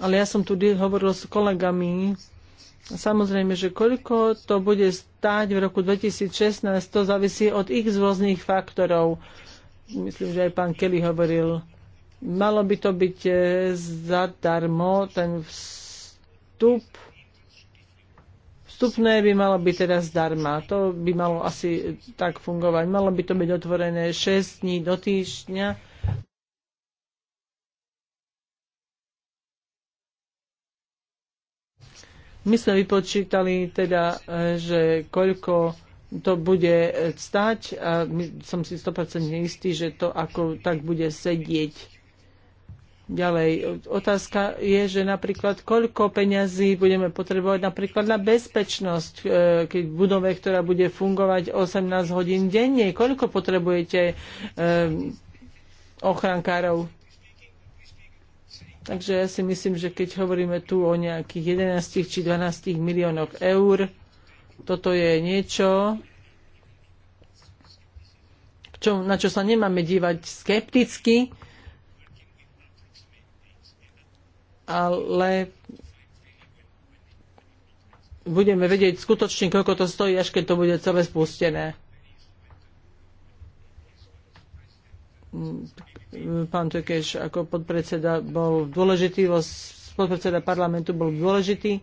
Ale ja som tu hovoril s kolegami. Samozrejme, že koľko to bude stáť v roku 2016, to závisí od ich rôznych faktorov myslím, že aj pán Kelly hovoril, malo by to byť e, zadarmo, ten vstup, vstupné by malo byť teraz zdarma. To by malo asi tak fungovať. Malo by to byť otvorené 6 dní do týždňa. My sme vypočítali teda, e, že koľko to bude stať a som si 100% istý, že to ako tak bude sedieť. Ďalej, otázka je, že napríklad koľko peňazí budeme potrebovať napríklad na bezpečnosť, e, keď v budove, ktorá bude fungovať 18 hodín denne, koľko potrebujete e, ochrankárov? Takže ja si myslím, že keď hovoríme tu o nejakých 11 či 12 miliónoch eur, toto je niečo, čo, na čo sa nemáme dívať skepticky, ale budeme vedieť skutočne, koľko to stojí, až keď to bude celé spustené. Pán Tekeš ako podpredseda bol dôležitý, podpredseda parlamentu bol dôležitý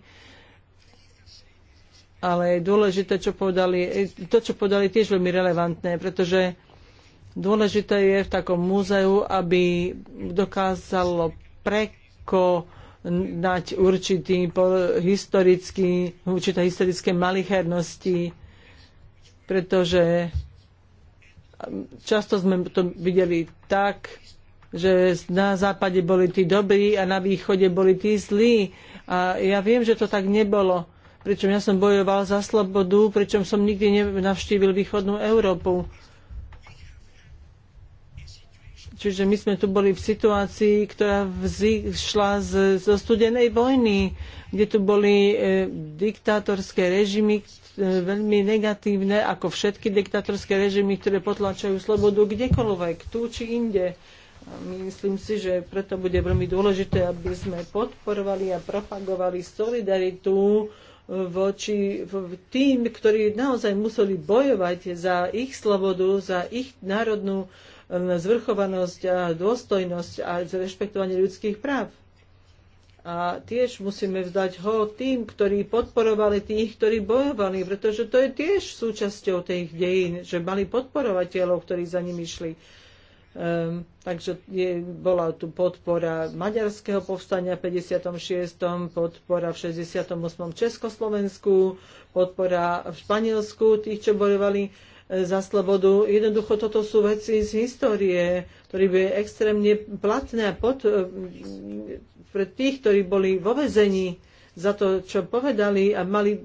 ale je dôležité, čo povedali, e, to, čo povedali, tiež veľmi relevantné, pretože dôležité je v takom múzeu, aby dokázalo prekonať určitý historický, určité historické malichernosti, pretože často sme to videli tak, že na západe boli tí dobrí a na východe boli tí zlí. A ja viem, že to tak nebolo pričom ja som bojoval za slobodu, pričom som nikdy navštívil východnú Európu. Čiže my sme tu boli v situácii, ktorá vzýšla z, zo studenej vojny, kde tu boli e, diktátorské režimy, e, veľmi negatívne, ako všetky diktátorské režimy, ktoré potlačajú slobodu kdekoľvek, tu či inde. A myslím si, že preto bude veľmi dôležité, aby sme podporovali a propagovali solidaritu voči tým, ktorí naozaj museli bojovať za ich slobodu, za ich národnú zvrchovanosť a dôstojnosť a za rešpektovanie ľudských práv. A tiež musíme vzdať ho tým, ktorí podporovali tých, ktorí bojovali, pretože to je tiež súčasťou tých dejín, že mali podporovateľov, ktorí za nimi išli. Um, takže je, bola tu podpora maďarského povstania v 56., podpora v 68. Československu, podpora v Španielsku tých, čo bojovali e, za slobodu. Jednoducho toto sú veci z histórie, ktoré boli extrémne platné pod, e, pre tých, ktorí boli vo vezení za to, čo povedali a mali,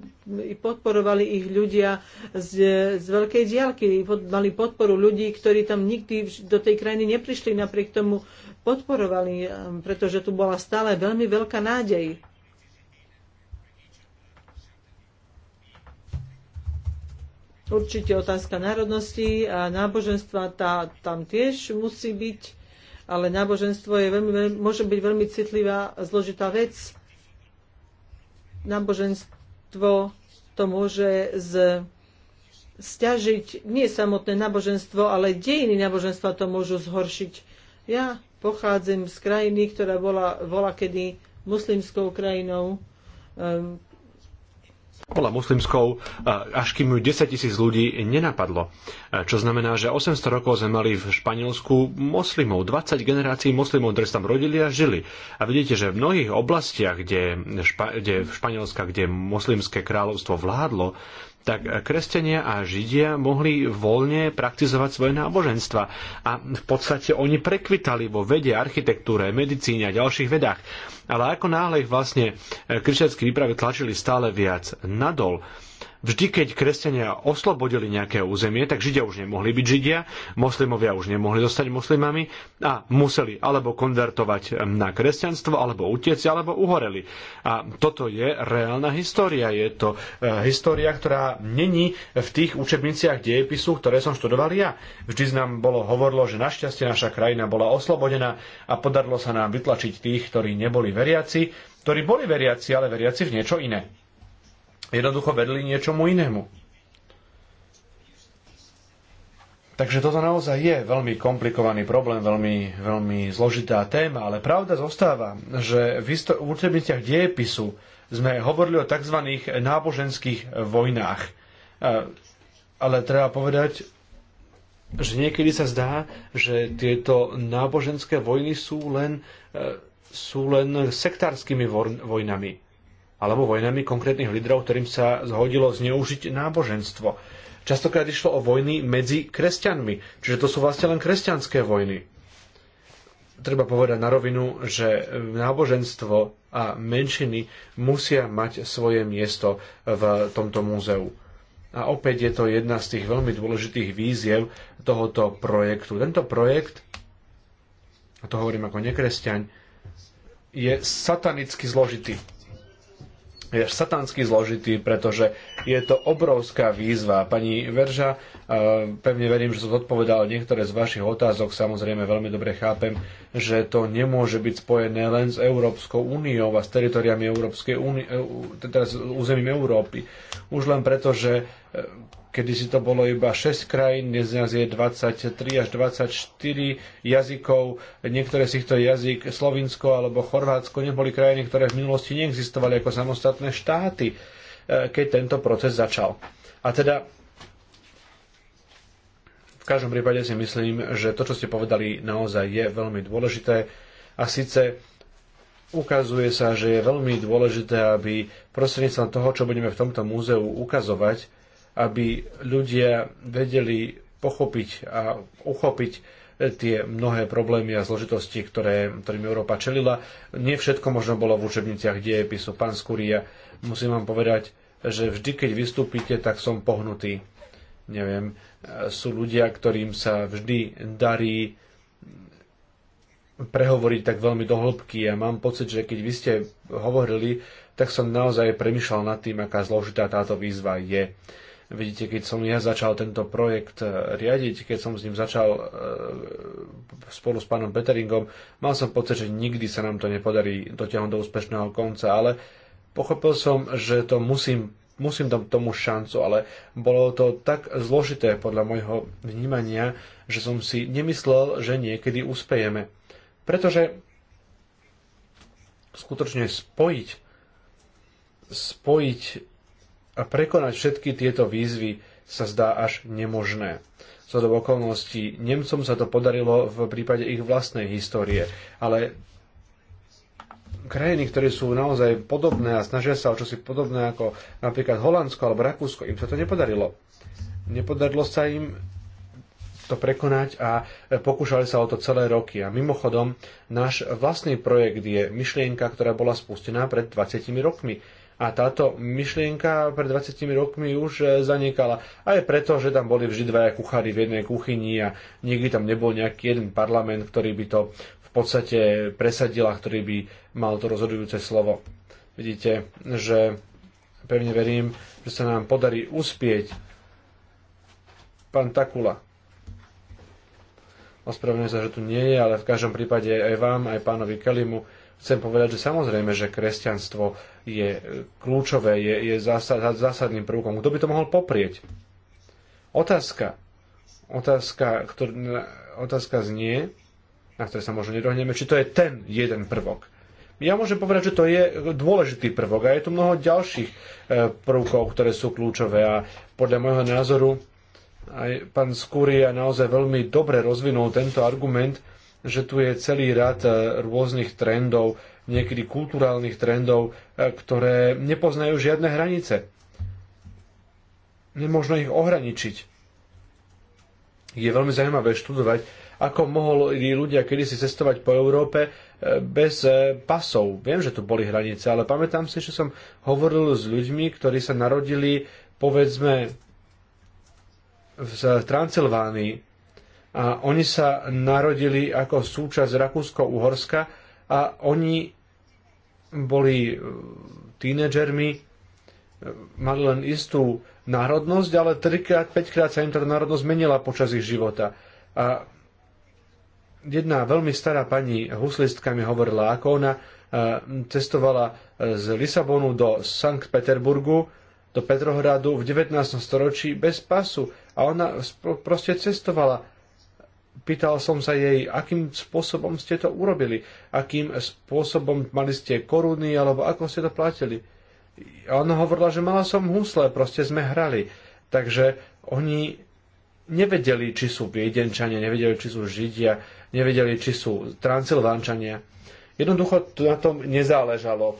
podporovali ich ľudia z, z veľkej diálky. Pod, mali podporu ľudí, ktorí tam nikdy do tej krajiny neprišli, napriek tomu podporovali, pretože tu bola stále veľmi veľká nádej. Určite otázka národnosti a náboženstva tá, tam tiež musí byť, ale náboženstvo je veľmi, môže byť veľmi citlivá a zložitá vec náboženstvo to môže z stiažiť nie samotné náboženstvo, ale dejiny náboženstva to môžu zhoršiť. Ja pochádzam z krajiny, ktorá bola, bola kedy muslimskou krajinou, ehm,
bola muslimskou, až kým ju 10 tisíc ľudí nenapadlo. Čo znamená, že 800 rokov sme mali v Španielsku moslimov, 20 generácií moslimov, ktorí sa tam rodili a žili. A vidíte, že v mnohých oblastiach, kde, špa, kde v Španielska, kde moslimské kráľovstvo vládlo, tak kresťania a židia mohli voľne praktizovať svoje náboženstva. A v podstate oni prekvitali vo vede, architektúre, medicíne a ďalších vedách. Ale ako náhle ich vlastne eh, kresťanské výpravy tlačili stále viac nadol, Vždy, keď kresťania oslobodili nejaké územie, tak Židia už nemohli byť Židia, moslimovia už nemohli zostať moslimami a museli alebo konvertovať na kresťanstvo, alebo utieci, alebo uhoreli. A toto je reálna história. Je to e, história, ktorá není v tých učebniciach dejepisu, ktoré som študoval ja. Vždy nám bolo hovorilo, že našťastie naša krajina bola oslobodená a podarilo sa nám vytlačiť tých, ktorí neboli veriaci, ktorí boli veriaci, ale veriaci v niečo iné jednoducho vedli niečomu inému. Takže toto naozaj je veľmi komplikovaný problém, veľmi, veľmi zložitá téma, ale pravda zostáva, že v, v učebniciach diepisu sme hovorili o tzv. náboženských vojnách. E, ale treba povedať, že niekedy sa zdá, že tieto náboženské vojny sú len, e, sú len sektárskymi vojnami alebo vojnami konkrétnych lídrov, ktorým sa zhodilo zneužiť náboženstvo. Častokrát išlo o vojny medzi kresťanmi, čiže to sú vlastne len kresťanské vojny. Treba povedať na rovinu, že náboženstvo a menšiny musia mať svoje miesto v tomto múzeu. A opäť je to jedna z tých veľmi dôležitých víziev tohoto projektu. Tento projekt, a to hovorím ako nekresťaň, je satanicky zložitý je satansky zložitý, pretože je to obrovská výzva. Pani Verža, e, pevne verím, že som odpovedal niektoré z vašich otázok. Samozrejme, veľmi dobre chápem, že to nemôže byť spojené len s Európskou úniou a s teritoriami Európskej únie, e, teda s územím Európy. Už len preto, že e, kedy si to bolo iba 6 krajín, dnes nás je 23 až 24 jazykov. Niektoré z týchto jazyk, Slovinsko alebo Chorvátsko, neboli krajiny, ktoré v minulosti neexistovali ako samostatné štáty, e, keď tento proces začal. A teda v každom prípade si myslím, že to, čo ste povedali, naozaj je veľmi dôležité. A síce ukazuje sa, že je veľmi dôležité, aby prostredníctvom toho, čo budeme v tomto múzeu ukazovať, aby ľudia vedeli pochopiť a uchopiť eh, tie mnohé problémy a zložitosti, ktoré, ktorým Európa čelila. Nie všetko možno bolo v učebniciach dejepisu. Pán Skúria, musím vám povedať, že vždy, keď vystúpite, tak som pohnutý. Neviem, eh, sú ľudia, ktorým sa vždy darí mm, prehovoriť tak veľmi do hĺbky a ja mám pocit, že keď vy ste hovorili, tak som naozaj premyšľal nad tým, aká zložitá táto výzva je. Vidíte, keď som ja začal tento projekt eh, riadiť, keď som s ním začal eh, spolu s pánom Peteringom, mal som pocit, že nikdy sa nám to nepodarí dotiahnuť do úspešného konca, ale pochopil som, že to musím musím dať tomu šancu, ale bolo to tak zložité podľa môjho vnímania, že som si nemyslel, že niekedy uspejeme. Pretože skutočne spojiť spojiť a prekonať všetky tieto výzvy sa zdá až nemožné. Z do okolností Nemcom sa to podarilo v prípade ich vlastnej histórie, ale krajiny, ktoré sú naozaj podobné a snažia sa o čosi podobné ako napríklad Holandsko alebo Rakúsko, im sa to nepodarilo. Nepodarilo sa im to prekonať a pokúšali sa o to celé roky. A mimochodom, náš vlastný projekt je myšlienka, ktorá bola spustená pred 20 rokmi a táto myšlienka pred 20 rokmi už eh, zanikala. Aj preto, že tam boli vždy dvaja kuchári v jednej kuchyni a nikdy tam nebol nejaký jeden parlament, ktorý by to v podstate presadil a ktorý by mal to rozhodujúce slovo. Vidíte, že pevne verím, že sa nám podarí uspieť. Pán Takula. Ospravedlňujem sa, že tu nie je, ale v každom prípade aj vám, aj pánovi Kelimu chcem povedať, že samozrejme, že kresťanstvo je e, kľúčové, je, je zásadným prvkom. Kto by to mohol poprieť? Otázka. Otázka, ktorý, otázka znie, na ktorej sa možno nedohneme, či to je ten jeden prvok. Ja môžem povedať, že to je dôležitý prvok a je tu mnoho ďalších e, prvkov, ktoré sú kľúčové a podľa môjho názoru aj pán Skúria naozaj veľmi dobre rozvinul tento argument, že tu je celý rad e, rôznych trendov, niekedy kulturálnych trendov, e, ktoré nepoznajú žiadne hranice. Nemôžno ich ohraničiť. Je veľmi zaujímavé študovať, ako mohli ľudia kedysi cestovať po Európe e, bez e, pasov. Viem, že tu boli hranice, ale pamätám si, že som hovoril s ľuďmi, ktorí sa narodili, povedzme, v Transylvánii a oni sa narodili ako súčasť Rakúsko-Uhorska a oni boli e, tínedžermi, e, mali len istú národnosť, ale 3-krát, 5-krát sa im tá teda národnosť menila počas ich života. A jedna veľmi stará pani huslistka mi hovorila, ako ona e, cestovala z Lisabonu do Sankt Peterburgu, do Petrohradu v 19. storočí bez pasu. A ona proste cestovala Pýtal som sa jej, akým spôsobom ste to urobili, akým spôsobom mali ste koruny, alebo ako ste to platili. A ona hovorila, že mala som husle, proste sme hrali. Takže oni nevedeli, či sú Viedenčania, nevedeli, či sú Židia, nevedeli, či sú Transilvánčania. Jednoducho to na tom nezáležalo.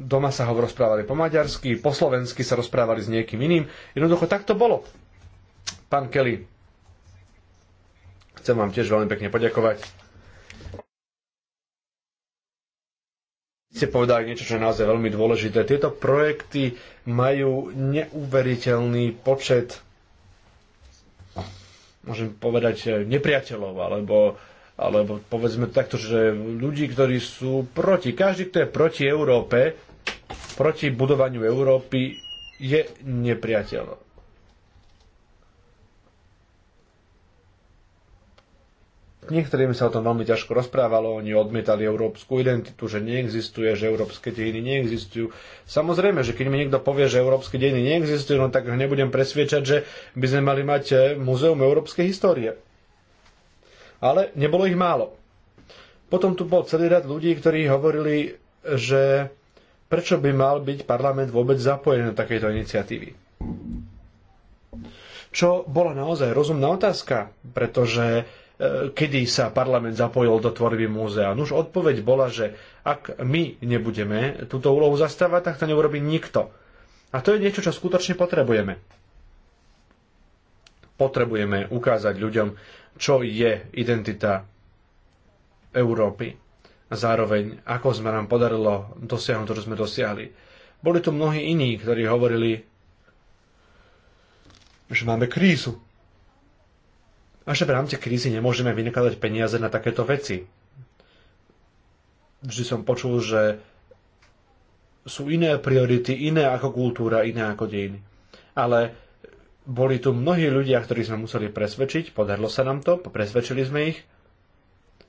Doma sa ho rozprávali po maďarsky, po slovensky sa rozprávali s niekým iným. Jednoducho tak to bolo. Pán Kelly, chcem vám tiež veľmi pekne poďakovať. Ste povedali niečo, čo je naozaj veľmi dôležité. Tieto projekty majú neuveriteľný počet môžem povedať, eh, nepriateľov, alebo, alebo povedzme takto, že ľudí, ktorí sú proti, každý, kto je proti Európe, proti budovaniu Európy, je nepriateľ. Niektorým sa o tom veľmi ťažko rozprávalo, oni odmietali európsku identitu, že neexistuje, že európske dejiny neexistujú. Samozrejme, že keď mi niekto povie, že európske dejiny neexistujú, no tak ho nebudem presviečať, že by sme mali mať e, Múzeum európskej histórie. Ale nebolo ich málo. Potom tu bol celý rad ľudí, ktorí hovorili, že prečo by mal byť parlament vôbec zapojený do takejto iniciatívy. Čo bola naozaj rozumná otázka, pretože kedy sa parlament zapojil do tvorby múzea. Nuž odpoveď bola, že ak my nebudeme túto úlohu zastávať, tak to neurobi nikto. A to je niečo, čo skutočne potrebujeme. Potrebujeme ukázať ľuďom, čo je identita Európy. A zároveň, ako sme nám podarilo dosiahnuť to, čo sme dosiahli. Boli tu mnohí iní, ktorí hovorili, že máme krízu, a že v rámci krízy nemôžeme vynakladať peniaze na takéto veci. Vždy som počul, že sú iné priority, iné ako kultúra, iné ako dejiny. Ale boli tu mnohí ľudia, ktorí sme museli presvedčiť, podarilo sa nám to, presvedčili sme ich,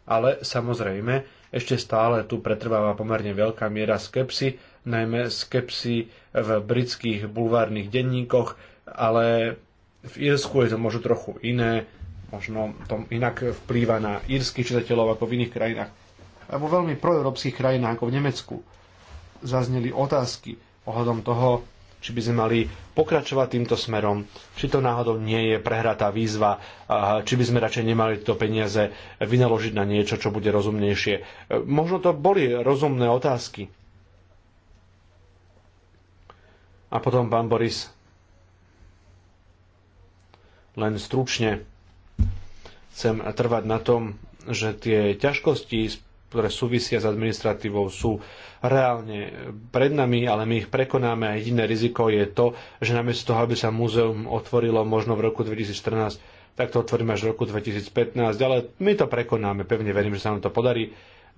ale samozrejme ešte stále tu pretrváva pomerne veľká miera skepsy, najmä skepsy v britských bulvárnych denníkoch, ale v Írsku je to možno trochu iné, možno to inak vplýva na írskych čitateľov ako v iných krajinách. A vo veľmi proeurópskych krajinách ako v Nemecku zazneli otázky ohľadom toho, či by sme mali pokračovať týmto smerom, či to náhodou nie je prehratá výzva, či by sme radšej nemali to peniaze vynaložiť na niečo, čo bude rozumnejšie. Možno to boli rozumné otázky. A potom pán Boris. Len stručne Chcem trvať na tom, že tie ťažkosti, ktoré súvisia s administratívou, sú reálne pred nami, ale my ich prekonáme a jediné riziko je to, že namiesto toho, aby sa múzeum otvorilo možno v roku 2014, tak to otvoríme až v roku 2015, ale my to prekonáme, pevne verím, že sa nám to podarí.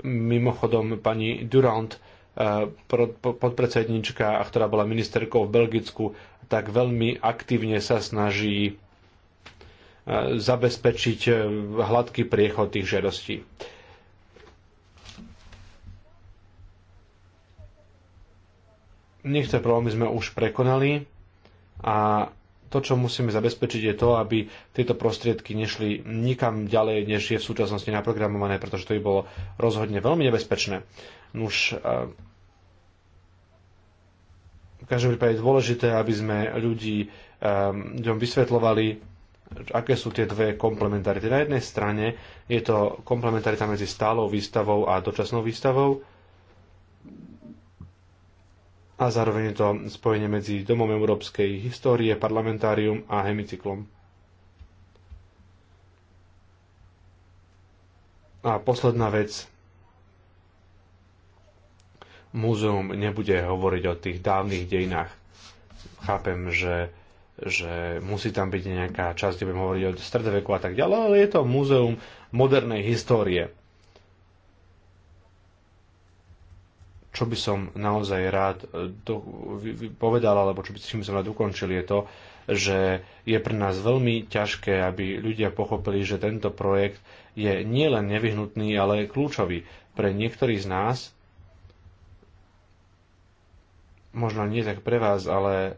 Mimochodom, pani Durant, eh, podpredsednička, ktorá bola ministerkou v Belgicku, tak veľmi aktívne sa snaží zabezpečiť e, hladký priechod tých žiadostí. Niektoré problémy sme už prekonali a to, čo musíme zabezpečiť, je to, aby tieto prostriedky nešli nikam ďalej, než je v súčasnosti naprogramované, pretože to by bolo rozhodne veľmi nebezpečné. Už e, v každom prípade je dôležité, aby sme ľudí, e, ľuďom vysvetľovali, aké sú tie dve komplementarity. Na jednej strane je to komplementarita medzi stálou výstavou a dočasnou výstavou a zároveň je to spojenie medzi Domom európskej histórie, parlamentárium a hemicyklom. A posledná vec, múzeum nebude hovoriť o tých dávnych dejinách. Chápem, že že musí tam byť nejaká časť, kde budem hovoriť o stredoveku a tak ďalej, ale je to múzeum modernej histórie. Čo by som naozaj rád e, do, povedal, alebo čo by čím som rád ukončil, je to, že je pre nás veľmi ťažké, aby ľudia pochopili, že tento projekt je nielen nevyhnutný, ale aj kľúčový. Pre niektorých z nás, možno nie tak pre vás, ale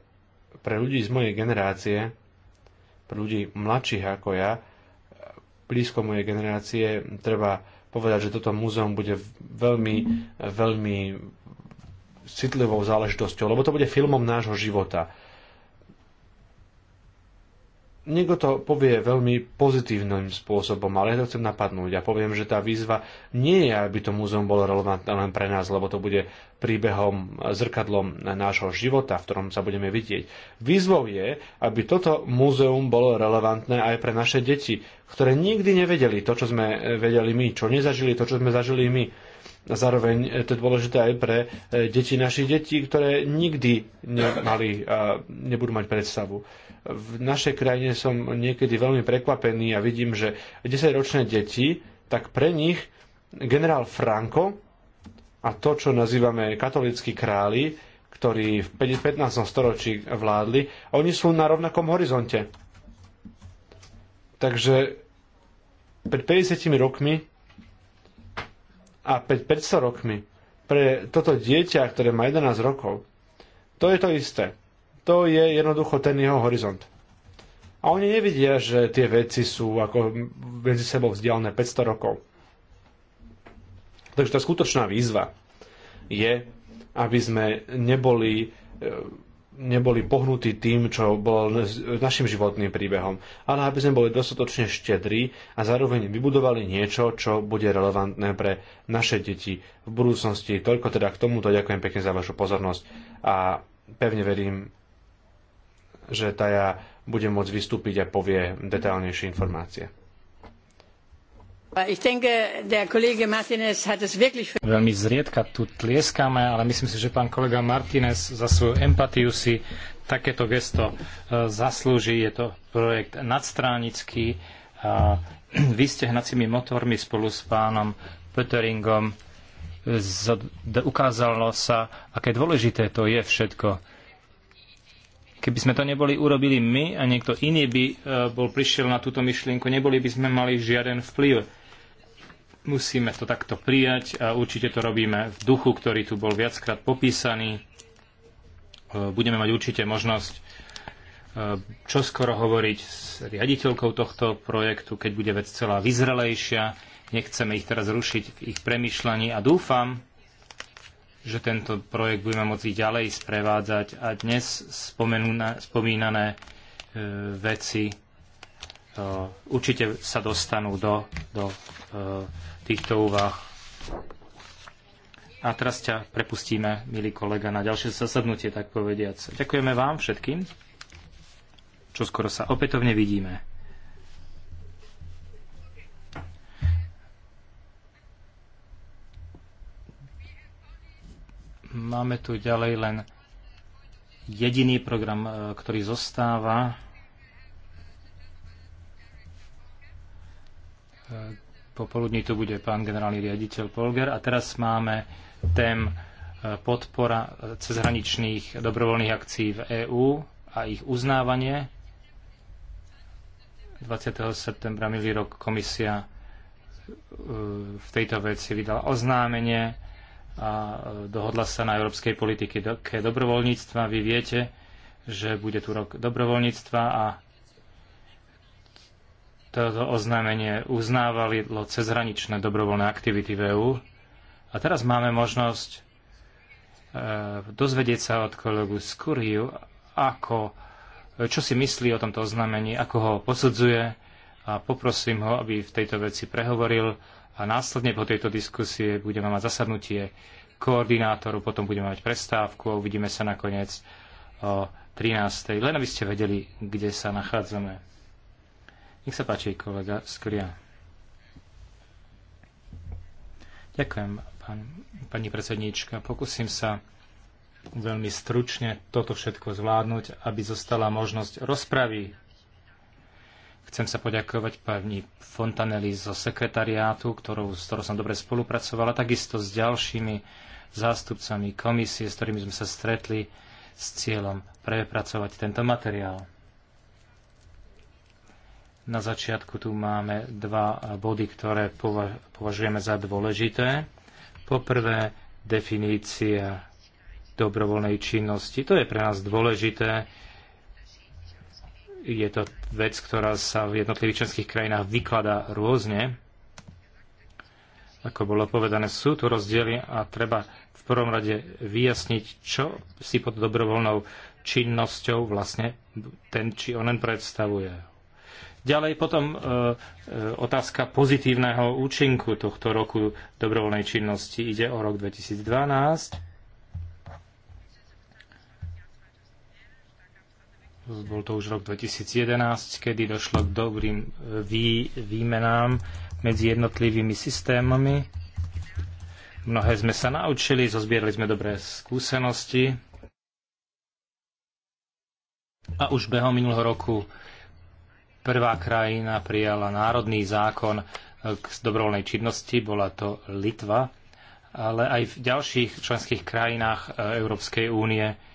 pre ľudí z mojej generácie, pre ľudí mladších ako ja, blízko mojej generácie, treba povedať, že toto múzeum bude veľmi, veľmi citlivou záležitosťou, lebo to bude filmom nášho života niekto to povie veľmi pozitívnym spôsobom, ale ja to chcem napadnúť a ja poviem, že tá výzva nie je, aby to múzeum bolo relevantné len pre nás, lebo to bude príbehom, eh, zrkadlom nášho života, v ktorom sa budeme vidieť. Výzvou je, aby toto múzeum bolo relevantné aj pre naše deti, ktoré nikdy nevedeli to, čo sme eh, vedeli my, čo nezažili, to, čo sme zažili my. A zároveň eh, to je dôležité aj pre deti našich detí, ktoré nikdy nemali, nebudú mať predstavu v našej krajine som niekedy veľmi prekvapený a vidím, že 10-ročné deti, tak pre nich generál Franco a to, čo nazývame katolícky králi, ktorí v 15. storočí vládli, oni sú na rovnakom horizonte. Takže pred 50 rokmi a pred 500 rokmi pre toto dieťa, ktoré má 11 rokov, to je to isté to je jednoducho ten jeho horizont. A oni nevidia, že tie veci sú ako medzi sebou vzdialené 500 rokov. Takže tá skutočná výzva je, aby sme neboli, e, neboli pohnutí tým, čo bolo našim životným príbehom, ale aby sme boli dostatočne štedrí a zároveň vybudovali niečo, čo bude relevantné pre naše deti v budúcnosti. Toľko teda k tomuto. Ďakujem pekne za vašu pozornosť a pevne verím, že Taja bude môcť vystúpiť a povie detailnejšie informácie.
Veľmi zriedka tu tlieskame, ale myslím si, že pán kolega Martinez za svoju empatiu si takéto gesto e, zaslúži. Je to projekt nadstránický. Vy ste hnacími motormi spolu s pánom Pöteringom. E, ukázalo sa, aké dôležité to je všetko Keby sme to neboli urobili my a niekto iný by e, bol prišiel na túto myšlienku, neboli by sme mali žiaden vplyv. Musíme to takto prijať a určite to robíme v duchu, ktorý tu bol viackrát popísaný. E, budeme mať určite možnosť e, čoskoro hovoriť s riaditeľkou tohto projektu, keď bude vec celá vyzrelejšia. Nechceme ich teraz rušiť v ich premyšľaní a dúfam, že tento projekt budeme môcť ďalej sprevádzať a dnes spomínané e, veci e, určite sa dostanú do, do e, týchto úvah. A teraz ťa prepustíme, milý kolega, na ďalšie zasadnutie, tak povediac. Ďakujeme vám všetkým, čo skoro sa opätovne vidíme. Máme tu ďalej len jediný program, e, ktorý zostáva. E, popoludní tu bude pán generálny riaditeľ Polger a teraz máme tém e, podpora cezhraničných dobrovoľných akcií v EÚ a ich uznávanie. 20. septembra minulý rok komisia v tejto veci vydala oznámenie a e, dohodla sa na európskej politike dobrovoľníctva. Vy viete, že bude tu rok dobrovoľníctva a toto oznámenie uznávali cezhraničné dobrovoľné aktivity v EÚ. A teraz máme možnosť e, dozvedieť sa od kolegu Skuriu, ako, e, čo si myslí o tomto oznámení, ako ho posudzuje a poprosím ho, aby v tejto veci prehovoril a následne po tejto diskusie budeme mať zasadnutie koordinátorov, potom budeme mať prestávku a uvidíme sa nakoniec o 13. Len aby ste vedeli, kde sa nachádzame. Nech sa páči, kolega Skria. Ďakujem, pán, pani predsedníčka. Pokúsim sa veľmi stručne toto všetko zvládnuť, aby zostala možnosť rozpravy Chcem sa poďakovať pani Fontanelli zo sekretariátu, ktorou, s ktorou som dobre spolupracovala, takisto s ďalšími zástupcami komisie, s ktorými sme sa stretli s cieľom prepracovať tento materiál. Na začiatku tu máme dva body, ktoré považujeme za dôležité. Poprvé, definícia dobrovoľnej činnosti. To je pre nás dôležité, je to vec, ktorá sa v jednotlivých členských krajinách vykladá rôzne. Ako bolo povedané, sú tu rozdiely a treba v prvom rade vyjasniť, čo si pod dobrovoľnou činnosťou vlastne ten či onen predstavuje. Ďalej potom e, e otázka pozitívneho účinku tohto roku dobrovoľnej činnosti. Ide o rok 2012 bol to už rok 2011, kedy došlo k dobrým e, vý, výmenám medzi jednotlivými systémami. Mnohé sme sa naučili, zozbierali sme dobré skúsenosti. A už behom minulého roku prvá krajina prijala národný zákon e, k dobrovoľnej činnosti, bola to Litva, ale aj v ďalších členských krajinách e, Európskej únie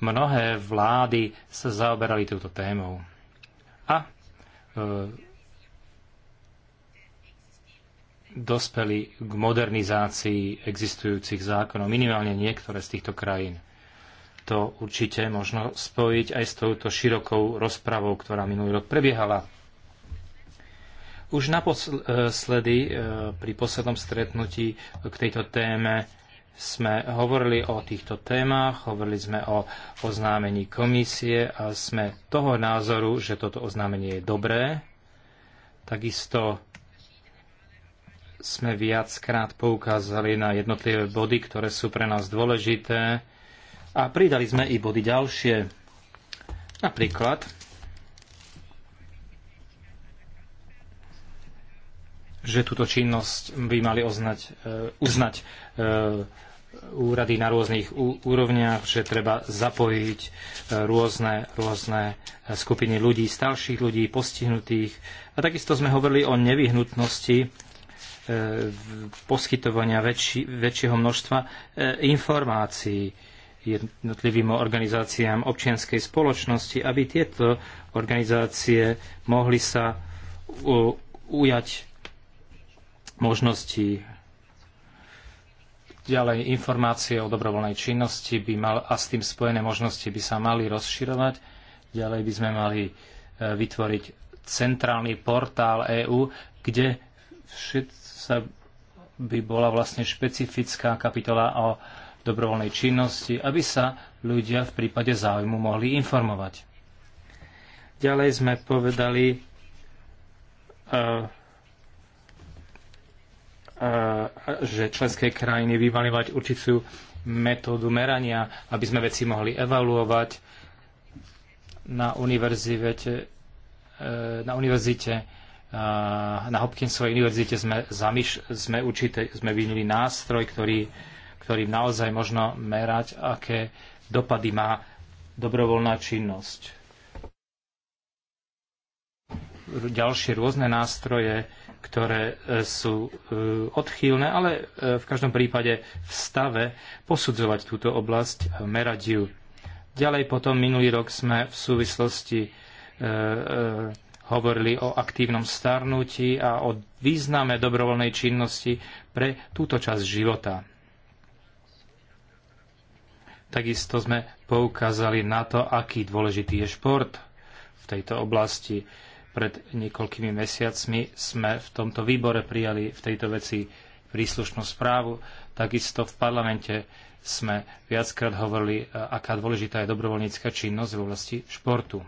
Mnohé vlády sa zaoberali touto témou. A e, dospeli k modernizácii existujúcich zákonov, minimálne niektoré z týchto krajín. To určite možno spojiť aj s touto širokou rozpravou, ktorá minulý rok prebiehala už naposledy e, pri poslednom stretnutí k tejto téme sme hovorili o týchto témach, hovorili sme o oznámení komisie a sme toho názoru, že toto oznámenie je dobré. Takisto sme viackrát poukázali na jednotlivé body, ktoré sú pre nás dôležité a pridali sme i body ďalšie. Napríklad že túto činnosť by mali oznať, eh, uznať eh, úrady na rôznych úrovniach, že treba zapojiť eh, rôzne, rôzne skupiny ľudí, starších ľudí, postihnutých. A takisto sme hovorili o nevyhnutnosti poskytovania väčši, väčšieho množstva informácií jednotlivým organizáciám občianskej spoločnosti, aby tieto organizácie mohli sa ujať možnosti Ďalej informácie o dobrovoľnej činnosti by mal, a s tým spojené možnosti by sa mali rozširovať. Ďalej by sme mali e, vytvoriť centrálny portál EÚ, kde sa by bola vlastne špecifická kapitola o dobrovoľnej činnosti, aby sa ľudia v prípade záujmu mohli informovať. Ďalej sme povedali, e, že členské krajiny by určitú metódu merania, aby sme veci mohli evaluovať na univerzite, e, na univerzite na Hopkinsovej univerzite sme, zamýš, sme, určite, sme vynili nástroj, ktorý, ktorým naozaj možno merať, aké dopady má dobrovoľná činnosť. Ďalšie rôzne nástroje ktoré e, sú e, odchýlne, ale e, v každom prípade v stave posudzovať túto oblasť, merať ju. Ďalej potom minulý rok sme v súvislosti hovorili o aktívnom starnutí a o význame dobrovoľnej činnosti pre túto časť života. Takisto sme poukázali na to, aký dôležitý je šport v tejto oblasti pred niekoľkými mesiacmi sme v tomto výbore prijali v tejto veci príslušnú správu. Takisto v parlamente sme viackrát hovorili, e, aká dôležitá je dobrovoľnícka činnosť v oblasti športu.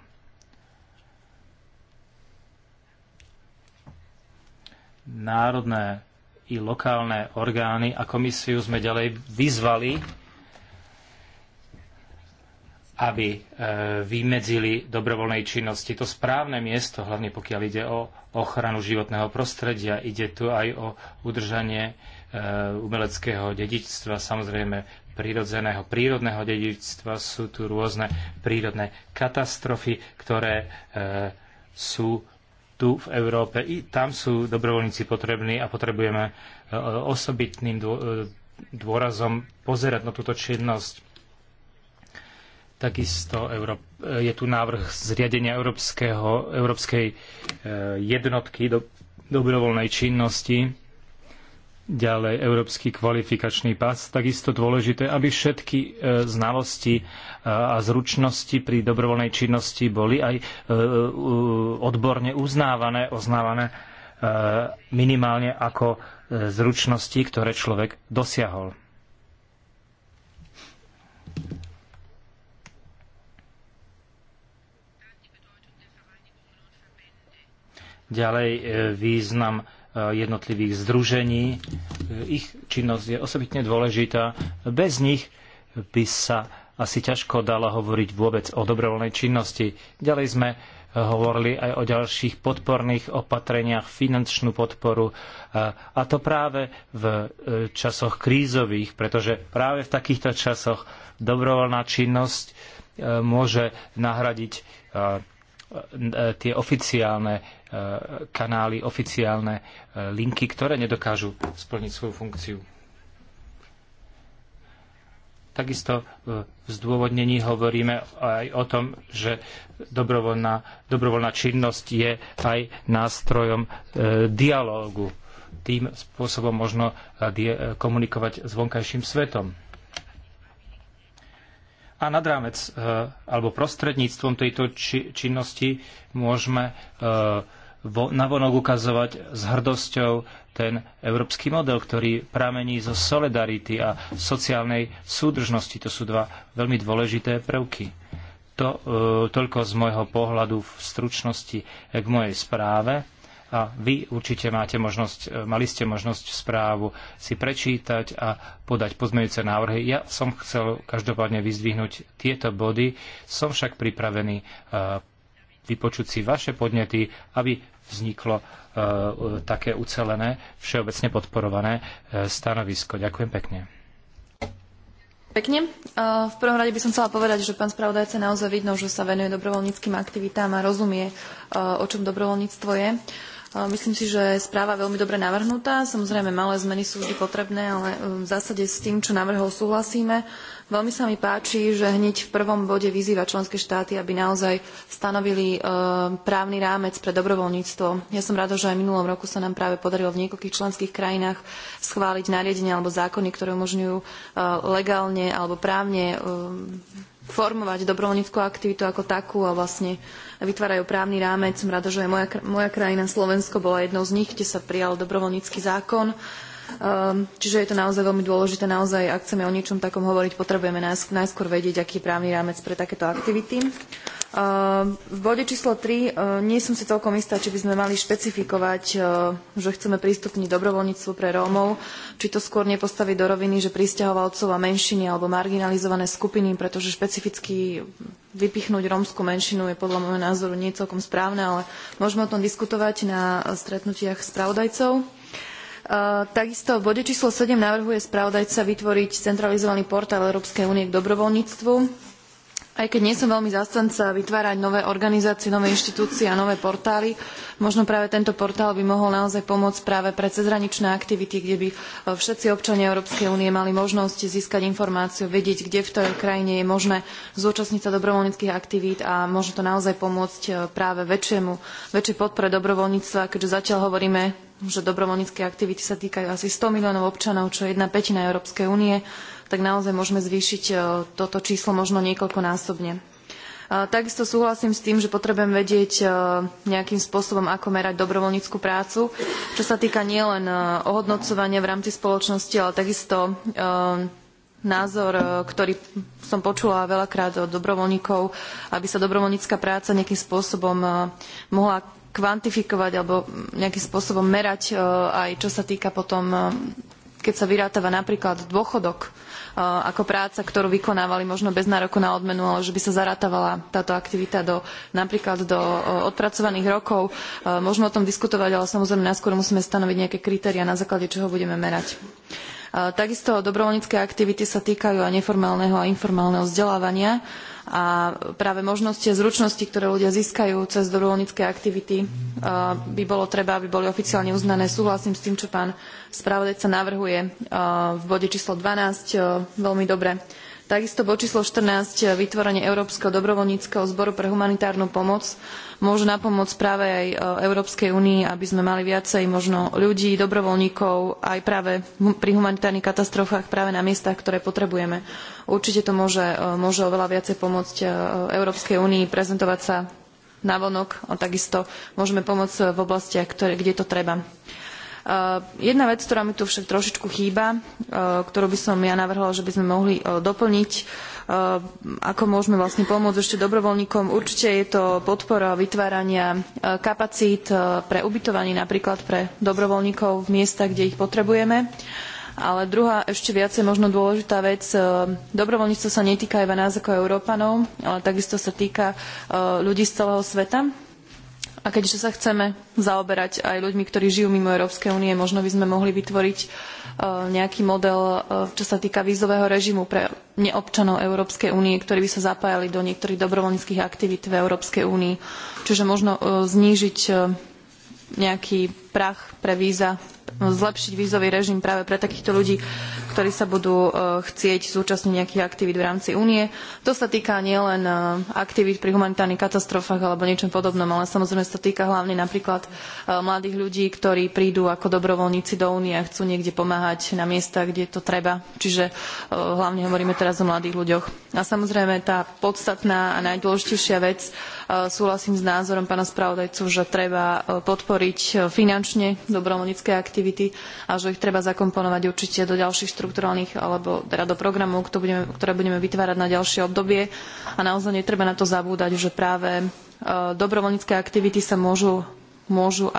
Národné i lokálne orgány a komisiu sme ďalej vyzvali, aby e, vymedzili dobrovoľnej činnosti to správne miesto, hlavne pokiaľ ide o ochranu životného prostredia. Ide tu aj o udržanie e, umeleckého dedičstva, samozrejme prírodzeného, prírodného dedičstva. Sú tu rôzne prírodné katastrofy, ktoré e, sú tu v Európe. I tam sú dobrovoľníci potrební a potrebujeme osobitným dôrazom pozerať na túto činnosť Takisto e, je tu návrh zriadenia európskeho, európskej e, jednotky do, dobrovoľnej činnosti, ďalej európsky kvalifikačný pas. Takisto dôležité, aby všetky e, znalosti a zručnosti pri dobrovoľnej činnosti boli aj odborne uznávané, oznávané minimálne ako zručnosti, ktoré človek dosiahol. Ďalej e, význam e, jednotlivých združení. E, ich činnosť je osobitne dôležitá. Bez nich by sa asi ťažko dalo hovoriť vôbec o dobrovoľnej činnosti. Ďalej sme hovorili aj o ďalších podporných opatreniach, finančnú podporu a to práve v časoch krízových, pretože práve v takýchto časoch dobrovoľná činnosť môže nahradiť tie oficiálne Eh, kanály, oficiálne eh, linky, ktoré nedokážu splniť svoju funkciu. Takisto eh, v zdôvodnení hovoríme aj o tom, že dobrovoľná, dobrovoľná činnosť je aj nástrojom e, dialógu. Tým spôsobom možno die, komunikovať s vonkajším svetom. A nad rámec e, alebo prostredníctvom tejto či, činnosti môžeme e, vo, navonok ukazovať s hrdosťou ten európsky model, ktorý pramení zo solidarity a sociálnej súdržnosti. To sú dva veľmi dôležité prvky. To, e, toľko z môjho pohľadu v stručnosti e, k mojej správe. A vy určite máte možnosť, e, mali ste možnosť správu si prečítať a podať pozmeňujúce návrhy. Ja som chcel každopádne vyzdvihnúť tieto body, som však pripravený e, vypočuť si vaše podnety, aby vzniklo e, e, také ucelené, všeobecne podporované e, stanovisko. Ďakujem pekne.
Pekne. V prvom rade by som chcela povedať, že pán spravodajca naozaj vidno, že sa venuje dobrovoľníckým aktivitám a rozumie, o čom dobrovoľníctvo je. Myslím si, že správa veľmi dobre navrhnutá. Samozrejme, malé zmeny sú vždy potrebné, ale v zásade s tým, čo navrhol, súhlasíme. Veľmi sa mi páči, že hneď v prvom bode vyzýva členské štáty, aby naozaj stanovili e, právny rámec pre dobrovoľníctvo. Ja som rada, že aj minulom roku sa nám práve podarilo v niekoľkých členských krajinách schváliť nariadenia alebo zákony, ktoré umožňujú e, legálne alebo právne e, formovať dobrovoľníckú aktivitu ako takú a vlastne vytvárajú právny rámec. Som rada, že aj moja, moja krajina Slovensko bola jednou z nich, kde sa prijal dobrovoľnícky zákon. Ehm, čiže je to naozaj veľmi dôležité. Naozaj, ak chceme o niečom takom hovoriť, potrebujeme najskôr vedieť, aký je právny rámec pre takéto aktivity. Ehm, v bode číslo 3 ehm, nie som si celkom istá, či by sme mali špecifikovať, že chceme prístupniť dobrovoľníctvu pre Rómov, či to skôr nepostaviť do roviny, že pristahovalcov a menšiny alebo marginalizované skupiny, pretože špecificky vypichnúť rómsku menšinu je podľa môjho názoru nie celkom správne, ale môžeme o tom diskutovať na stretnutiach spravodajcov. Takisto v bode číslo 7 navrhuje spravodajca vytvoriť centralizovaný portál Európskej únie k dobrovoľníctvu. Aj keď nie som veľmi zastanca vytvárať nové organizácie, nové inštitúcie a nové portály, možno práve tento portál by mohol naozaj pomôcť práve pre cezhraničné aktivity, kde by e, všetci občania Európskej únie mali možnosť získať informáciu, vedieť, kde v tej krajine je možné zúčastniť sa dobrovoľníckých aktivít a môže to naozaj pomôcť e, práve väčšiemu, väčšej podpore dobrovoľníctva, keďže zatiaľ hovoríme že dobrovoľnícke aktivity sa týkajú asi 100 miliónov občanov, čo je jedna petina Európskej únie, tak naozaj môžeme zvýšiť e, toto číslo možno niekoľkonásobne. E, takisto súhlasím s tým, že potrebujem vedieť e, nejakým spôsobom, ako merať dobrovoľníckú prácu, čo sa týka nielen ohodnocovania v rámci spoločnosti, ale takisto názor, ktorý som počula veľakrát od dobrovoľníkov, aby sa dobrovoľnícka práca nejakým spôsobom mohla kvantifikovať alebo nejakým spôsobom merať e, aj čo sa týka potom, e, keď sa vyrátava napríklad dôchodok e, ako práca, ktorú vykonávali možno bez nároku na odmenu, ale že by sa zarátavala táto aktivita do, napríklad do odpracovaných rokov. Môžeme o tom diskutovať, ale samozrejme najskôr musíme stanoviť nejaké kritéria, na základe čoho budeme merať. Takisto dobrovoľnícke aktivity sa týkajú aj neformálneho a informálneho vzdelávania a práve možnosti a zručnosti, ktoré ľudia získajú cez dobrovoľnícke aktivity, by bolo treba, aby boli oficiálne uznané. Súhlasím s tým, čo pán spravodajca navrhuje v bode číslo 12. Veľmi dobre Takisto bod číslo 14, eh, vytvorenie Európskeho dobrovoľníckého zboru pre humanitárnu pomoc, môže napomôcť práve aj eh, Európskej únii, aby sme mali viacej možno ľudí, dobrovoľníkov aj práve pri humanitárnych katastrofách práve na miestach, ktoré potrebujeme. Určite to môže, eh, môže oveľa viacej pomôcť Európskej únii prezentovať sa navonok a takisto môžeme pomôcť v oblastiach, kde to treba. Eh, jedna vec, ktorá mi tu však trošičku chýba, eh, ktorú by som ja navrhla, že by sme mohli eh, doplniť, ako môžeme vlastne pomôcť ešte dobrovoľníkom. Určite je to podpora vytvárania kapacít pre ubytovanie napríklad pre dobrovoľníkov v miestach, kde ich potrebujeme. Ale druhá, ešte viacej možno dôležitá vec, dobrovoľníctvo sa netýka iba nás ako Európanov, ale takisto sa týka ľudí z celého sveta a keďže sa chceme zaoberať aj ľuďmi, ktorí žijú mimo Európskej únie, možno by sme mohli vytvoriť e, nejaký model, e, čo sa týka vízového režimu pre neobčanov Európskej únie, ktorí by sa zapájali do niektorých dobrovoľníckých aktivít v Európskej únii. Čiže možno e, znížiť nejaký prach pre víza, zlepšiť vízový režim práve pre takýchto ľudí, ktorí sa budú e, chcieť zúčastniť nejakých aktivít v rámci únie. To sa týka nielen e, aktivít pri humanitárnych katastrofách alebo niečom podobnom, ale samozrejme sa týka hlavne napríklad e, mladých ľudí, ktorí prídu ako dobrovoľníci do únie a chcú niekde pomáhať na miestach, kde to treba. Čiže hlavne hovoríme teraz o mladých ľuďoch. A samozrejme tá podstatná a najdôležitejšia vec, súhlasím s názorom pána spravodajcu, že treba podporiť finančne finančne dobrovoľnícke aktivity a že ich treba zakomponovať určite do ďalších štrukturálnych alebo teda do programov, ktoré budeme vytvárať na ďalšie obdobie. A naozaj netreba na to zabúdať, že práve e, dobrovoľnícke aktivity sa môžu, môžu e,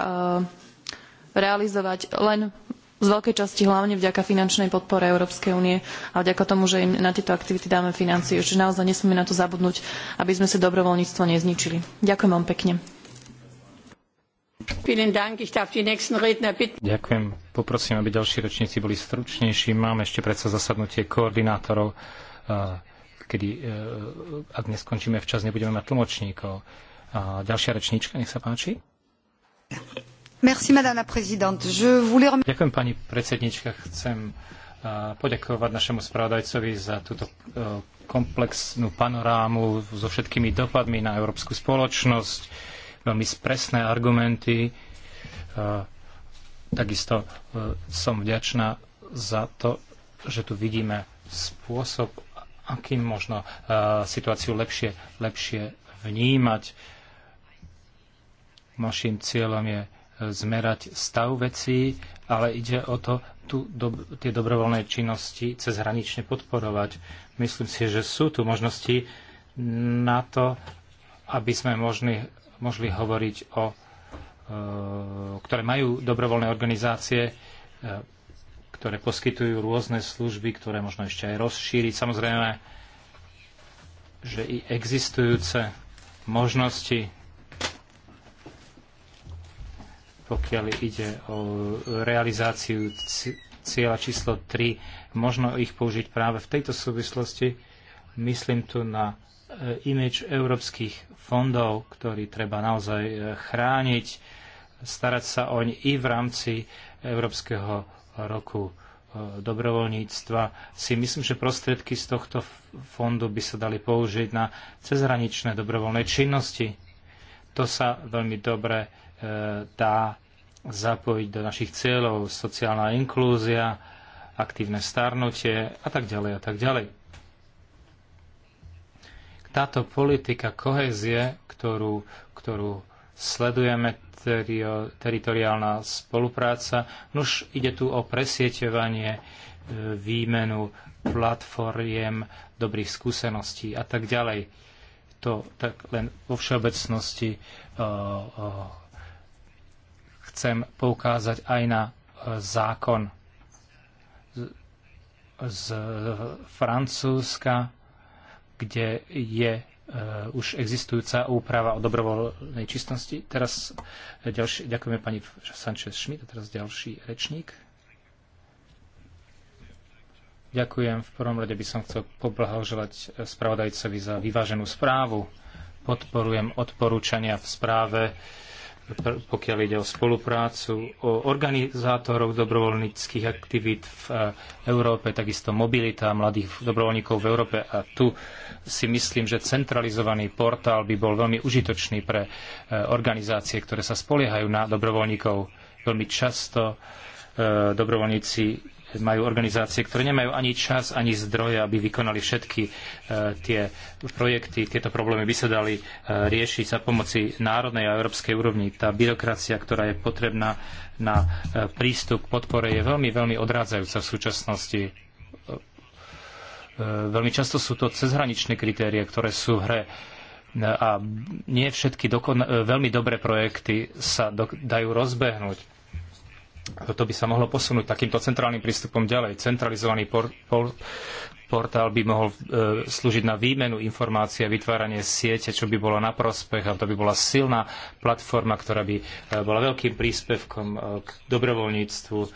realizovať len z veľkej časti hlavne vďaka finančnej podpore Európskej únie a vďaka tomu, že im na tieto aktivity dáme financie. Čiže naozaj nesmieme na to zabudnúť, aby sme si dobrovoľníctvo nezničili. Ďakujem vám pekne.
Ďakujem. Poprosím, aby ďalší rečníci boli stručnejší. Máme ešte predsa zasadnutie koordinátorov, eh, kedy, eh, ak neskončíme včas, nebudeme mať tlmočníkov. Ďalšia rečníčka, nech sa páči. Merci, voulais... Ďakujem, pani predsednička. Chcem eh, poďakovať našemu spravodajcovi za túto komplexnú panorámu so všetkými dopadmi na európsku spoločnosť veľmi presné argumenty. E, takisto e, som vďačná za to, že tu vidíme spôsob, akým možno e, situáciu lepšie, lepšie vnímať. Našim cieľom je zmerať stav vecí, ale ide o to tu do, tie dobrovoľné činnosti cezhranične podporovať. Myslím si, že sú tu možnosti na to, aby sme možli mohli hovoriť o, e, ktoré majú dobrovoľné organizácie, e, ktoré poskytujú rôzne služby, ktoré možno ešte aj rozšíriť. Samozrejme, že i existujúce možnosti, pokiaľ ide o realizáciu cieľa číslo 3, možno ich použiť práve v tejto súvislosti. Myslím tu na e, image európskych fondov, ktorý treba naozaj e, chrániť, starať sa oň i v rámci Európskeho roku e, dobrovoľníctva. Si myslím, že prostriedky z tohto fondu by sa dali použiť na cezhraničné dobrovoľné činnosti. To sa veľmi dobre e, dá zapojiť do našich cieľov, sociálna inklúzia, aktívne starnutie a tak ďalej a tak ďalej. Táto politika kohézie, ktorú, ktorú sledujeme, terio, teritoriálna spolupráca, už ide tu o presieťovanie, e, výmenu platformiem dobrých skúseností a tak ďalej. To tak len vo všeobecnosti e, e, chcem poukázať aj na zákon z Francúzska, kde je eh, už existujúca úprava o dobrovoľnej čistosti. Teraz eh, ďalší, ďakujeme pani Sanchez Schmidt a teraz ďalší rečník. Ďakujem. V prvom rade by som chcel poblahoželať eh, spravodajcovi za vyváženú správu. Podporujem odporúčania v správe pokiaľ ide o spoluprácu, o organizátorov dobrovoľníckých aktivít v e, Európe, takisto mobilita mladých dobrovoľníkov v Európe. A tu si myslím, že centralizovaný portál by bol veľmi užitočný pre e, organizácie, ktoré sa spoliehajú na dobrovoľníkov. Veľmi často e, dobrovoľníci majú organizácie, ktoré nemajú ani čas, ani zdroje, aby vykonali všetky e, tie projekty. Tieto problémy by sa dali e, riešiť za pomoci národnej a európskej úrovni. Tá byrokracia, ktorá je potrebná na e, prístup k podpore, je veľmi, veľmi odrádzajúca v súčasnosti. Veľmi často sú to cezhraničné kritéria, ktoré sú v hre a nie všetky dokon- veľmi dobré projekty sa do- dajú rozbehnúť toto by sa mohlo posunúť takýmto centrálnym prístupom ďalej. Centralizovaný por, por, portál by mohol e, slúžiť na výmenu informácií a vytváranie siete, čo by bolo na prospech a to by bola silná platforma, ktorá by e, bola veľkým príspevkom e, k dobrovoľníctvu, e,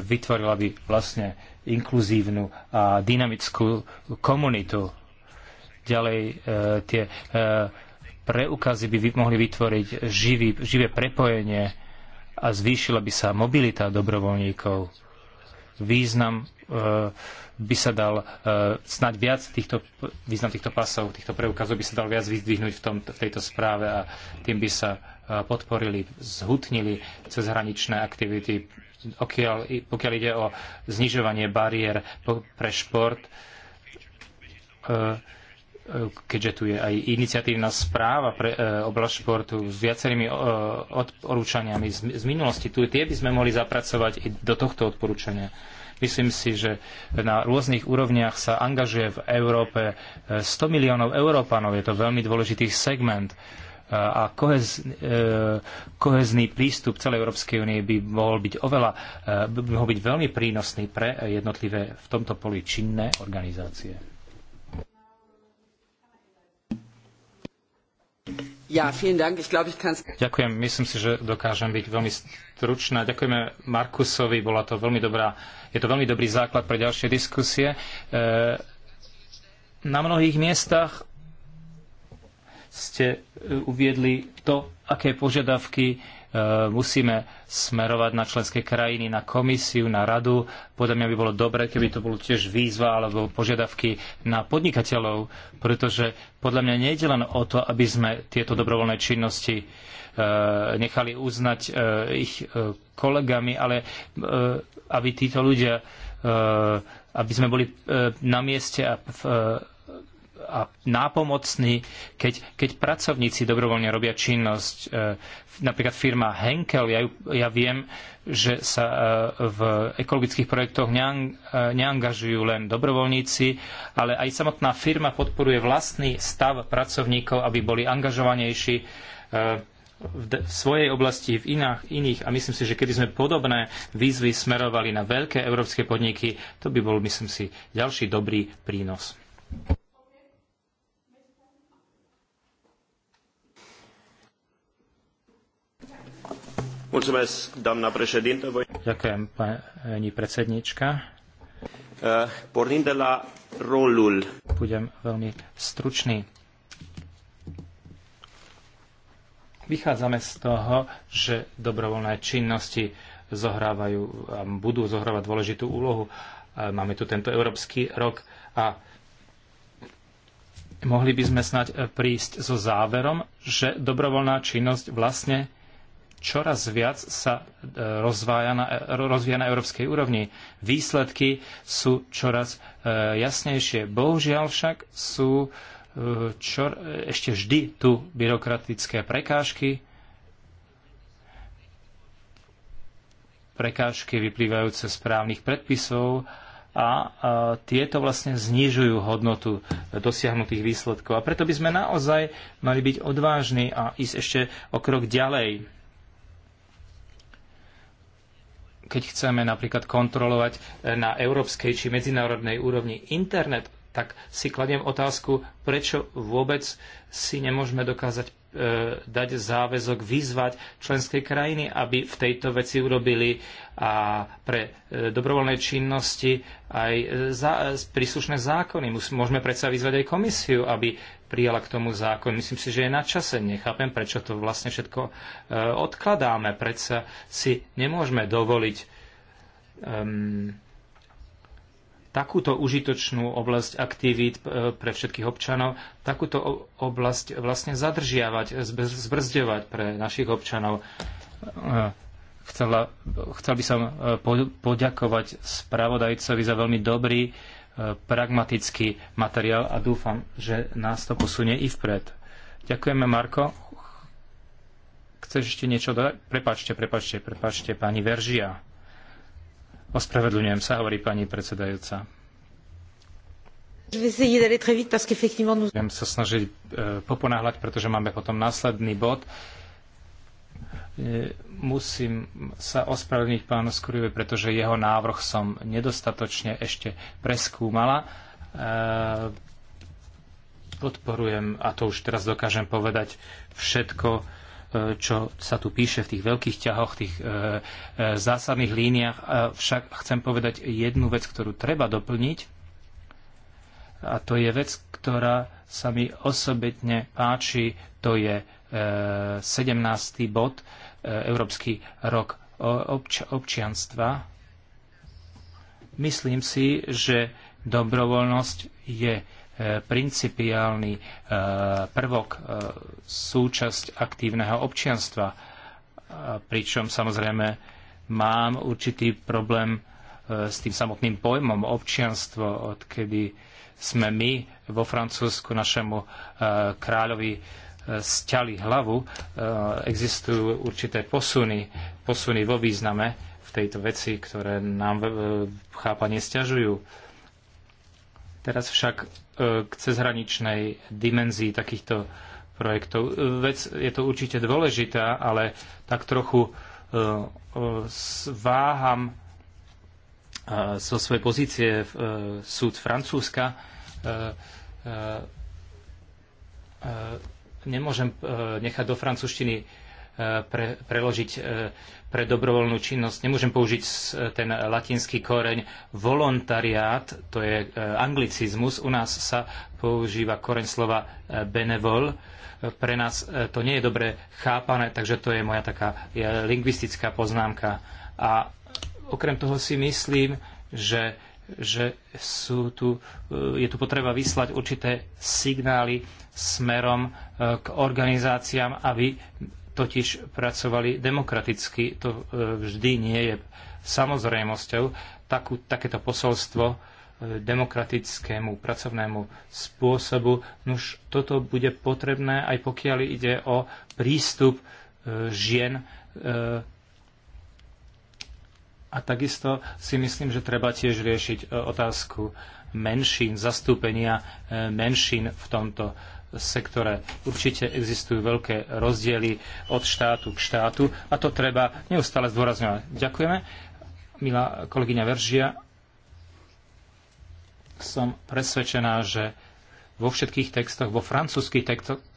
vytvorila by vlastne inkluzívnu a dynamickú komunitu. Ďalej e, tie e, preukazy by mohli vytvoriť živý, živé prepojenie a zvýšila by sa mobilita dobrovoľníkov. Význam e, by sa dal e, snáď viac týchto, význam týchto pasov, týchto preukazov by sa dal viac vyzdvihnúť v, tom, v tejto správe a tým by sa e, podporili, zhutnili cezhraničné aktivity, okiaľ, pokiaľ ide o znižovanie bariér pre šport keďže tu je aj iniciatívna správa pre e, oblasť športu s viacerými e, odporúčaniami z, minulosti. Tu tie by sme mohli zapracovať i do tohto odporúčania. Myslím si, že na rôznych úrovniach sa angažuje v Európe 100 e, miliónov Európanov. Je to veľmi dôležitý segment a kohez, kohezný prístup celej Európskej únie by mohol byť oveľa, by mohol byť veľmi prínosný pre jednotlivé v tomto poli činné organizácie.
Ja, Dank. Ich glaub, ich kann...
Ďakujem, myslím si, že dokážem byť veľmi stručná. Ďakujeme Markusovi, bola to veľmi dobrá, je to veľmi dobrý základ pre ďalšie diskusie. E, na mnohých miestach ste e, uviedli to, aké požiadavky E, musíme smerovať na členské krajiny, na komisiu, na radu. Podľa mňa by bolo dobre, keby to bolo tiež výzva alebo požiadavky na podnikateľov, pretože podľa mňa nejde len o to, aby sme tieto dobrovoľné činnosti e, nechali uznať e, ich kolegami, ale aby títo ľudia aby sme boli na mieste a v a nápomocní, keď, keď pracovníci dobrovoľne robia činnosť. E, napríklad firma Henkel, ja, ju, ja viem, že sa e, v ekologických projektoch e, neangažujú len dobrovoľníci, ale aj samotná firma podporuje vlastný stav pracovníkov, aby boli angažovanejší v svojej oblasti, v inách, iných. A myslím si, že keby sme podobné výzvy smerovali na veľké európske podniky, to by bol, myslím si, ďalší dobrý prínos.
Ďakujem,
pani predsednička. Eh, Budem veľmi stručný. Vychádzame z toho, že dobrovoľné činnosti zohrávajú a budú zohrávať dôležitú úlohu. Máme tu tento Európsky rok a mohli by sme snať prísť so záverom, že dobrovoľná činnosť vlastne čoraz viac sa e, na, e, rozvíja na európskej úrovni. Výsledky sú čoraz e, jasnejšie. Bohužiaľ však sú čo, ešte vždy tu byrokratické prekážky, prekážky vyplývajúce z právnych predpisov a, tieto vlastne znižujú hodnotu dosiahnutých výsledkov. A preto by sme naozaj mali byť odvážni a ísť ešte o krok ďalej keď chceme napríklad kontrolovať e, na európskej či medzinárodnej úrovni internet, tak si kladiem otázku, prečo vôbec si nemôžeme dokázať E, dať záväzok vyzvať členské krajiny, aby v tejto veci urobili a pre e, dobrovoľné činnosti aj e, za, príslušné zákony. Môžeme predsa vyzvať aj komisiu, aby prijala k tomu zákon. Myslím si, že je na čase. Nechápem, prečo to vlastne všetko odkladáme. Predsa si nemôžeme dovoliť um, takúto užitočnú oblasť aktivít e, pre všetkých občanov, takúto oblasť vlastne zadržiavať, zbrzdevať pre našich občanov. E, chcela, chcel by som e, poďakovať spravodajcovi za veľmi dobrý, pragmatický materiál a dúfam, že nás to posunie i vpred. Ďakujeme, Marko. Chceš ešte niečo dodať? Prepačte, prepačte, prepačte, pani Veržia. Ospravedlňujem sa, hovorí pani predsedajúca. Budem sa snažiť e, poponáhľať, pretože máme potom následný bod. E, musím sa ospravedlniť pánu Skurive, pretože jeho návrh som nedostatočne ešte preskúmala. E, podporujem, a to už teraz dokážem povedať, všetko, E, čo sa tu píše v tých veľkých ťahoch, tých e, e, zásadných líniách. Však chcem povedať jednu vec, ktorú treba doplniť. A to je vec, ktorá sa mi osobitne páči. To je 17. bod Európsky rok obč- občianstva. Myslím si, že dobrovoľnosť je principiálny e, prvok, e, súčasť aktívneho občianstva. E, pričom samozrejme mám určitý problém s tým samotným pojmom občianstvo, odkedy sme my vo Francúzsku našemu kráľovi stiali hlavu. Existujú určité posuny, posuny vo význame v tejto veci, ktoré nám chápanie stiažujú Teraz však e, k cezhraničnej dimenzii takýchto projektov. E, vec je to určite dôležitá, ale tak trochu e, váham zo svojej pozície v súd Francúzska. Nemôžem nechať do francúzštiny pre, preložiť e, pre dobrovoľnú činnosť. Nemôžem použiť e, ten latinský koreň volontariát, to je e, anglicizmus. U nás sa používa koreň slova benevol. Pre nás to nie je dobre chápané, takže to je moja taká lingvistická poznámka. A okrem toho si myslím, že že sú tu, je tu potreba vyslať určité signály smerom k organizáciám, aby totiž pracovali demokraticky. To e, vždy nie je samozrejmosťou. Takú, takéto posolstvo e, demokratickému pracovnému spôsobu. Nuž toto bude potrebné aj pokiaľ ide o prístup e, žien a takisto si myslím, že treba tiež riešiť otázku menšín, zastúpenia menšín v tomto sektore. Určite existujú veľké rozdiely od štátu k štátu a to treba neustále zdôrazňovať. Ďakujeme. Milá kolegyňa Veržia, som presvedčená, že vo všetkých textoch, vo francúzských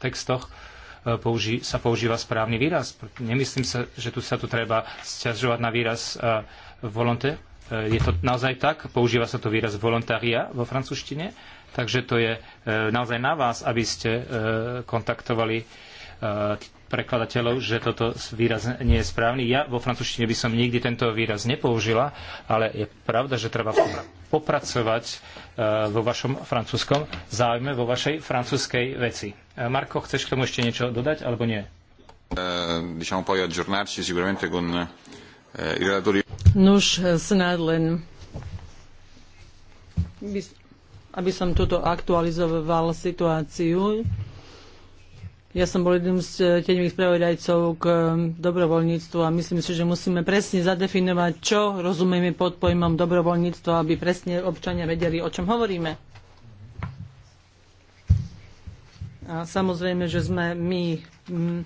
textoch e, použi- sa používa správny výraz. Nemyslím sa, že tu sa tu treba sťažovať na výraz uh, volonté. E, je to naozaj tak? Používa sa tu výraz volontária vo francúzštine Takže to je e, naozaj na vás, aby ste e, kontaktovali e, prekladateľov, že toto výraz nie je správny. Ja vo francúzštine by som nikdy tento výraz nepoužila, ale je pravda, že treba popracovať vo vašom francúzskom záujme, vo vašej francúzskej veci. Marko, chceš k tomu ešte niečo dodať, alebo nie?
Nuž, snad len aby som tuto aktualizoval situáciu. Ja som bol jedným z tieňových spravodajcov k dobrovoľníctvu a myslím si, že musíme presne zadefinovať, čo rozumieme pod pojmom dobrovoľníctvo, aby presne občania vedeli, o čom hovoríme. A samozrejme, že sme my mm,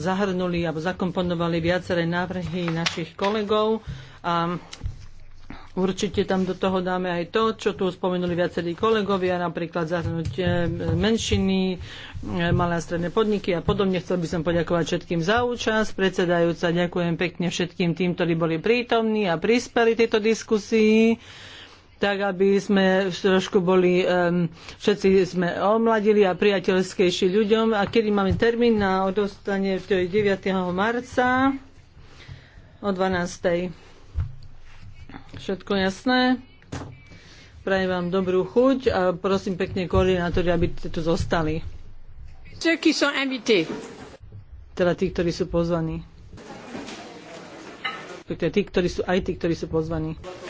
zahrnuli alebo zakomponovali viaceré návrhy našich kolegov a Určite tam do toho dáme aj to, čo tu spomenuli viacerí kolegovia, napríklad zahrnúť e, menšiny, e, malé a stredné podniky a podobne. Chcel by som poďakovať všetkým za účasť. Predsedajúca, ďakujem pekne všetkým tým, ktorí boli prítomní a prispeli tejto diskusii tak aby sme trošku boli, um, všetci sme omladili a priateľskejší ľuďom. A kedy máme termín na odostanie, to je 9. marca o 12. Všetko jasné? Prajem vám dobrú chuť a prosím pekne koordinátori, aby ste tu zostali. Teda tí, ktorí sú pozvaní. Teda tí, ktorí sú, aj tí, ktorí sú pozvaní.